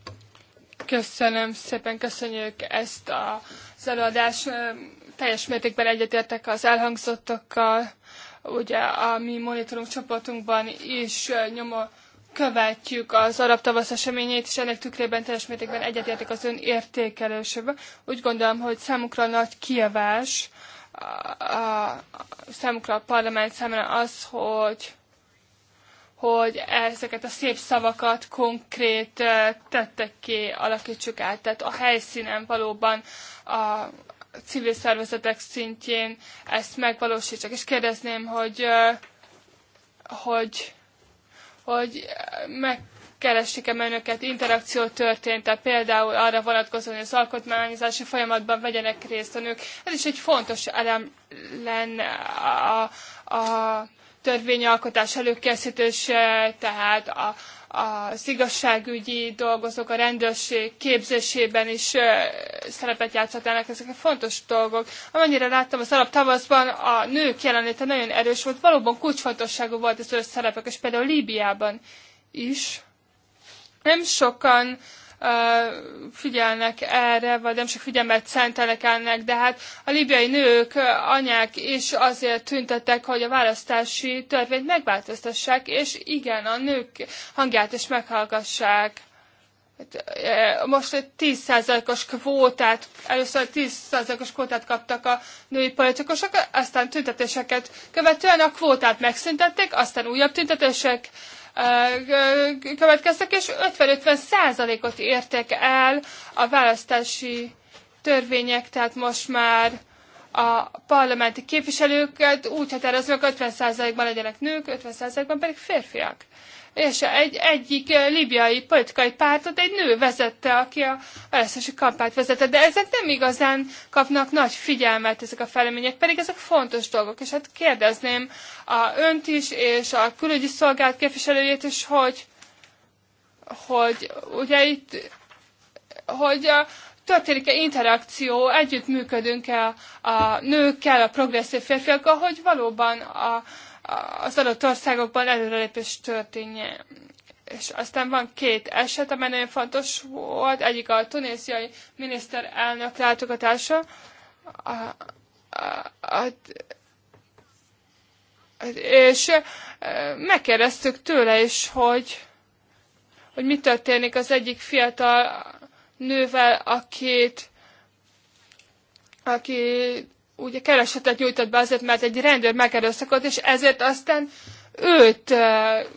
Köszönöm szépen, köszönjük ezt a, az előadást. Teljes mértékben egyetértek az elhangzottakkal. Ugye a mi monitorunk csoportunkban is nyomor követjük az arab tavasz eseményét, és ennek tükrében teljes mértékben egyetértek az ön értékelősébe. Úgy gondolom, hogy számukra nagy kiavás, a, számukra a parlament számára az, hogy hogy ezeket a szép szavakat konkrét tettekké alakítsuk át. Tehát a helyszínen valóban a civil szervezetek szintjén ezt megvalósítsak. És kérdezném, hogy, hogy, hogy meg keresik-e önöket, interakció történt, tehát például arra vonatkozóan, hogy az alkotmányozási folyamatban vegyenek részt a nők. Ez is egy fontos elem lenne a, a törvényalkotás előkészítése, tehát a, az igazságügyi dolgozók, a rendőrség képzésében is szerepet játszhatnának ezek a fontos dolgok. Amennyire láttam az alap tavaszban, a nők jelenléte nagyon erős volt, valóban kulcsfontosságú volt az ő szerepek, és például Líbiában is nem sokan figyelnek erre, vagy nem sok figyelmet szentelek ennek, de hát a libiai nők, anyák is azért tüntettek, hogy a választási törvényt megváltoztassák, és igen, a nők hangját is meghallgassák. Hát, most egy 10%-os kvótát, először 10%-os kvótát kaptak a női politikusok, aztán tüntetéseket követően a kvótát megszüntették, aztán újabb tüntetések következtek, és 50-50 százalékot -50 értek el a választási törvények, tehát most már a parlamenti képviselőket úgy határoznak, 50 százalékban legyenek nők, 50 százalékban pedig férfiak és egy, egyik eh, libiai politikai pártot egy nő vezette, aki a lsz kampányt vezette. De ezek nem igazán kapnak nagy figyelmet, ezek a felemények, pedig ezek fontos dolgok. És hát kérdezném a önt is, és a külügyi szolgált képviselőjét is, hogy, hogy ugye itt, hogy a, történik-e interakció, együttműködünk-e a nőkkel, a progresszív férfiakkal, hogy valóban a, az adott országokban előrelépés történje. És aztán van két eset, amely nagyon fontos volt. Egyik a tunéziai miniszterelnök látogatása. A, a, a, és megkérdeztük tőle is, hogy, hogy mi történik az egyik fiatal nővel, akit, akit ugye keresetet nyújtott be azért, mert egy rendőr megerőszakolt, és ezért aztán őt uh,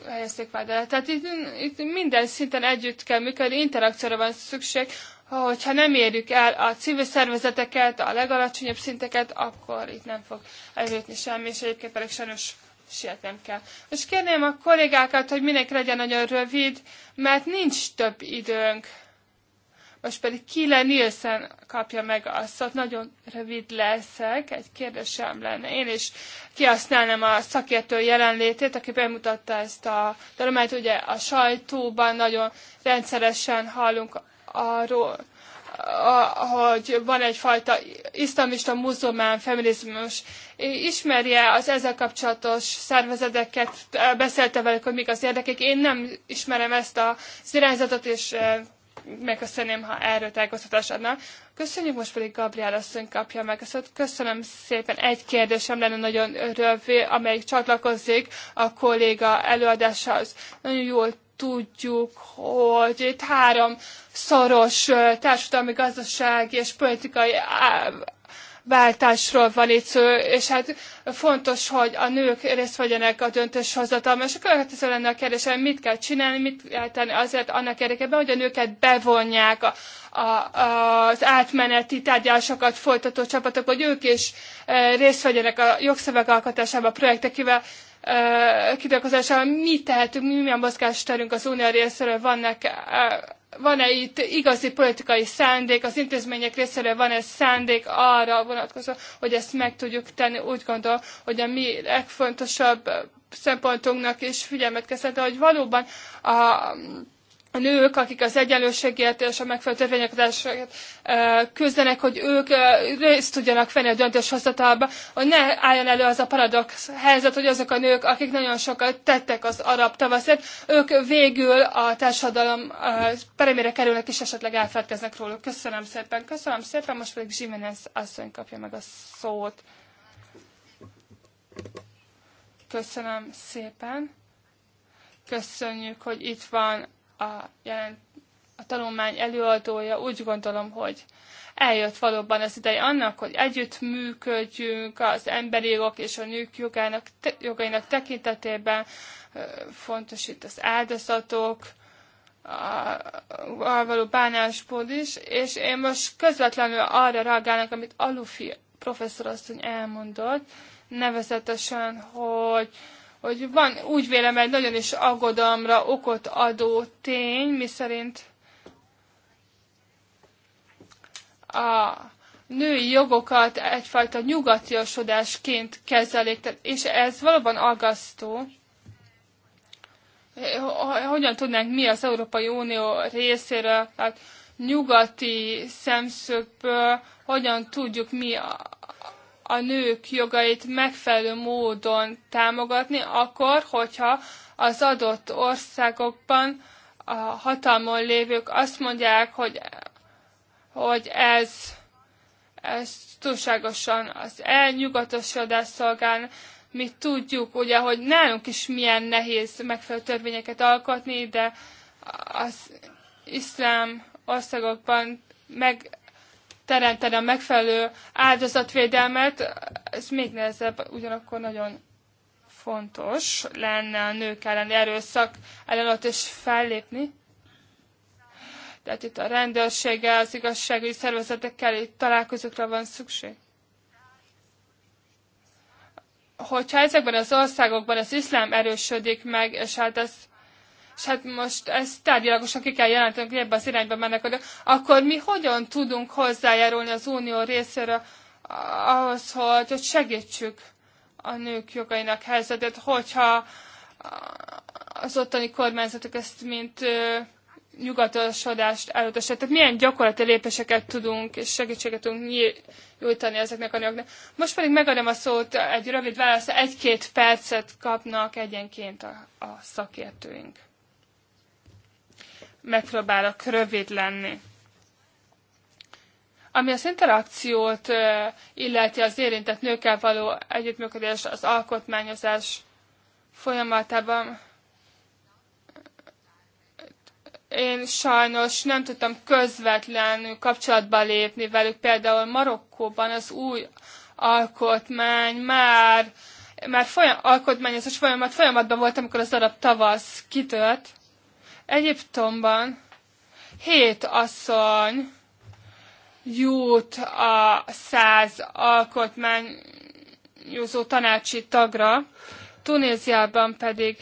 helyezték vádára. Tehát itt, itt minden szinten együtt kell működni, interakcióra van szükség, hogyha nem érjük el a civil szervezeteket, a legalacsonyabb szinteket, akkor itt nem fog előtni semmi, és egyébként pedig sajnos sietnem kell. És kérném a kollégákat, hogy mindenki legyen nagyon rövid, mert nincs több időnk. Most pedig Kile Nielsen kapja meg a szót. Nagyon rövid leszek, egy kérdésem lenne. Én is kihasználnám a szakértő jelenlétét, aki bemutatta ezt a tanulmányt. Ugye a sajtóban nagyon rendszeresen hallunk arról, hogy van egyfajta iszlamista muzulmán feminizmus. Ismerje az ezzel kapcsolatos szervezeteket, beszélte velük, hogy mik az érdekek. Én nem ismerem ezt a irányzatot, és eh, megköszönném, ha erről tájékoztatást adna. Köszönjük, most pedig Gabriel asszony kapja meg Köszönöm szépen. Egy kérdésem lenne nagyon rövid, amelyik csatlakozik a kolléga előadásához. Nagyon jól tudjuk, hogy itt három szoros társadalmi, gazdasági és politikai váltásról van itt szó, és hát fontos, hogy a nők részt vegyenek a döntéshozatalban. És a következő lenne a kérdésem, mit kell csinálni, mit kell tenni azért annak érdekében, hogy a nőket bevonják a, a, az átmeneti tárgyalásokat folytató csapatok, hogy ők is e, részt vegyenek a jogszabályok alkotásában, a projektekivel, e, kidolgozásában. Mit tehetünk, mi milyen mozgásterünk az unió részéről vannak e, van-e itt igazi politikai szándék, az intézmények részéről van-e szándék arra vonatkozó, hogy ezt meg tudjuk tenni. Úgy gondolom, hogy a mi legfontosabb szempontunknak is figyelmet kezdett, hogy valóban a a nők, akik az egyenlőségért és a megfelelő törvényekadásért küzdenek, hogy ők részt tudjanak venni a döntéshozatalba, hogy ne álljon elő az a paradox helyzet, hogy azok a nők, akik nagyon sokat tettek az arab tavaszért, ők végül a társadalom peremére kerülnek és esetleg elfeledkeznek róluk. Köszönöm szépen, köszönöm szépen, most pedig Jiménez asszony kapja meg a szót. Köszönöm szépen. Köszönjük, hogy itt van a, jelen, a tanulmány előadója, úgy gondolom, hogy eljött valóban az ideje annak, hogy együtt működjünk az emberi jogok és a nők jogának, te, jogainak tekintetében. Fontos itt az áldozatok, a, való bánásból is, és én most közvetlenül arra reagálnak, amit Alufi professzor professzorasszony elmondott, nevezetesen, hogy hogy van úgy vélem egy nagyon is aggodalomra okot adó tény, miszerint a női jogokat egyfajta nyugatiasodásként kezelik, és ez valóban aggasztó hogyan tudnánk mi az Európai Unió részéről, tehát nyugati szemszögből hogyan tudjuk mi a nők jogait megfelelő módon támogatni, akkor, hogyha az adott országokban a hatalmon lévők azt mondják, hogy, hogy ez, ez túlságosan az elnyugatosodás szolgál, mi tudjuk, ugye, hogy nálunk is milyen nehéz megfelelő törvényeket alkotni, de az iszlám országokban meg teremteni a megfelelő áldozatvédelmet, ez még nehezebb, ugyanakkor nagyon fontos lenne a nők elleni erőszak ellen ott is fellépni. Tehát itt a rendőrséggel, az igazságügyi szervezetekkel itt találkozókra van szükség. Hogyha ezekben az országokban az iszlám erősödik meg, és hát ez és hát most ezt tárgyalagosan ki kell jelentenünk, hogy ebbe az irányba mennek oda, akkor mi hogyan tudunk hozzájárulni az unió részéről ahhoz, hogy, hogy segítsük a nők jogainak helyzetét, hogyha az ottani kormányzatok ezt mint nyugatosodást elutasítják. Tehát milyen gyakorlati lépéseket tudunk és segítséget tudunk nyújtani ezeknek a nőknek. Most pedig megadom a szót egy rövid válasz, egy-két percet kapnak egyenként a, a szakértőink megpróbálok rövid lenni. Ami az interakciót illeti az érintett nőkkel való együttműködés az alkotmányozás folyamatában, én sajnos nem tudtam közvetlenül kapcsolatba lépni velük. Például Marokkóban az új alkotmány már, már folyam, alkotmányozás folyamat folyamatban volt, amikor az arab tavasz kitört. Egyiptomban hét asszony jut a száz alkotmányozó tanácsi tagra, Tunéziában pedig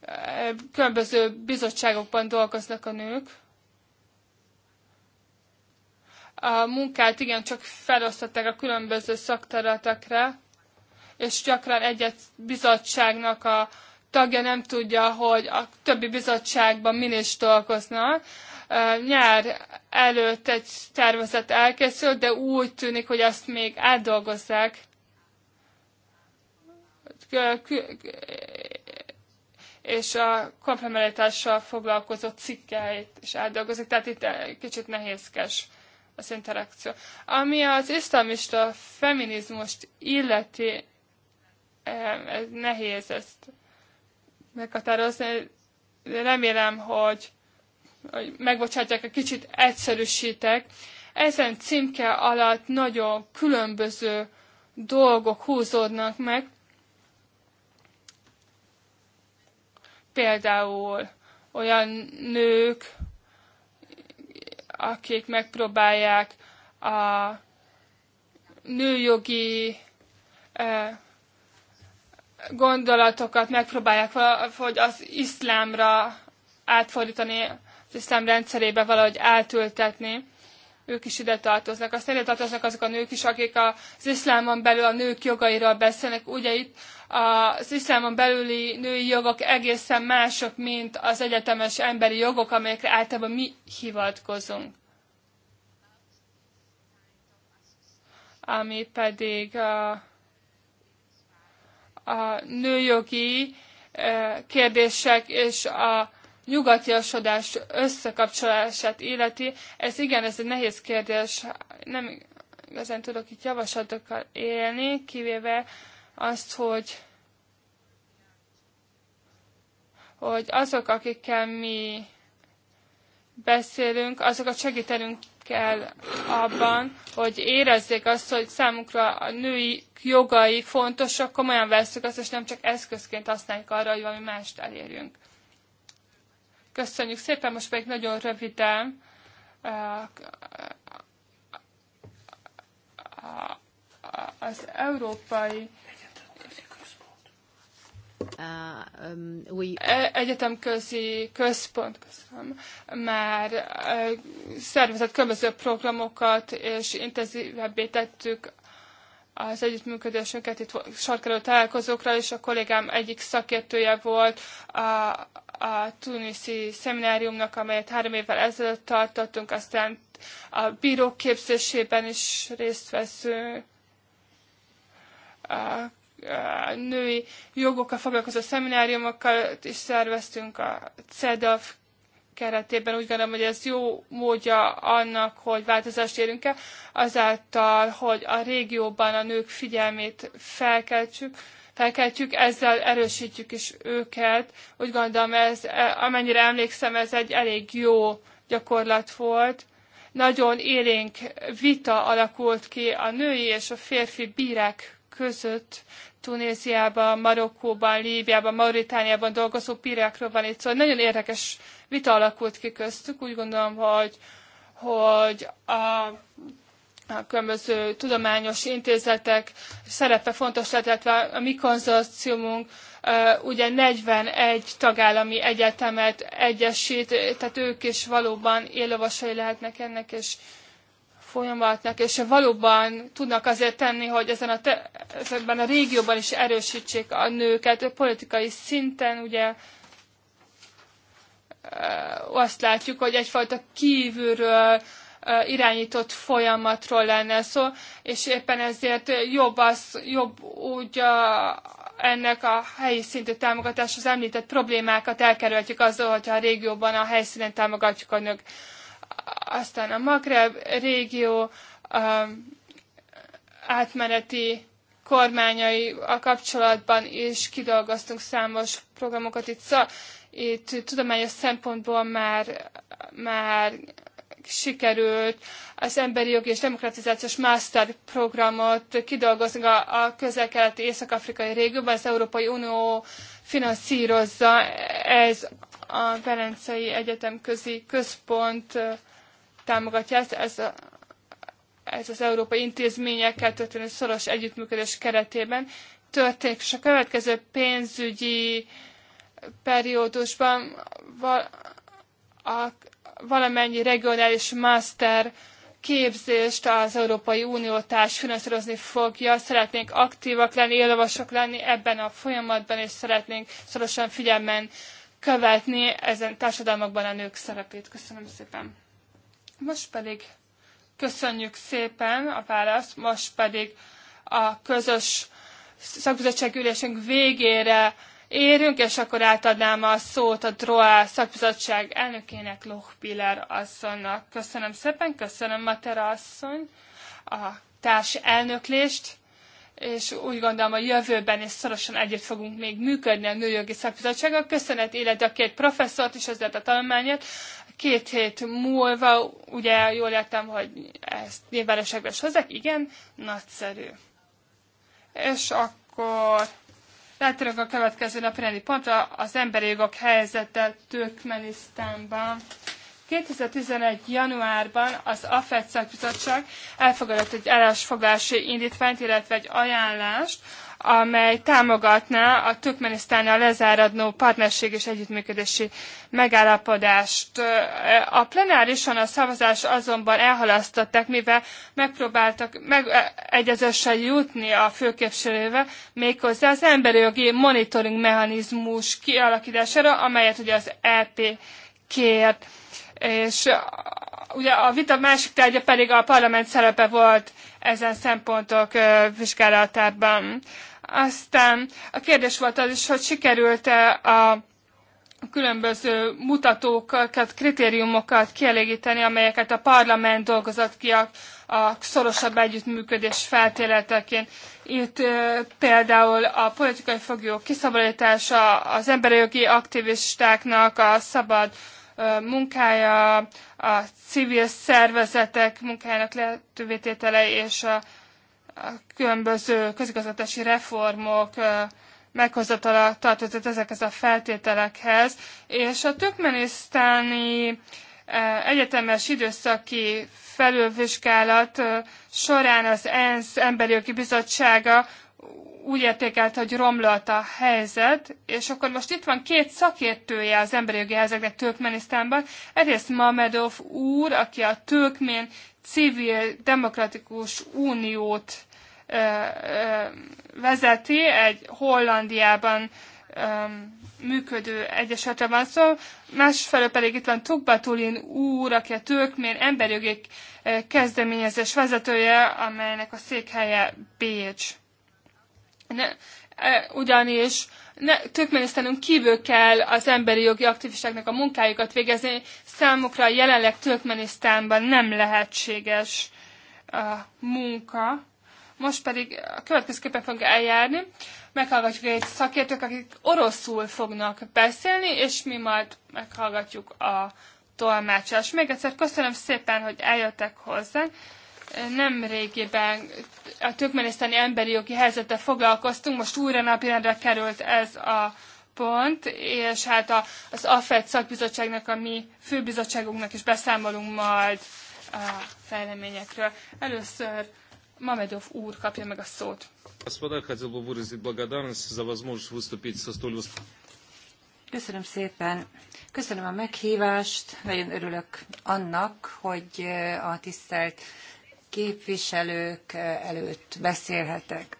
eh, különböző bizottságokban dolgoznak a nők. A munkát csak felosztották a különböző szakterületekre, és gyakran egyet bizottságnak a, tagja nem tudja, hogy a többi bizottságban min is dolgoznak. Nyár előtt egy tervezet elkészült, de úgy tűnik, hogy azt még átdolgozzák. És a komplementással foglalkozó cikkeit is átdolgozik, tehát itt kicsit nehézkes az interakció. Ami az iszlamista feminizmust illeti, ez nehéz ezt meghatározni. Remélem, hogy, hogy megbocsátják, a kicsit egyszerűsítek. Ezen címke alatt nagyon különböző dolgok húzódnak meg. Például olyan nők, akik megpróbálják a nőjogi eh, gondolatokat megpróbálják valahogy az iszlámra átfordítani, az iszlám rendszerébe valahogy átültetni. Ők is ide tartoznak. Aztán ide tartoznak azok a nők is, akik az iszlámon belül a nők jogairól beszélnek. Ugye itt az iszlámon belüli női jogok egészen mások, mint az egyetemes emberi jogok, amelyekre általában mi hivatkozunk. Ami pedig a a nőjogi kérdések és a nyugatiasodás összekapcsolását illeti. Ez igen, ez egy nehéz kérdés. Nem igazán tudok itt javaslatokkal élni, kivéve azt, hogy hogy azok, akikkel mi beszélünk, azokat segítenünk el abban, hogy érezzék azt, hogy számukra a női jogai fontosak, komolyan veszük azt, és nem csak eszközként használjuk arra, hogy valami mást elérjünk. Köszönjük szépen, most pedig nagyon röviden eh, eh, az európai Uh, um, e- Egyetemközi központ köszönöm, már e, szervezett különböző programokat, és intenzívebbé tettük az együttműködésünket itt sor került találkozókra, és a kollégám egyik szakértője volt a, a tuniszi szemináriumnak, amelyet három évvel ezelőtt tartottunk, aztán a bírók képzésében is részt veszünk női jogokkal foglalkozó szemináriumokat is szerveztünk a CEDAV keretében. Úgy gondolom, hogy ez jó módja annak, hogy változást érünk el, azáltal, hogy a régióban a nők figyelmét felkeltsük, felkeltjük, ezzel erősítjük is őket. Úgy gondolom, ez, e, amennyire emlékszem, ez egy elég jó gyakorlat volt. Nagyon élénk vita alakult ki a női és a férfi bírek között Tunéziában, Marokkóban, Líbiában, Mauritániában dolgozó pirákról van itt. Szóval nagyon érdekes vita alakult ki köztük. Úgy gondolom, hogy, hogy a a különböző tudományos intézetek szerepe fontos lett, illetve a mi konzorciumunk ugye 41 tagállami egyetemet egyesít, tehát ők is valóban élővasai lehetnek ennek, és folyamatnak, és valóban tudnak azért tenni, hogy ezen a te, ezekben a régióban is erősítsék a nőket a politikai szinten, ugye azt látjuk, hogy egyfajta kívülről irányított folyamatról lenne szó, és éppen ezért jobb, az, jobb úgy a, ennek a helyi szintű támogatáshoz említett problémákat elkerülhetjük azzal, hogyha a régióban a helyszínen támogatjuk a nők aztán a Magreb régió átmeneti kormányai a kapcsolatban is kidolgoztunk számos programokat. Itt, szá, itt tudományos szempontból már, már sikerült az emberi jogi és demokratizációs master programot kidolgozni a, a közel-keleti észak-afrikai régióban. Az Európai Unió finanszírozza ez a Velencei Egyetem közi központ támogatja ezt. Ez, a, ez az európai intézményekkel történő szoros együttműködés keretében történik, és a következő pénzügyi periódusban val, a, valamennyi regionális master képzést az Európai Unió társ finanszírozni fogja. Szeretnénk aktívak lenni, élvasok lenni ebben a folyamatban, és szeretnénk szorosan figyelmen követni ezen társadalmakban a nők szerepét. Köszönöm szépen! Most pedig köszönjük szépen a választ, most pedig a közös szakbizottság ülésünk végére érünk, és akkor átadnám a szót a DROA szakbizottság elnökének, Loch Piller asszonynak. Köszönöm szépen, köszönöm Matera asszony a társ elnöklést, és úgy gondolom a jövőben is szorosan együtt fogunk még működni a Nőjogi Szakbizottsággal. Köszönet illetve a két professzort is, ezért a tanulmányát két hét múlva, ugye jól értem, hogy ezt nyilvánosságra is hozzák, igen, nagyszerű. És akkor Rátérünk a következő napi pontra, az emberi jogok helyzete Türkmenisztánban. 2011. januárban az AFED szakbizottság elfogadott egy állásfoglási indítványt, illetve egy ajánlást amely támogatná a Türkmenisztánnal lezáradó partnerség és együttműködési megállapodást. A plenárison a szavazás azonban elhalasztották, mivel megpróbáltak megegyezéssel jutni a főképviselővel, méghozzá az emberi jogi monitoring mechanizmus kialakítására, amelyet ugye az EP kért. És ugye a vita másik tárgya pedig a parlament szerepe volt ezen szempontok vizsgálatában. Aztán a kérdés volt az is, hogy sikerült-e a különböző mutatókat, kritériumokat kielégíteni, amelyeket a parlament dolgozott ki a, a szorosabb együttműködés feltételeként. Itt e, például a politikai foglyok kiszabadítása, az emberi jogi aktivistáknak a szabad e, munkája, a civil szervezetek munkájának lehetővé tétele és a különböző közigazgatási reformok meghozatala tartozott ezekhez a feltételekhez, és a türkmenisztáni egyetemes időszaki felülvizsgálat során az ENSZ Emberi Jogi Bizottsága úgy értékelte, hogy romlott a helyzet, és akkor most itt van két szakértője az emberi jogi helyzetnek Türkmenisztánban. Egyrészt Mamedov úr, aki a Türkmén Civil Demokratikus Uniót vezeti, egy Hollandiában működő egyesetre van szó, másfelől pedig itt van Tukbatulin úr, aki a türkmén emberjogi kezdeményezés vezetője, amelynek a székhelye Bécs. Ne, ugyanis ne, Türkmenisztánunk kívül kell az emberi jogi aktivistáknak a munkájukat végezni, számukra jelenleg Türkmenisztánban nem lehetséges a munka. Most pedig a következőképpen fogunk eljárni. Meghallgatjuk egy szakértők, akik oroszul fognak beszélni, és mi majd meghallgatjuk a tolmácsás. Még egyszer köszönöm szépen, hogy eljöttek hozzánk nem régiben a türkmenisztáni emberi jogi helyzettel foglalkoztunk, most újra napirendre került ez a pont, és hát a, az AFED szakbizottságnak, a mi főbizottságunknak is beszámolunk majd a fejleményekről. Először Mamedov úr kapja meg a szót. Köszönöm szépen. Köszönöm a meghívást. Nagyon örülök annak, hogy a tisztelt képviselők előtt beszélhetek.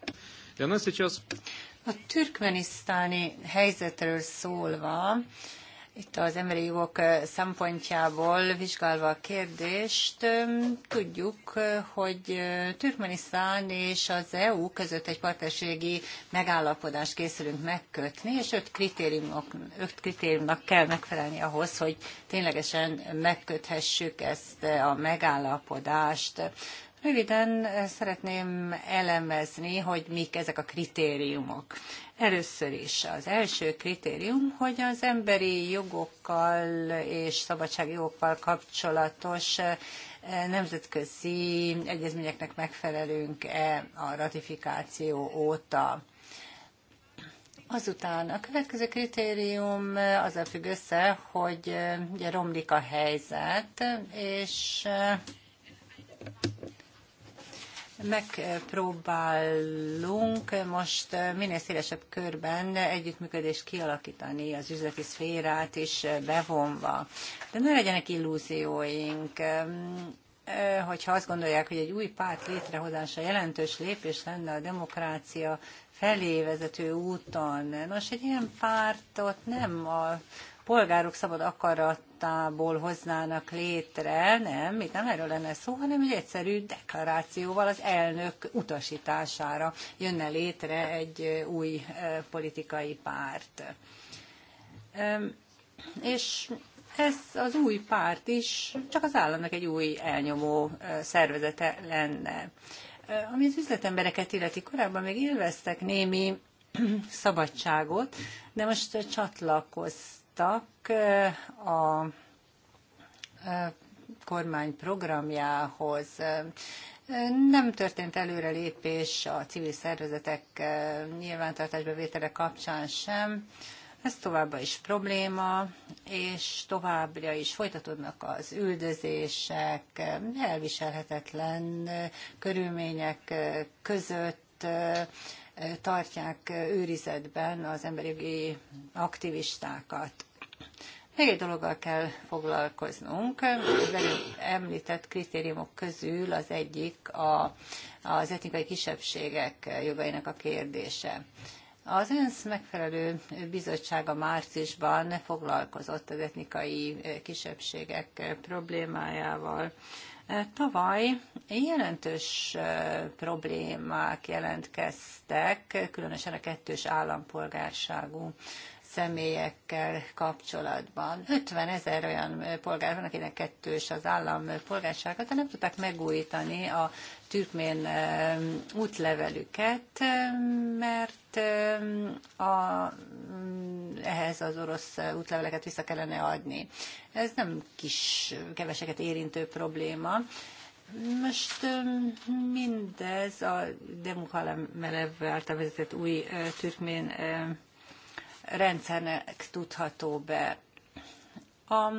A türkmenisztáni helyzetről szólva, itt az emberi jogok szempontjából vizsgálva a kérdést, tudjuk, hogy Türkmenisztán és az EU között egy partnerségi megállapodást készülünk megkötni, és öt, kritériumok, öt kritériumnak kell megfelelni ahhoz, hogy ténylegesen megköthessük ezt a megállapodást. Röviden eh, szeretném elemezni, hogy mik ezek a kritériumok. Először is az első kritérium, hogy az emberi jogokkal és szabadsági jogokkal kapcsolatos eh, nemzetközi egyezményeknek megfelelünk-e a ratifikáció óta. Azután a következő kritérium eh, azzal függ össze, hogy ugye romlik a helyzet, és megpróbálunk most eh, minél szélesebb körben együttműködést kialakítani az üzleti szférát is bevonva. De ne legyenek illúzióink eh, hogyha azt gondolják, hogy egy új párt létrehozása jelentős lépés lenne a demokrácia felé vezető úton. Nos, egy ilyen pártot nem a polgárok szabad akaratából hoznának létre, nem, itt nem erről lenne szó, hanem egy egyszerű deklarációval az elnök utasítására jönne létre egy új politikai párt. És ez az új párt is csak az államnak egy új elnyomó szervezete lenne. Ami az üzletembereket illeti, korábban még élveztek némi szabadságot, de most csatlakoz, hallottak a kormány programjához. Nem történt előrelépés a civil szervezetek nyilvántartásbevétele kapcsán sem. Ez továbbra is probléma, és továbbra is folytatódnak az üldözések, elviselhetetlen körülmények között tartják őrizetben az emberi aktivistákat. Még egy dologgal kell foglalkoznunk. Az előbb említett kritériumok közül az egyik a, az etnikai kisebbségek jogainak a kérdése. Az ENSZ megfelelő bizottsága márciusban foglalkozott az etnikai kisebbségek problémájával. Tavaly jelentős problémák jelentkeztek, különösen a kettős állampolgárságú személyekkel kapcsolatban. 50 ezer olyan polgár van, akinek kettős az állam polgársága, de nem tudták megújítani a türkmén útlevelüket, mert a, ehhez az orosz útleveleket vissza kellene adni. Ez nem kis, keveseket érintő probléma. Most mindez a Demukhalem Melevvel vezetett új türkmén rendszernek tudható be. A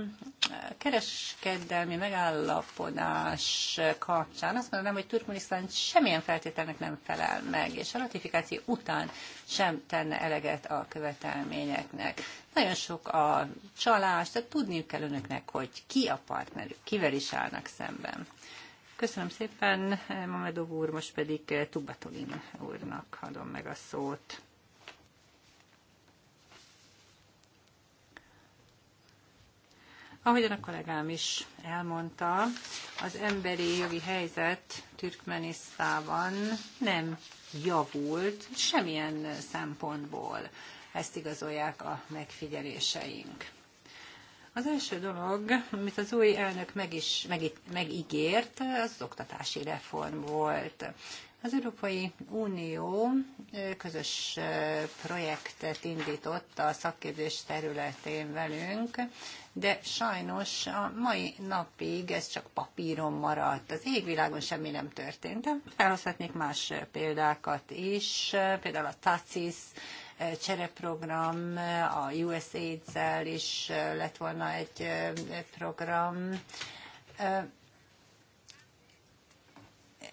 kereskedelmi megállapodás kapcsán azt mondanám, hogy Turkmenisztán semmilyen feltételnek nem felel meg, és a ratifikáció után sem tenne eleget a követelményeknek. Nagyon sok a csalás, tehát tudniuk kell önöknek, hogy ki a partnerük, kivel is állnak szemben. Köszönöm szépen, Mamedov úr, most pedig Tubatolin úrnak adom meg a szót. Ahogyan a kollégám is elmondta, az emberi jogi helyzet Türkmenisztában nem javult semmilyen szempontból. Ezt igazolják a megfigyeléseink. Az első dolog, amit az új elnök meg is, meg, megígért, az oktatási reform volt. Az Európai Unió közös projektet indított a szakképzés területén velünk, de sajnos a mai napig ez csak papíron maradt. Az égvilágon semmi nem történt. felhozhatnék más példákat is, például a TACIS, csereprogram, a USAID-zel is lett volna egy program.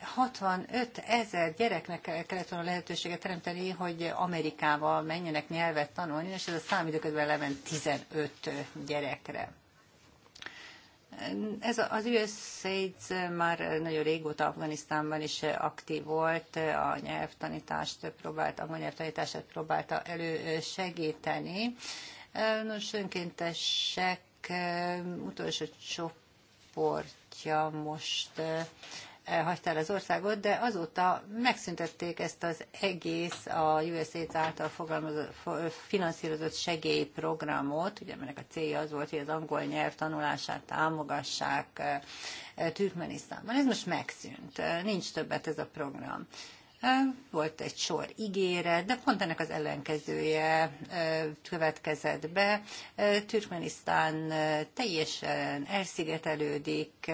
65 ezer gyereknek kellett volna lehetőséget teremteni, hogy Amerikába menjenek nyelvet tanulni, és ez a szám időközben lement 15 gyerekre. Ez az USAID már nagyon régóta Afganisztánban is aktív volt, a nyelvtanítást próbált, a nyelvtanítását próbálta elősegíteni. Nos, önkéntesek utolsó csoportja most elhagytál el az országot, de azóta megszüntették ezt az egész a USAID által finanszírozott segélyprogramot, ugye mert a célja az volt, hogy az angol nyelv tanulását támogassák eh, Türkmenisztánban. Ez most megszűnt, eh, nincs többet ez a program. Volt egy sor ígéret, de pont ennek az ellenkezője következett be. Türkmenisztán teljesen elszigetelődik,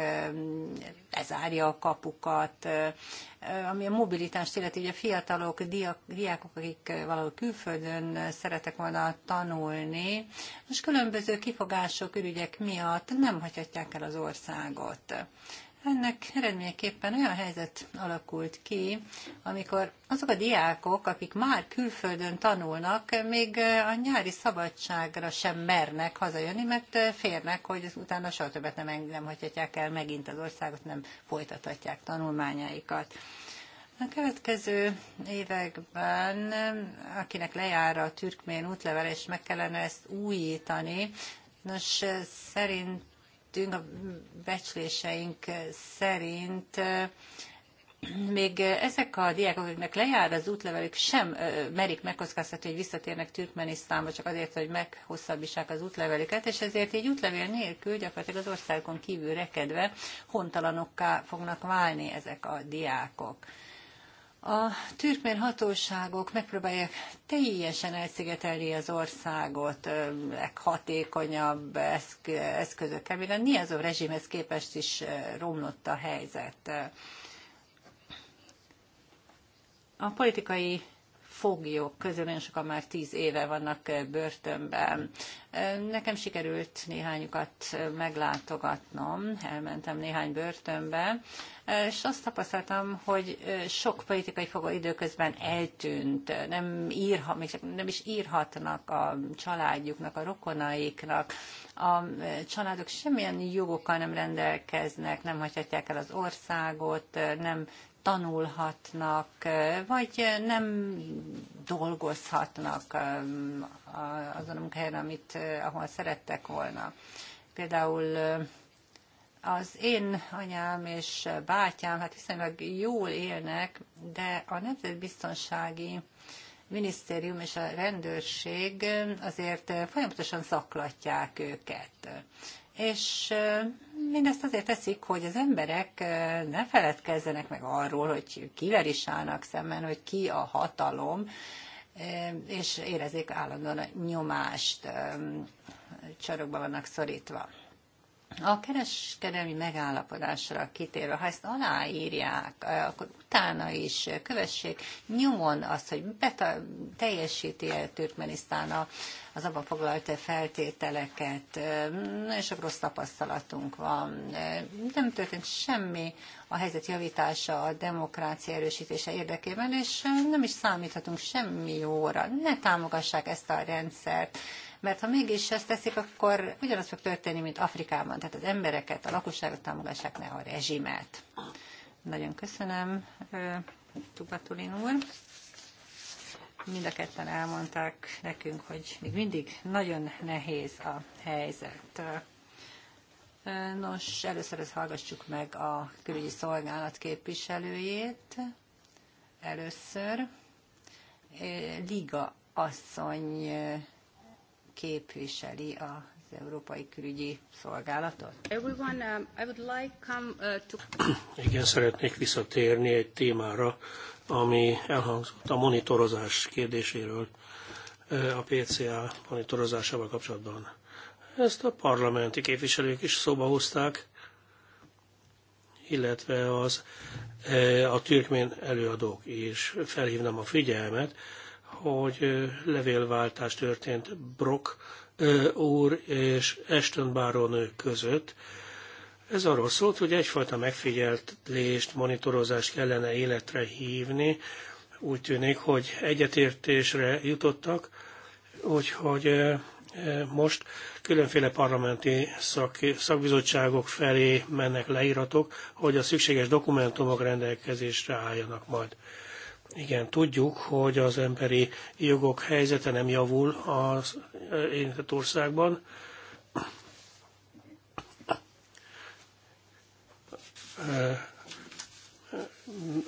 lezárja a kapukat, ami a mobilitást illeti, ugye a fiatalok, diákok, akik valahol külföldön szeretek volna tanulni, most különböző kifogások, ürügyek miatt nem hagyhatják el az országot. Ennek eredményeképpen olyan helyzet alakult ki, amikor azok a diákok, akik már külföldön tanulnak, még a nyári szabadságra sem mernek hazajönni, mert férnek, hogy utána soha többet nem, nem hagyhatják el megint az országot, nem folytathatják tanulmányaikat. A következő években, akinek lejár a türkmén útlevel, és meg kellene ezt újítani, nos, szerint tettünk, a becsléseink szerint még ezek a diákok, akiknek lejár az útlevelük, sem merik megkockáztatni, hogy visszatérnek Türkmenisztánba, csak azért, hogy meghosszabbítsák az útlevelüket, és ezért egy útlevél nélkül gyakorlatilag az országon kívül rekedve hontalanokká fognak válni ezek a diákok. A türkmén hatóságok megpróbálják teljesen elszigetelni az országot leghatékonyabb eszközökkel, a Niazov rezsimhez képest is romlott a helyzet. A politikai foglyok közül nagyon sokan már tíz éve vannak eh, börtönben. Eh, nekem sikerült néhányukat eh, meglátogatnom, elmentem néhány börtönbe, és azt tapasztaltam, hogy sok politikai fogó időközben eltűnt, nem, írha, még nem is írhatnak a családjuknak, a rokonaiknak, a családok semmilyen jogokkal nem rendelkeznek, nem hagyhatják el az országot, nem tanulhatnak, vagy nem dolgozhatnak eh, azon a munkahelyen, amit, eh, ahol szerettek volna. Például eh, az én anyám és bátyám hát viszonylag jól élnek, de a nemzetbiztonsági minisztérium és a rendőrség azért folyamatosan zaklatják őket. És mindezt azért teszik, hogy az emberek ne feledkezzenek meg arról, hogy kivel is állnak szemben, hogy ki a hatalom, és érezzék állandóan a nyomást, csarokba vannak szorítva. A kereskedelmi megállapodásra kitérve, ha ezt aláírják, eh, akkor utána is kövessék nyomon azt, hogy beta, teljesíti -e Türkmenisztán az abban foglalt feltételeket, eh, nagyon sok rossz tapasztalatunk van. Eh, nem történt semmi a helyzet javítása, a demokrácia erősítése érdekében, és nem is számíthatunk semmi jóra. Ne támogassák ezt a rendszert mert ha mégis ezt teszik, akkor ugyanaz fog történni, mint Afrikában, tehát az embereket, a lakosságot támogassák, ne a rezsimet. Nagyon köszönöm, Tubatulin úr. Mind a ketten elmondták nekünk, hogy még mindig nagyon nehéz a helyzet. Nos, először ezt hallgassuk meg a külügyi szolgálat képviselőjét. Először Liga asszony képviseli az Európai Külügyi Szolgálatot? Um, um, uh, Igen, szeretnék visszatérni egy témára, ami elhangzott a monitorozás kérdéséről, uh, a PCA monitorozásával kapcsolatban. Ezt a parlamenti képviselők is szóba hozták, illetve az uh, a türkmén előadók is felhívnám a figyelmet, hogy levélváltás történt Brock úr és Ashton Baron között. Ez arról szólt, hogy egyfajta megfigyeltlést, monitorozást kellene életre hívni. Úgy tűnik, hogy egyetértésre jutottak, úgyhogy most különféle parlamenti szak, szakbizottságok felé mennek leíratok, hogy a szükséges dokumentumok rendelkezésre álljanak majd. Igen, tudjuk, hogy az emberi jogok helyzete nem javul az érintett országban.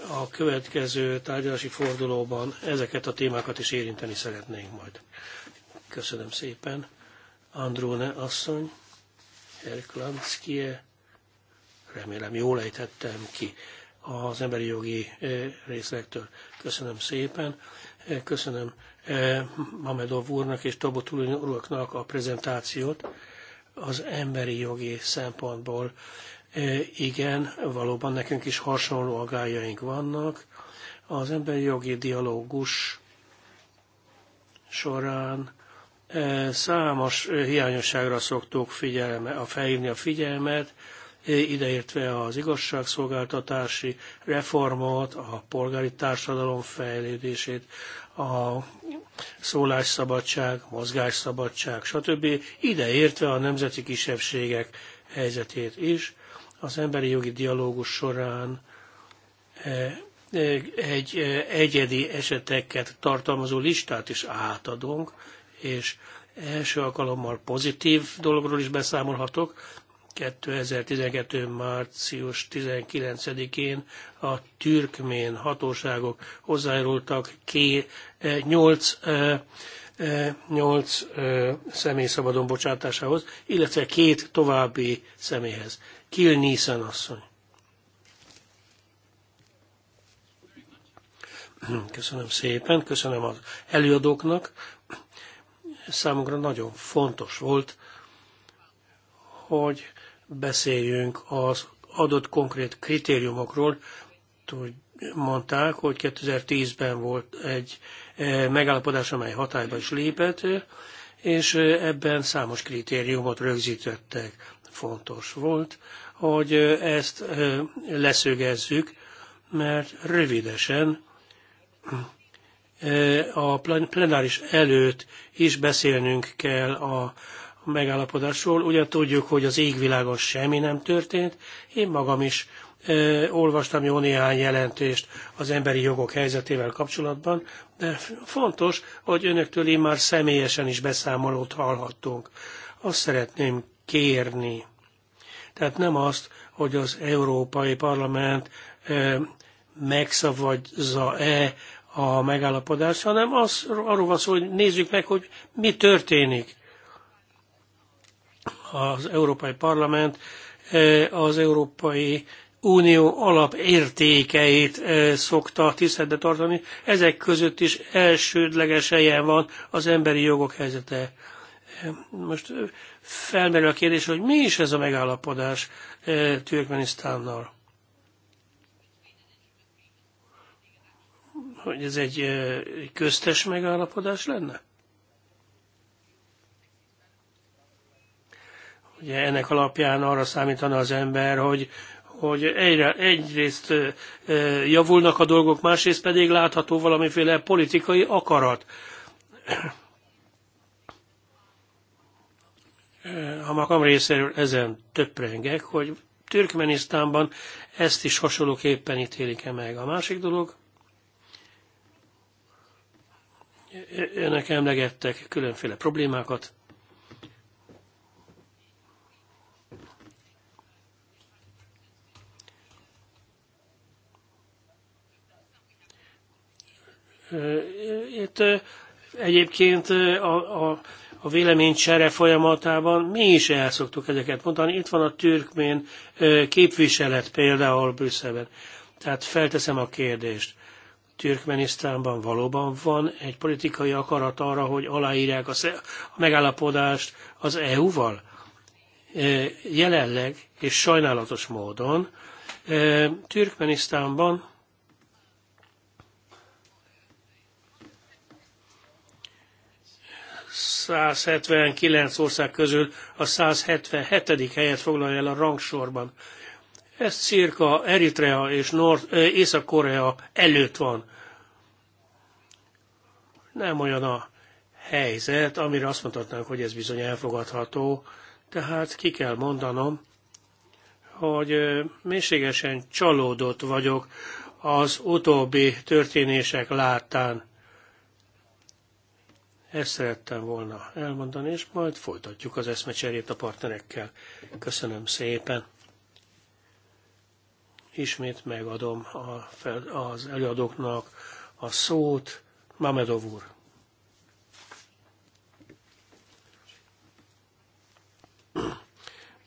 A következő tárgyalási fordulóban ezeket a témákat is érinteni szeretnénk majd. Köszönöm szépen. Andróne asszony, Herklanszkie, remélem jól ejtettem ki az emberi jogi részlektől. Köszönöm szépen, köszönöm Mamedov úrnak és Tabotulin uraknak a prezentációt az emberi jogi szempontból. Igen, valóban nekünk is hasonló agályaink vannak. Az emberi jogi dialógus során számos hiányosságra szoktuk figyelme, a felhívni a figyelmet, ideértve az igazságszolgáltatási reformot, a polgári társadalom fejlődését, a szólásszabadság, mozgásszabadság, stb. ideértve a nemzeti kisebbségek helyzetét is. Az emberi jogi dialógus során e, e, egy e, egyedi eseteket tartalmazó listát is átadunk, és első alkalommal pozitív dologról is beszámolhatok, 2012. március 19-én a türkmén hatóságok hozzájárultak ké, 8, eh, 8 eh, eh, személy szabadon bocsátásához, illetve két további személyhez. Kill Nielsen asszony. Köszönöm szépen, köszönöm az előadóknak. Számunkra nagyon fontos volt, hogy beszéljünk az adott konkrét kritériumokról. Mondták, hogy 2010-ben volt egy e, megállapodás, amely hatályba is lépett, és ebben számos kritériumot rögzítettek. Fontos volt, hogy ezt e, leszögezzük, mert rövidesen e, a plenáris előtt is beszélnünk kell a, megállapodásról. Ugye tudjuk, hogy az égvilágon semmi nem történt. Én magam is ö, olvastam jó néhány jelentést az emberi jogok helyzetével kapcsolatban, de fontos, hogy önöktől én már személyesen is beszámolót hallhattunk. Azt szeretném kérni. Tehát nem azt, hogy az Európai Parlament ö, megszavazza-e a megállapodást, hanem az, arról van szó, hogy nézzük meg, hogy mi történik az Európai Parlament e, az Európai Unió alapértékeit e, szokta tiszteletbe tartani. Ezek között is elsődleges helyen van az emberi jogok helyzete. E, most felmerül a kérdés, hogy mi is ez a megállapodás Türkmenisztánnal. Hogy ez egy köztes megállapodás lenne? Ugye ennek alapján arra számítana az ember, hogy, hogy egyre, egyrészt javulnak a dolgok, másrészt pedig látható valamiféle politikai akarat. A magam részéről ezen töprengek, hogy Türkmenisztánban ezt is hasonlóképpen ítélik-e meg. A másik dolog, önök emlegettek különféle problémákat. Itt egyébként a, a, a véleménycsere folyamatában mi is el szoktuk ezeket mondani. Itt van a türkmén képviselet például Brüsszelben. Tehát felteszem a kérdést. Türkmenisztánban valóban van egy politikai akarat arra, hogy aláírják a megállapodást az EU-val? Jelenleg és sajnálatos módon Türkmenisztánban 179 ország közül a 177. helyet foglalja el a rangsorban. Ez cirka Eritrea és Nord, Észak-Korea előtt van. Nem olyan a helyzet, amire azt mondhatnánk, hogy ez bizony elfogadható, tehát ki kell mondanom, hogy mélységesen csalódott vagyok az utóbbi történések láttán. Ezt szerettem volna elmondani, és majd folytatjuk az eszmecserét a partnerekkel. Köszönöm szépen. Ismét megadom a fel, az előadóknak a szót. Mamedov úr.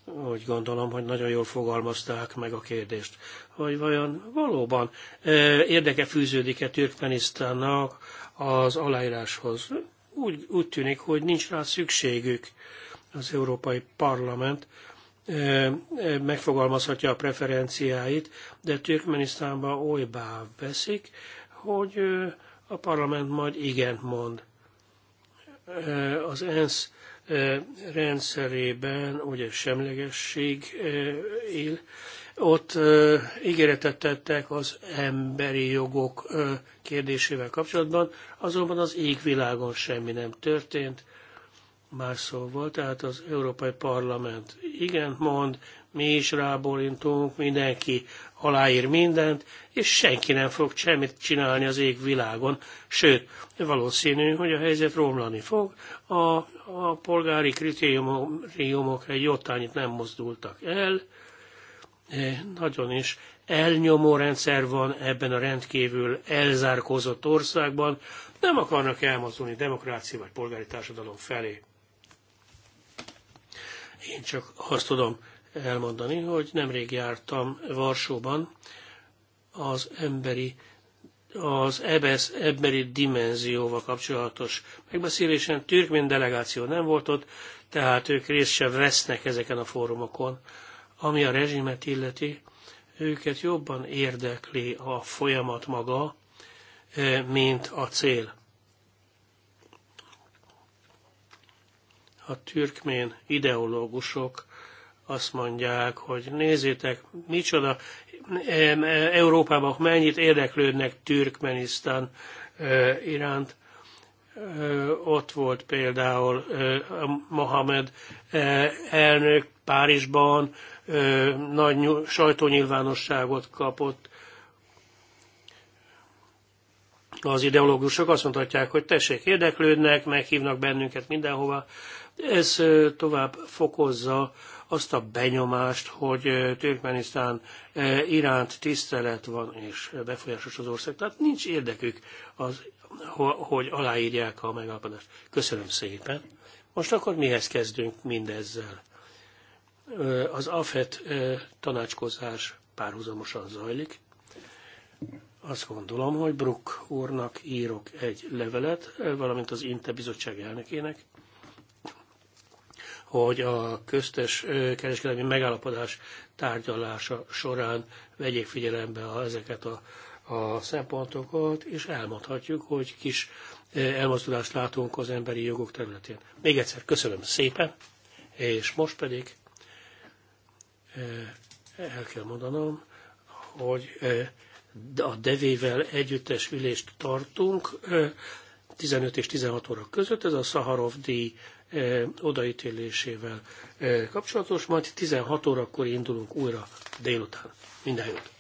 úgy gondolom, hogy nagyon jól fogalmazták meg a kérdést, hogy vajon valóban eh, érdeke fűződik-e Türkmenisztánnak az aláíráshoz úgy, úgy tűnik, hogy nincs rá szükségük. Az Európai Parlament megfogalmazhatja a preferenciáit, de Türkmenisztánban olybá veszik, hogy a parlament majd igent mond. Az ENSZ rendszerében ugye semlegesség él, ott ígéretet tettek az emberi jogok ö, kérdésével kapcsolatban, azonban az égvilágon semmi nem történt. Más szóval, tehát az Európai Parlament igen mond, mi is rábólintunk, mindenki aláír mindent, és senki nem fog semmit csinálni az égvilágon. Sőt, valószínű, hogy a helyzet romlani fog, a, a polgári kritériumok egy jottányit nem mozdultak el, Eh, nagyon is elnyomó rendszer van ebben a rendkívül elzárkózott országban, nem akarnak elmozdulni demokrácia vagy polgári társadalom felé. Én csak azt tudom elmondani, hogy nemrég jártam Varsóban az emberi az EBS emberi dimenzióval kapcsolatos megbeszélésen. Türkmén delegáció nem volt ott, tehát ők részt sem vesznek ezeken a fórumokon. Ami a rezsimet illeti, őket jobban érdekli a folyamat maga, mint a cél. A türkmén ideológusok azt mondják, hogy nézzétek, micsoda, Európában mennyit érdeklődnek Türkmenisztán iránt. Ott volt például Mohamed elnök Párizsban, nagy sajtónyilvánosságot kapott. Az ideológusok azt mondhatják, hogy tessék, érdeklődnek, meghívnak bennünket mindenhova. Ez tovább fokozza azt a benyomást, hogy Türkmenisztán iránt tisztelet van és befolyásos az ország. Tehát nincs érdekük, az, hogy aláírják a megállapodást. Köszönöm szépen. Most akkor mihez kezdünk mindezzel? az AFET tanácskozás párhuzamosan zajlik. Azt gondolom, hogy Bruck úrnak írok egy levelet, valamint az INTE bizottság elnökének, hogy a köztes kereskedelmi megállapodás tárgyalása során vegyék figyelembe ezeket a, a szempontokat, és elmondhatjuk, hogy kis elmozdulást látunk az emberi jogok területén. Még egyszer köszönöm szépen, és most pedig Eh, el kell mondanom, hogy eh, a devével együttes ülést tartunk 15 eh, és 16 óra között, ez a Szaharov díj odaítélésével kapcsolatos, majd 16 órakor indulunk újra délután. Minden jót!